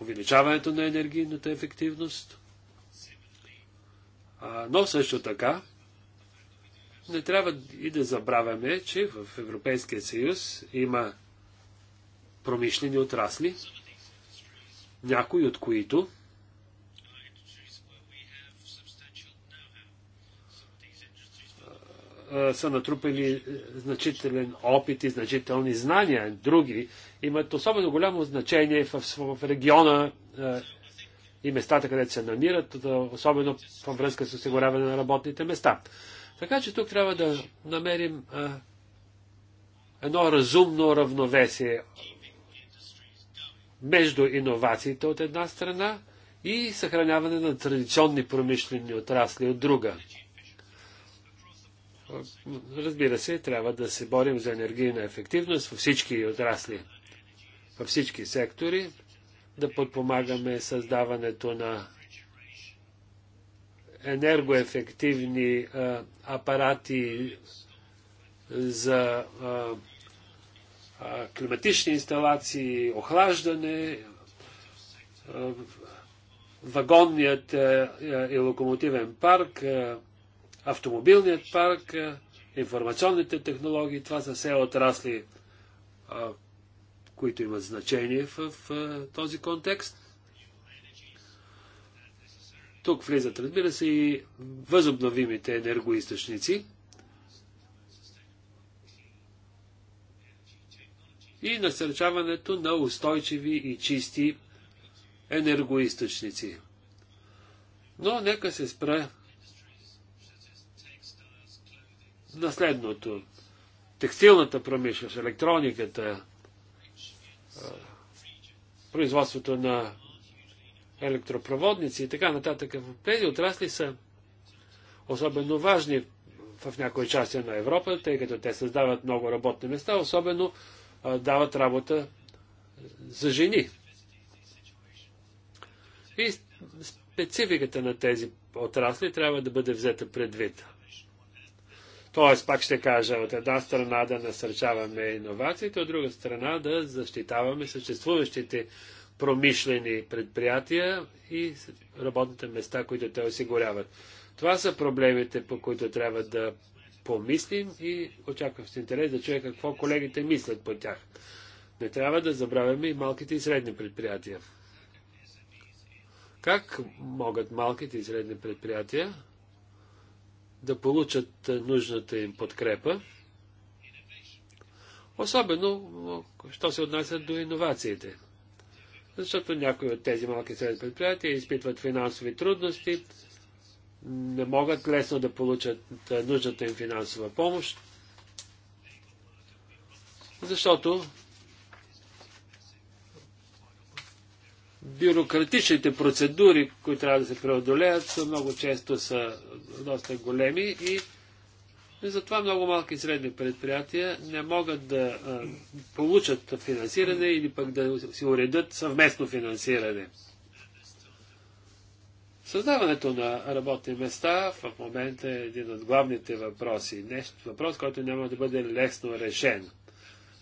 увеличаването на енергийната ефективност. Но също така не трябва и да забравяме, че в Европейския съюз има промишлени отрасли, някои от които са натрупали е, значителен опит и значителни знания. Други имат особено голямо значение в, в региона е, и местата, където се намират, особено във връзка с осигуряване на работните места. Така че тук трябва да намерим а, е, едно разумно равновесие между иновациите от една страна и съхраняване на традиционни промишлени отрасли от друга. Разбира се, трябва да се борим за енергийна ефективност във всички отрасли, във всички сектори, да подпомагаме създаването на енергоефективни а, апарати за а, а, климатични инсталации, охлаждане, а, вагонният а, е, е, и локомотивен парк, а, е, Автомобилният парк, е, информационните технологии, това са все отрасли, които имат значение в този контекст. Тук влизат, разбира се, и възобновимите енергоисточници. И насърчаването на устойчиви и чисти енергоисточници. Но нека се спра на следното. Текстилната промишленост, електрониката, производството на електропроводници и така нататък. Тези отрасли са особено важни в някои части на Европа, тъй като те създават много работни места, особено дават работа за жени. И спецификата на тези отрасли трябва да бъде взета предвид. Тоест, пак ще кажа, от една страна да насърчаваме иновациите, от друга страна да защитаваме съществуващите промишлени предприятия и работните места, които те осигуряват. Това са проблемите, по които трябва да помислим и очаквам с интерес да чуя какво колегите мислят по тях. Не трябва да забравяме и малките и средни предприятия. Как могат малките и средни предприятия да получат нужната им подкрепа. Особено, що се отнася до иновациите. Защото някои от тези малки средни предприятия изпитват финансови трудности, не могат лесно да получат нужната им финансова помощ, защото бюрократичните процедури, които трябва да се преодолеят, много често са доста големи и затова много малки и средни предприятия не могат да а, получат финансиране или пък да си уредят съвместно финансиране. Създаването на работни места в момента е един от главните въпроси. Нещо, въпрос, който няма да бъде лесно решен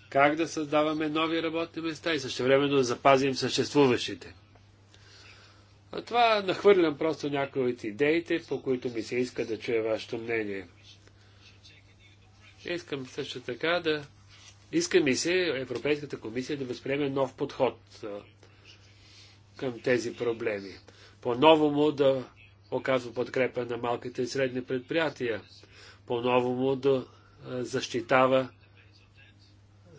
как да създаваме нови работни места и също времено да запазим съществуващите. А това нахвърлям просто някои от идеите, по които ми се иска да чуя вашето мнение. Искам също така да... Иска ми се Европейската комисия да възприеме нов подход към тези проблеми. По-новому да оказва подкрепа на малките и средни предприятия. По-новому да защитава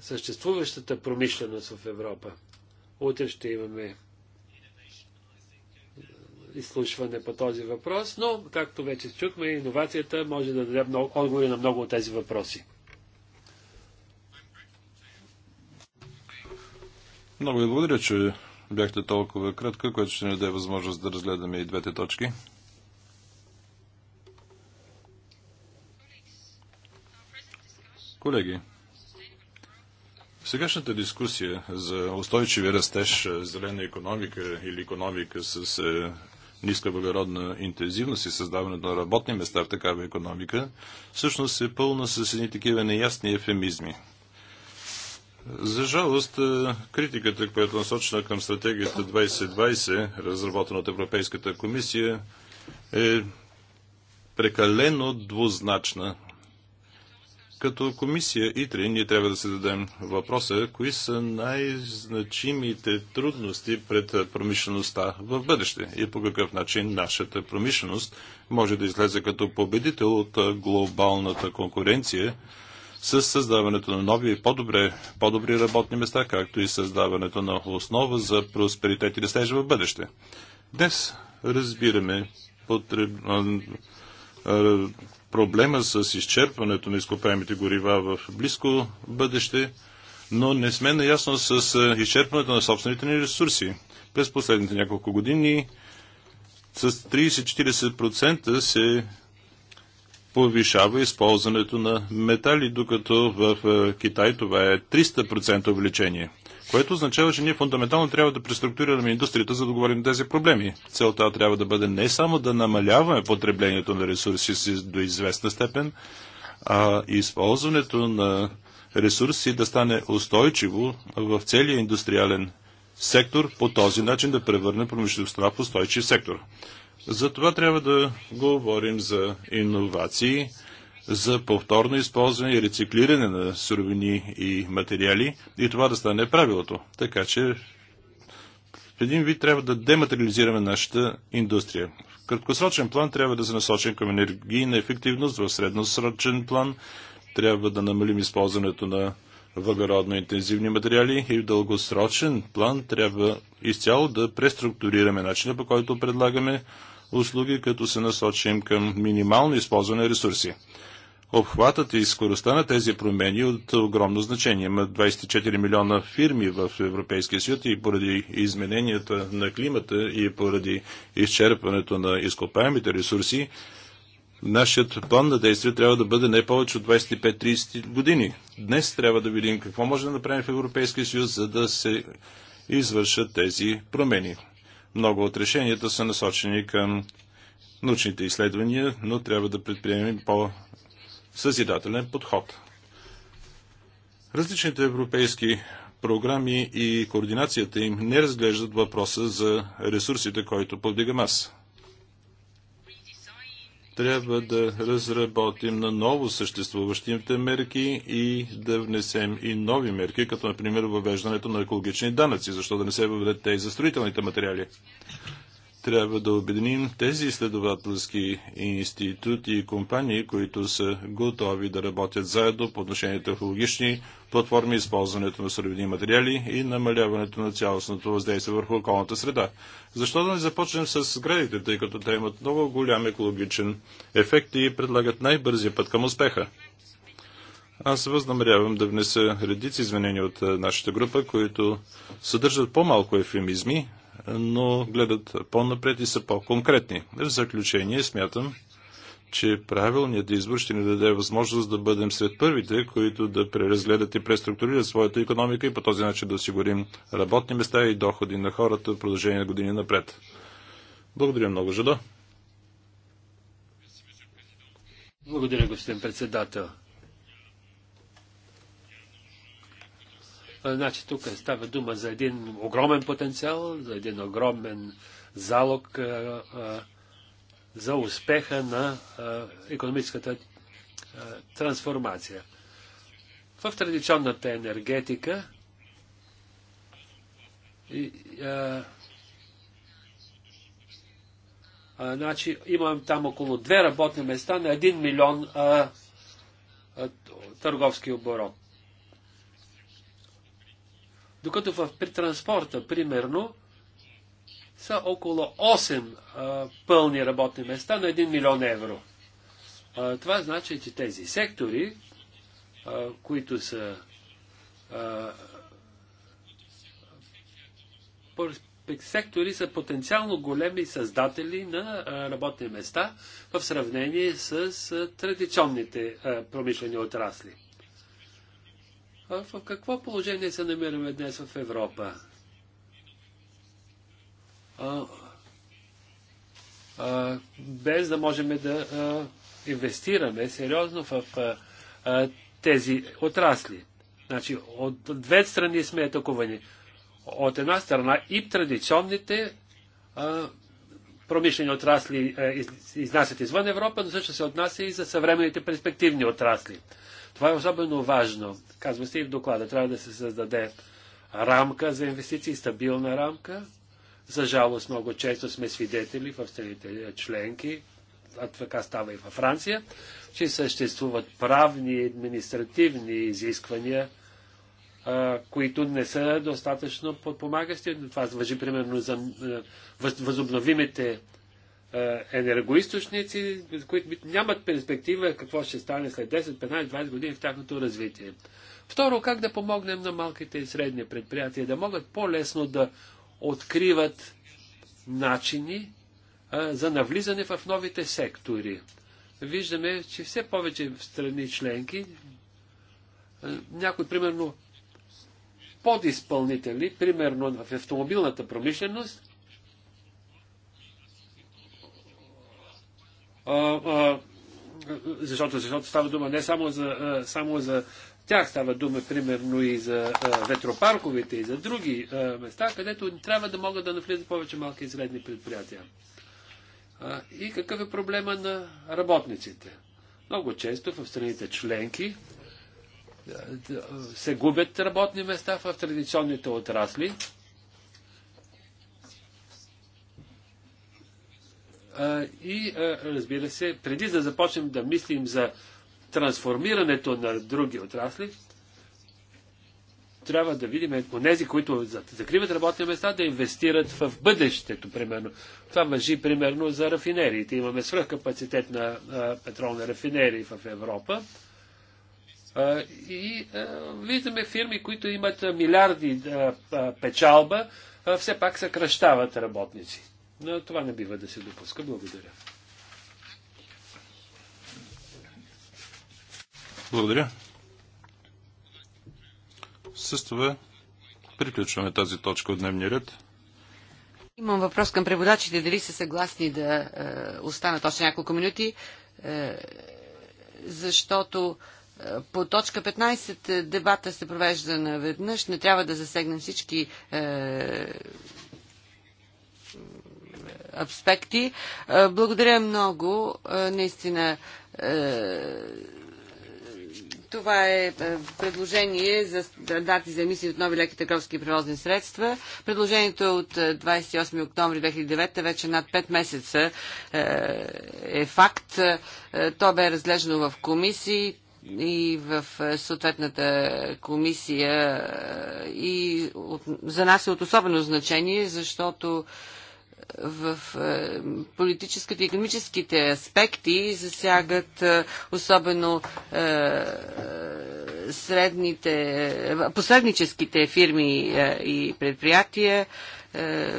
съществуващата промишленост в Европа. Утре ще имаме изслушване по този въпрос, но, както вече чухме, иновацията може да даде много, отговори на много от тези въпроси. Много ви благодаря, че бяхте толкова кратка, което ще ни даде възможност да разгледаме и двете точки. Колеги, сегашната дискусия за устойчиви растеж, е, зелена економика или економика с е, ниска въглеродна интензивност и създаването на работни места в такава економика, всъщност е пълна с едни такива неясни ефемизми. За жалост, е, критиката, която е насочена към стратегията 2020, разработена от Европейската комисия, е прекалено двузначна като комисия ИТРИ ние трябва да се дадем въпроса, кои са най-значимите трудности пред промишлеността в бъдеще и по какъв начин нашата промишленост може да излезе като победител от глобалната конкуренция с създаването на нови и по-добре, по-добри работни места, както и създаването на основа за просперитет и да в бъдеще. Днес разбираме потреб проблема с изчерпването на изкопаемите горива в близко бъдеще, но не сме наясно с изчерпването на собствените ни ресурси. През последните няколко години с 30-40% се повишава използването на метали, докато в Китай това е 300% увеличение което означава, че ние фундаментално трябва да преструктурираме индустрията, за да говорим тези проблеми. Целта трябва да бъде не само да намаляваме потреблението на ресурси си до известна степен, а използването на ресурси да стане устойчиво в целия индустриален сектор, по този начин да превърне промишлеността в устойчив сектор. За това трябва да говорим за иновации, за повторно използване и рециклиране на суровини и материали и това да стане правилото. Така че в един вид трябва да дематериализираме нашата индустрия. В краткосрочен план трябва да се насочим към енергийна ефективност, в средносрочен план трябва да намалим използването на въглеродно интензивни материали и в дългосрочен план трябва изцяло да преструктурираме начина по който предлагаме услуги, като се насочим към минимално използване ресурси. Обхватът и скоростта на тези промени е от огромно значение. Има 24 милиона фирми в Европейския съюз и поради измененията на климата и поради изчерпването на изкопаемите ресурси, нашият план на действие трябва да бъде не повече от 25-30 години. Днес трябва да видим какво може да направим в Европейския съюз, за да се извършат тези промени. Много от решенията са насочени към научните изследвания, но трябва да предприемем по съзидателен подход. Различните европейски програми и координацията им не разглеждат въпроса за ресурсите, които повдигам аз. Трябва да разработим на ново съществуващите мерки и да внесем и нови мерки, като например въвеждането на екологични данъци, защо да не се въведат те и за строителните материали трябва да обединим тези изследователски институти и компании, които са готови да работят заедно по отношение на технологични платформи, използването на суровини материали и намаляването на цялостното въздействие върху околната среда. Защо да не започнем с сградите, тъй като те имат много голям екологичен ефект и предлагат най-бързия път към успеха? Аз възнамерявам да внеса редици извинения от нашата група, които съдържат по-малко ефемизми, но гледат по-напред и са по-конкретни. В заключение смятам, че правилният избор ще ни даде възможност да бъдем сред първите, които да преразгледат и преструктурират своята економика и по този начин да осигурим работни места и доходи на хората в продължение на години напред. Благодаря много, Жадо. Благодаря, господин председател. Значи тук става дума за един огромен потенциал, за един огромен залог а, а, за успеха на а, економическата трансформация. В традиционната енергетика и, а, а, значи, имам там около две работни места на 1 милион а, а, търговски оборот. Докато в, транспорта, примерно, са около 8 а, пълни работни места на 1 милион евро. А, това значи, че тези сектори, а, които са а, сектори са потенциално големи създатели на а, работни места в сравнение с а, традиционните а, промишлени отрасли в какво положение се намираме днес в Европа? А, а, без да можем да а, инвестираме сериозно в а, тези отрасли. Значи, от две страни сме атакувани. От една страна и традиционните а, промишлени отрасли а, из, изнасят извън Европа, но също се отнася и за съвременните перспективни отрасли. Това е особено важно. Казва се и в доклада. Трябва да се създаде рамка за инвестиции, стабилна рамка. За жалост много често сме свидетели в страните членки, а така става и във Франция, че съществуват правни и административни изисквания, които не са достатъчно подпомагащи. Това въжи примерно за възобновимите е, енергоисточници, които нямат перспектива какво ще стане след 10, 15, 20 години в тяхното развитие. Второ, как да помогнем на малките и средни предприятия да могат по-лесно да откриват начини е, за навлизане в новите сектори. Виждаме, че все повече в страни членки, е, някои, примерно, подизпълнители, примерно в автомобилната промишленост, защото, защото става дума не само за, само за тях, става дума примерно и за ветропарковите и за други места, където трябва да могат да навлизат повече малки и средни предприятия. И какъв е проблема на работниците? Много често в страните членки се губят работни места в традиционните отрасли, и разбира се, преди да започнем да мислим за трансформирането на други отрасли, трябва да видим онези, които закриват работни места, да инвестират в бъдещето, примерно. Това въжи, примерно, за рафинериите. Имаме свръхкапацитет на а, петролни рафинерии в Европа. А, и а, виждаме фирми, които имат милиарди а, а, печалба, а, все пак съкръщават работници. Но това не бива да се допуска. Благодаря. Благодаря. С това приключваме тази точка от дневния ред. Имам въпрос към преводачите. Дали са съгласни да е, останат още няколко минути? Е, защото е, по точка 15 е, дебата се провежда наведнъж. Не трябва да засегнем всички е, аспекти. Е, благодаря много. Е, наистина е, това е предложение за дати за емисии от нови леки търговски превозни средства. Предложението е от 28 октомври 2009, вече над 5 месеца е факт. То бе разглеждано в комисии и в съответната комисия и за нас е от особено значение, защото в е, политическите и економическите аспекти засягат е, особено е, средните, посредническите фирми и предприятия. Е,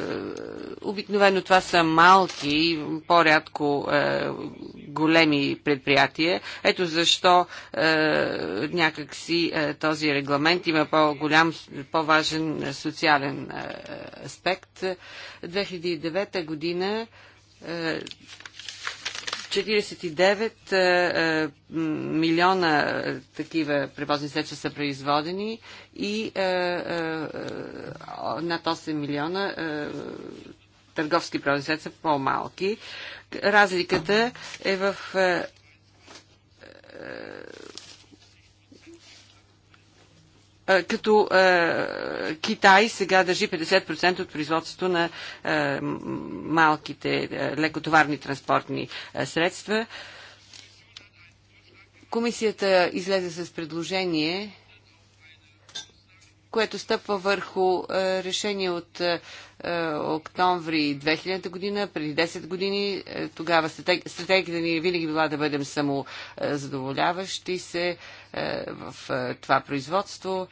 обикновено това са малки, по-рядко е, големи предприятия. Ето защо е, някакси този регламент има по-голям, по-важен социален аспект. 2009 година 49 е, е, милиона е, такива превозни средства са производени и над 8 милиона търговски превозни средства по-малки. Разликата е в като е, Китай сега държи 50% от производството на е, малките е, лекотоварни транспортни е, средства. Комисията излезе с предложение което стъпва върху е, решение от е, е, октомври 2000 година, преди 10 години. Тогава стратегията ни винаги била да бъдем само задоволяващи се в това производство.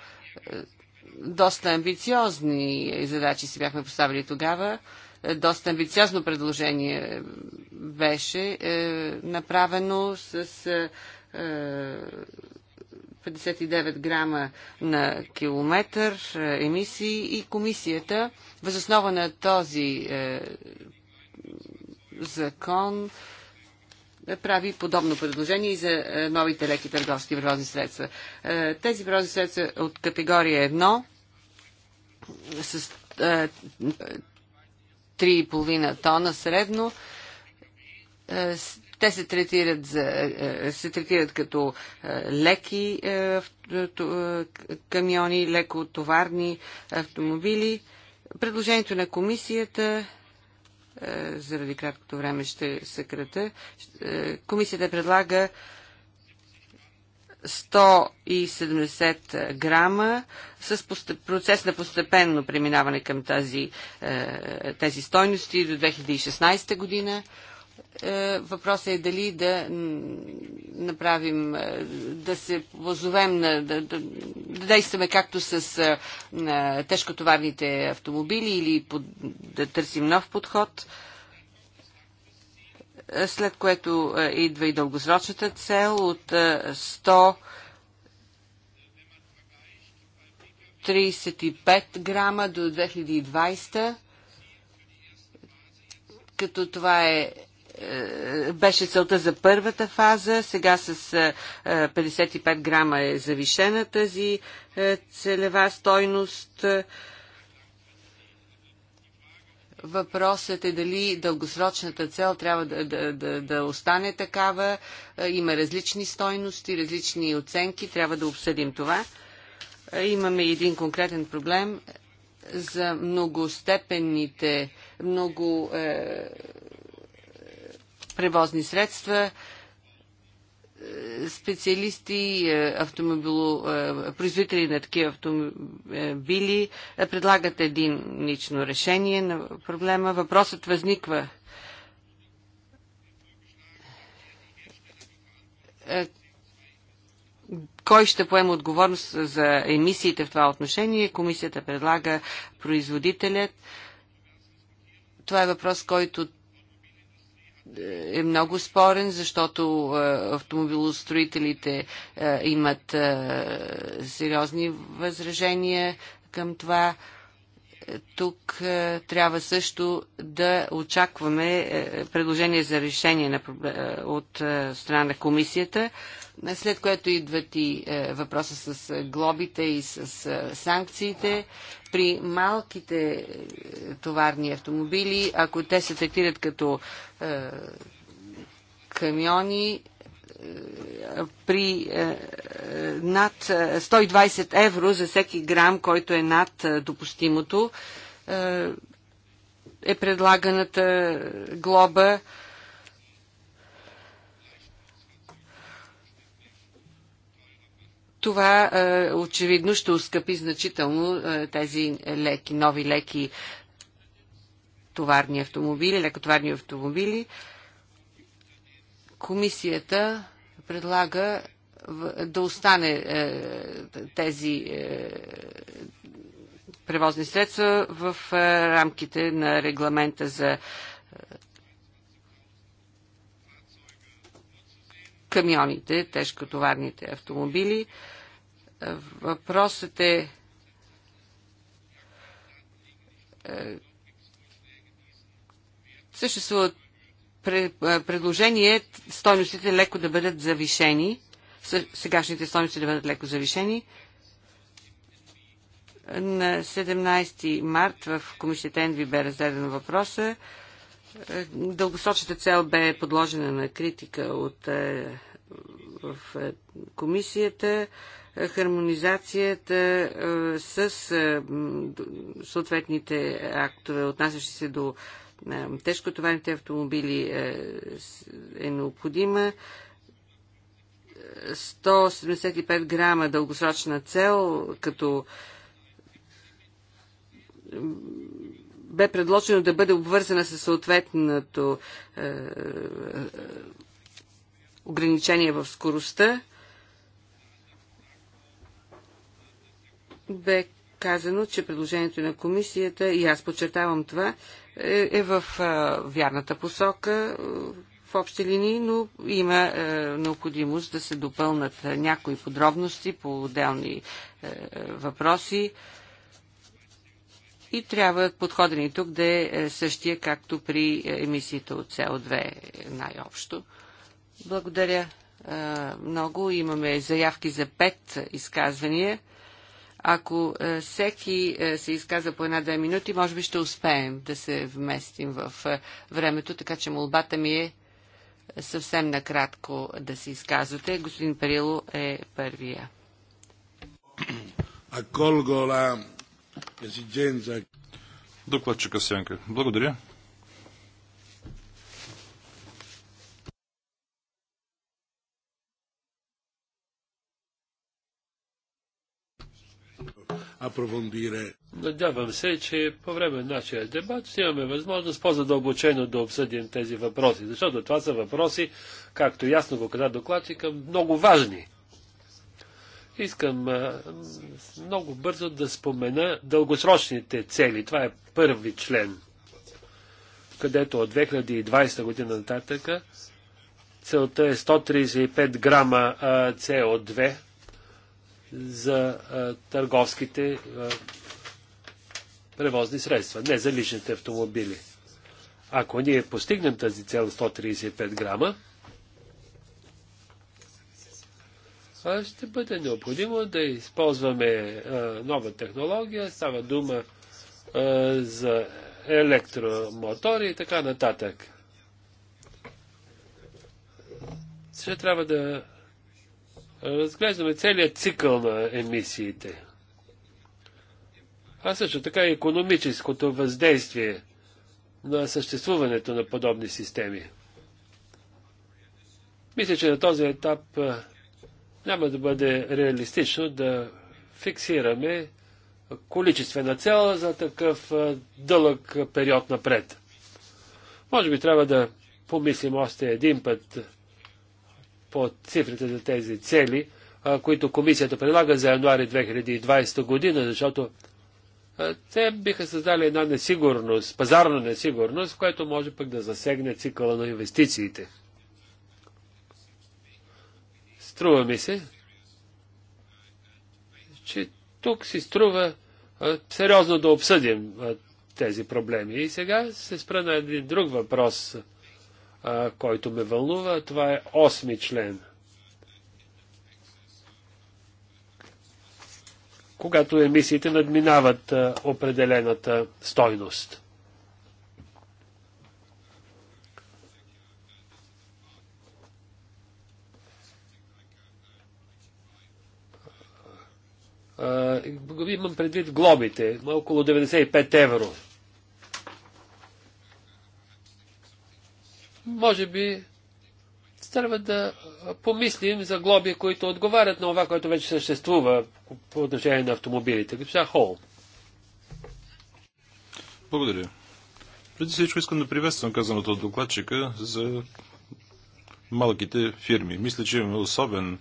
Доста амбициозни задачи си бяхме поставили тогава. Доста амбициозно предложение беше направено с 59 грама на километър е, емисии и комисията възоснова на този е, закон е, прави подобно предложение и за новите леки търговски превозни средства. тези превозни средства от категория 1 с 3,5 тона средно те се третират, за, е, е, се третират като е, леки камиони, леко товарни автомобили. Предложението на комисията заради краткото време ще съкрата. Комисията предлага 170 грама с процес на постепенно преминаване към тази, тези стойности до 2016 година. Е, въпросът е дали да направим, е, да се позовем, да, да, да действаме както с е, тежкотоварните автомобили или под, да търсим нов подход, след което идва и дългосрочната цел от 100 35 грама до 2020, като това е е, беше целта за първата фаза, сега с 55 е, е, грама е завишена тази целева стойност. Въпросът е дали дългосрочната цел трябва да, да, да, да остане такава. Има различни стойности, различни оценки. Трябва да обсъдим това. Имаме един конкретен проблем за многостепенните, много е, превозни средства, е, специалисти, е, автомобило, е, производители на такива автомобили предлагат единично решение на проблема. Въпросът възниква кой ще поема отговорност за емисиите в това отношение? Комисията предлага производителят. Това е въпрос, който е много спорен, защото е, автомобилостроителите е, имат е, сериозни възражения към това. Тук трябва също да очакваме предложение за решение от страна на комисията след което идват и е, въпроса с е, глобите и с е, санкциите. При малките товарни автомобили, ако те се третират като камиони, при над 120 евро за всеки грам, който е над допустимото, е предлаганата глоба това е, очевидно ще ускъпи значително е, тези леки, нови леки товарни автомобили, лекотоварни автомобили. Комисията предлага в, да остане е, тези превозни средства в рамките на регламента за камионите, тежкотоварните автомобили. Въпросът е, е съществуват е, предложение стойностите леко да бъдат завишени, сегашните стойности да бъдат леко завишени. На 17 март в комисията НВИ бе разгледан въпроса. Е, дългосрочната цел бе подложена на критика от е, в е, комисията хармонизацията с съответните актове, отнасящи се до тежкотоварните автомобили е необходима. 175 грама дългосрочна цел, като бе предложено да бъде обвързана със съответното е, ограничение в скоростта, бе казано, че предложението на комисията, и аз подчертавам това, е, е в е, вярната посока в общи линии, но има необходимост да се допълнат някои подробности по отделни въпроси и трябва подходен и тук да е, е същия, както при е, емисиите от СО2 най-общо. Благодаря е, много. Имаме заявки за пет изказвания. Ако всеки се изказа по една-две минути, може би ще успеем да се вместим в времето, така че молбата ми е съвсем накратко да се изказвате. Господин Парило е първия. Докладчика Сянка. Благодаря. Надявам се, че по време на нашия дебат ще имаме възможност по-задълбочено да обсъдим тези въпроси, защото това са въпроси, както ясно го каза докладчика, много важни. Искам много бързо да спомена дългосрочните цели. Това е първи член, където от 2020 година нататъка целта е 135 грама CO2 за търговските превозни средства, не за личните автомобили. Ако ние постигнем тази цел 135 грама, ще бъде необходимо да използваме нова технология. Става дума за електромотори и така нататък. Ще трябва да разглеждаме целият цикъл на емисиите. А също така и економическото въздействие на съществуването на подобни системи. Мисля, че на този етап няма да бъде реалистично да фиксираме количествена цел за такъв дълъг период напред. Може би трябва да помислим още един път по цифрите за тези цели, които комисията предлага за януари 2020 година, защото те биха създали една несигурност, пазарна несигурност, която може пък да засегне цикъла на инвестициите. Струва ми се, че тук си струва а, сериозно да обсъдим а, тези проблеми. И сега се спра на един друг въпрос, а, който ме вълнува. Това е осми член. Когато емисиите надминават определената стойност. Имам предвид глобите, около 95 евро. Може би трябва да помислим за глоби, които отговарят на това, което вече съществува по отношение на автомобилите. Госпожа Хол. Благодаря. Преди всичко искам да приветствам казаното от докладчика за малките фирми. Мисля, че имаме особен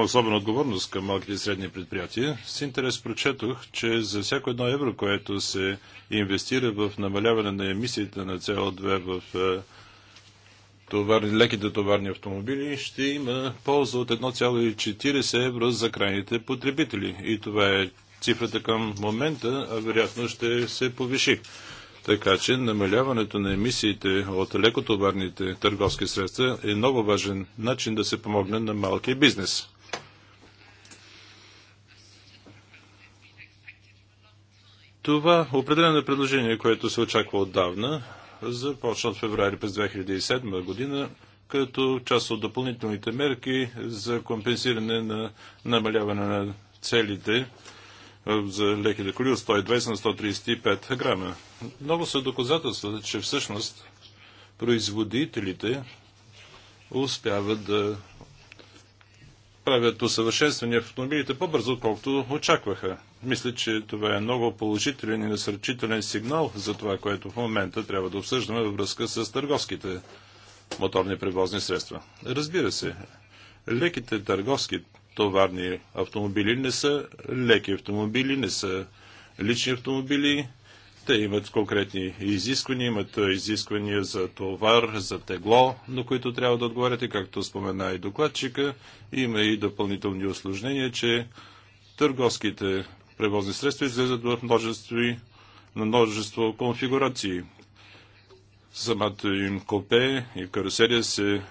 особена отговорност към малките и средни предприятия, с интерес прочетох, че за всяко едно евро, което се инвестира в намаляване на емисиите на CO2 в е, товарни, леките товарни автомобили, ще има полза от 1,40 евро за крайните потребители. И това е цифрата към момента, а вероятно ще се повиши. Така че намаляването на емисиите от лекотоварните търговски средства е много важен начин да се помогне на малкия бизнес. Това определено е предложение, което се очаква отдавна, започна от феврари през 2007 година, като част от допълнителните мерки за компенсиране на намаляване на целите за леките коли от 120 на 135 грама. Много са доказателства, че всъщност производителите успяват да правят усъвършенствани автомобилите по-бързо, отколкото очакваха. Мисля, че това е много положителен и насърчителен сигнал за това, което в момента трябва да обсъждаме във връзка с търговските моторни превозни средства. Разбира се, леките търговски товарни автомобили не са леки автомобили, не са лични автомобили, те имат конкретни изисквания, имат изисквания за товар, за тегло, на които трябва да отговаряте, както спомена и докладчика. Има и допълнителни осложнения, че търговските превозни средства излезат в множество, на множество конфигурации. Самата им копе и карусерия се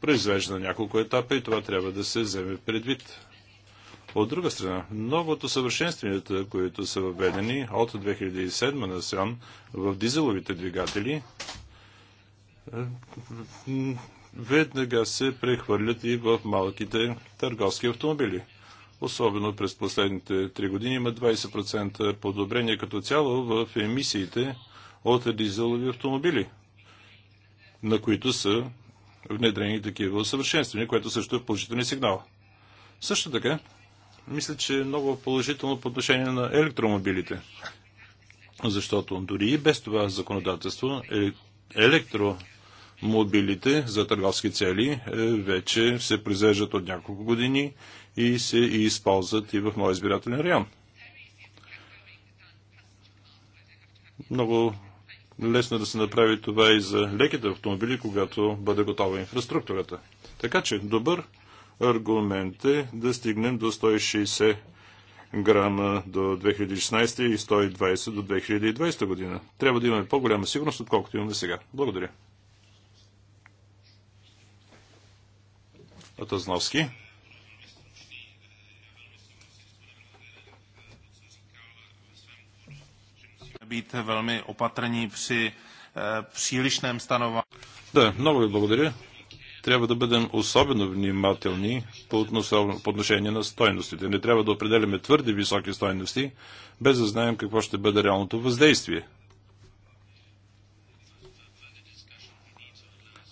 произвежда на няколко етапа и това трябва да се вземе предвид от друга страна, новото съвършенстванията, които са въведени от 2007 на Сион в дизеловите двигатели, е, веднага се прехвърлят и в малките търговски автомобили. Особено през последните три години има 20% подобрение като цяло в емисиите от дизелови автомобили, на които са внедрени такива усъвършенствания, което също е положителен сигнал. Също така, мисля, че е много положително по отношение на електромобилите. Защото дори и без това законодателство е- електромобилите за търговски цели е, вече се произвеждат от няколко години и се и използват и в моя избирателен район. Много лесно е да се направи това и за леките автомобили, когато бъде готова инфраструктурата. Така че добър аргументи е да стигнем до 160 грама до 2016 и 120 до 2020 година. Трябва да имаме по-голяма сигурност, отколкото имаме сега. Благодаря. Атазновски. být velmi opatrní při прилишнем eh, становам. Да, много ви благодаря трябва да бъдем особено внимателни по отношение на стойностите. Не трябва да определяме твърде високи стойности, без да знаем какво ще бъде реалното въздействие.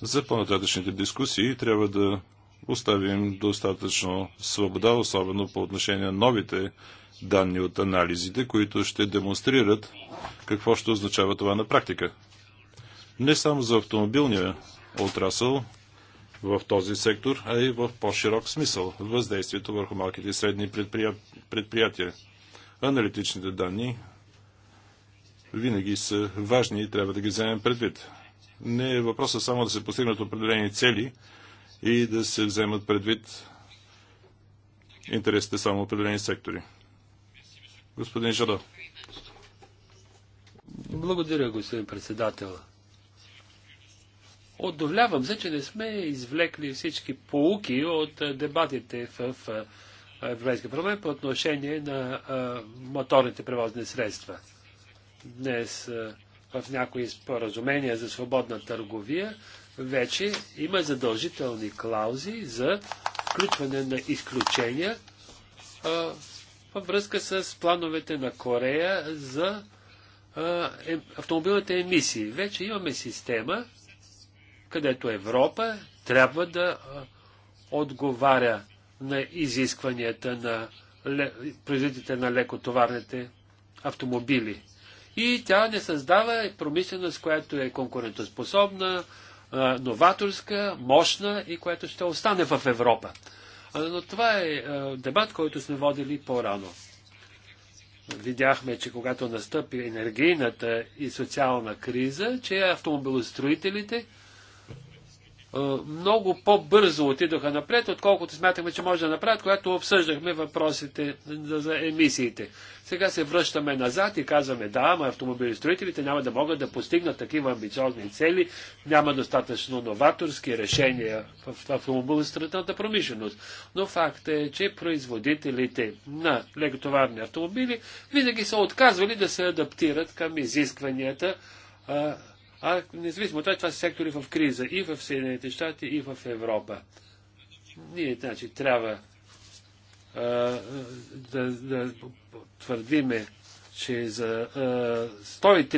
За по-нататъчните дискусии трябва да оставим достатъчно свобода, особено по отношение на новите данни от анализите, които ще демонстрират какво ще означава това на практика. Не само за автомобилния отрасъл, в този сектор, а и в по-широк смисъл въздействието върху малките и средни предприятия. Аналитичните данни винаги са важни и трябва да ги вземем предвид. Не е въпроса само да се постигнат определени цели и да се вземат предвид интересите само определени сектори. Господин Жадо. Благодаря, господин председател. Отдовлявам се, че не сме извлекли всички полуки от дебатите в Европейския парламент по отношение на моторните превозни средства. Днес в някои споразумения за свободна търговия вече има задължителни клаузи за включване на изключения във връзка с плановете на Корея за автомобилните емисии. Вече имаме система, където Европа трябва да отговаря на изискванията на производителите на лекотоварните автомобили. И тя не създава промишленост, която е конкурентоспособна, новаторска, мощна и която ще остане в Европа. Но това е дебат, който сме водили по-рано. Видяхме, че когато настъпи енергийната и социална криза, че автомобилостроителите – е, много по-бързо отидоха напред, отколкото смятахме, че може да направят, когато обсъждахме въпросите за емисиите. Сега се връщаме назад и казваме, да, ама автомобилистроителите няма да могат да постигнат такива амбициозни цели, няма достатъчно новаторски решения в автомобилистроителната промишленост. Но факт е, че производителите на лекотоварни автомобили винаги са отказвали да се адаптират към изискванията а независимо от това, това са сектори в криза и в Съединените щати, и в Европа. Ние, значи, трябва а, да, да твърдиме, че за а, 130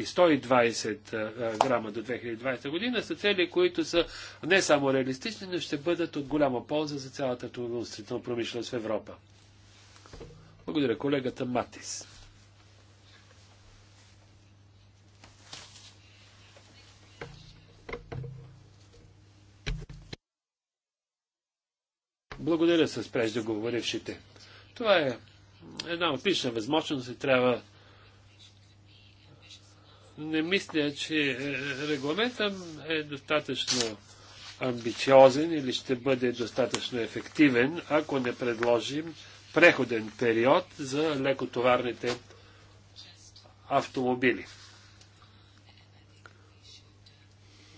и 120 а, грама до 2020 година са цели, които са не само реалистични, но ще бъдат от голяма полза за цялата автомобилна промишленост в Европа. Благодаря, колегата Матис. Благодаря с преждеговорившите. Това е една отлична възможност и трябва не мисля, че е, регламентът е достатъчно амбициозен или ще бъде достатъчно ефективен, ако не предложим преходен период за лекотоварните автомобили.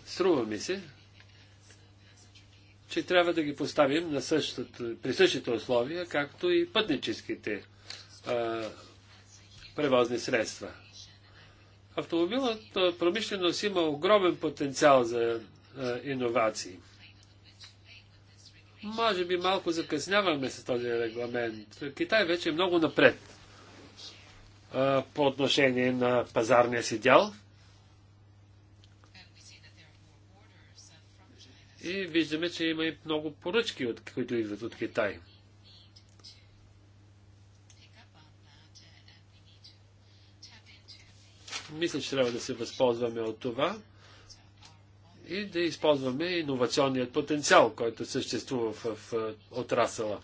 Струва ми се, че трябва да ги поставим на същото, при същите условия, както и пътническите а, превозни средства. Автомобилът промишленост има огромен потенциал за а, иновации. Може би малко закъсняваме с този регламент. Китай вече е много напред а, по отношение на пазарния си дял – И виждаме, че има и много поръчки, от, които идват от Китай. Мисля, че трябва да се възползваме от това и да използваме иновационният потенциал, който съществува в, в отрасъла.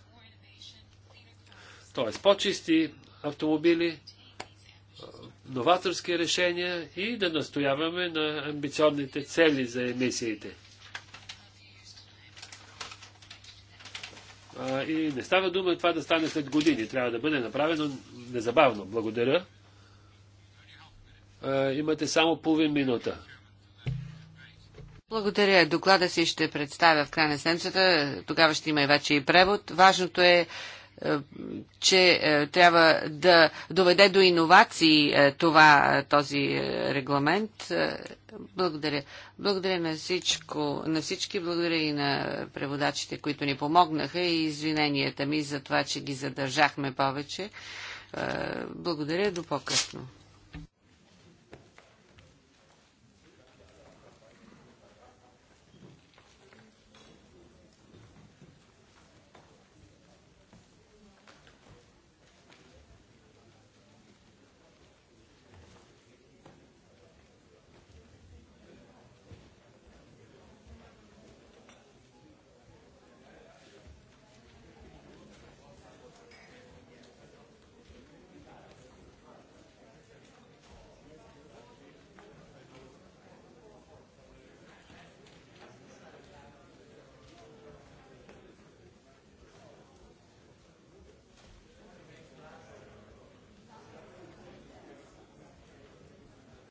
Тоест, по-чисти автомобили, новаторски решения и да настояваме на амбициозните цели за емисиите. И не става дума това да стане след години. Трябва да бъде направено незабавно. Благодаря. Имате само половин минута. Благодаря. Доклада си ще представя в края на седмицата. Тогава ще има и вече и превод. Важното е е, че е, трябва да доведе до иновации е, това, този регламент. Благодаря. Благодаря на, всичко, на всички, благодаря и на преводачите, които ни помогнаха и извиненията ми за това, че ги задържахме повече. Благодаря до по-късно.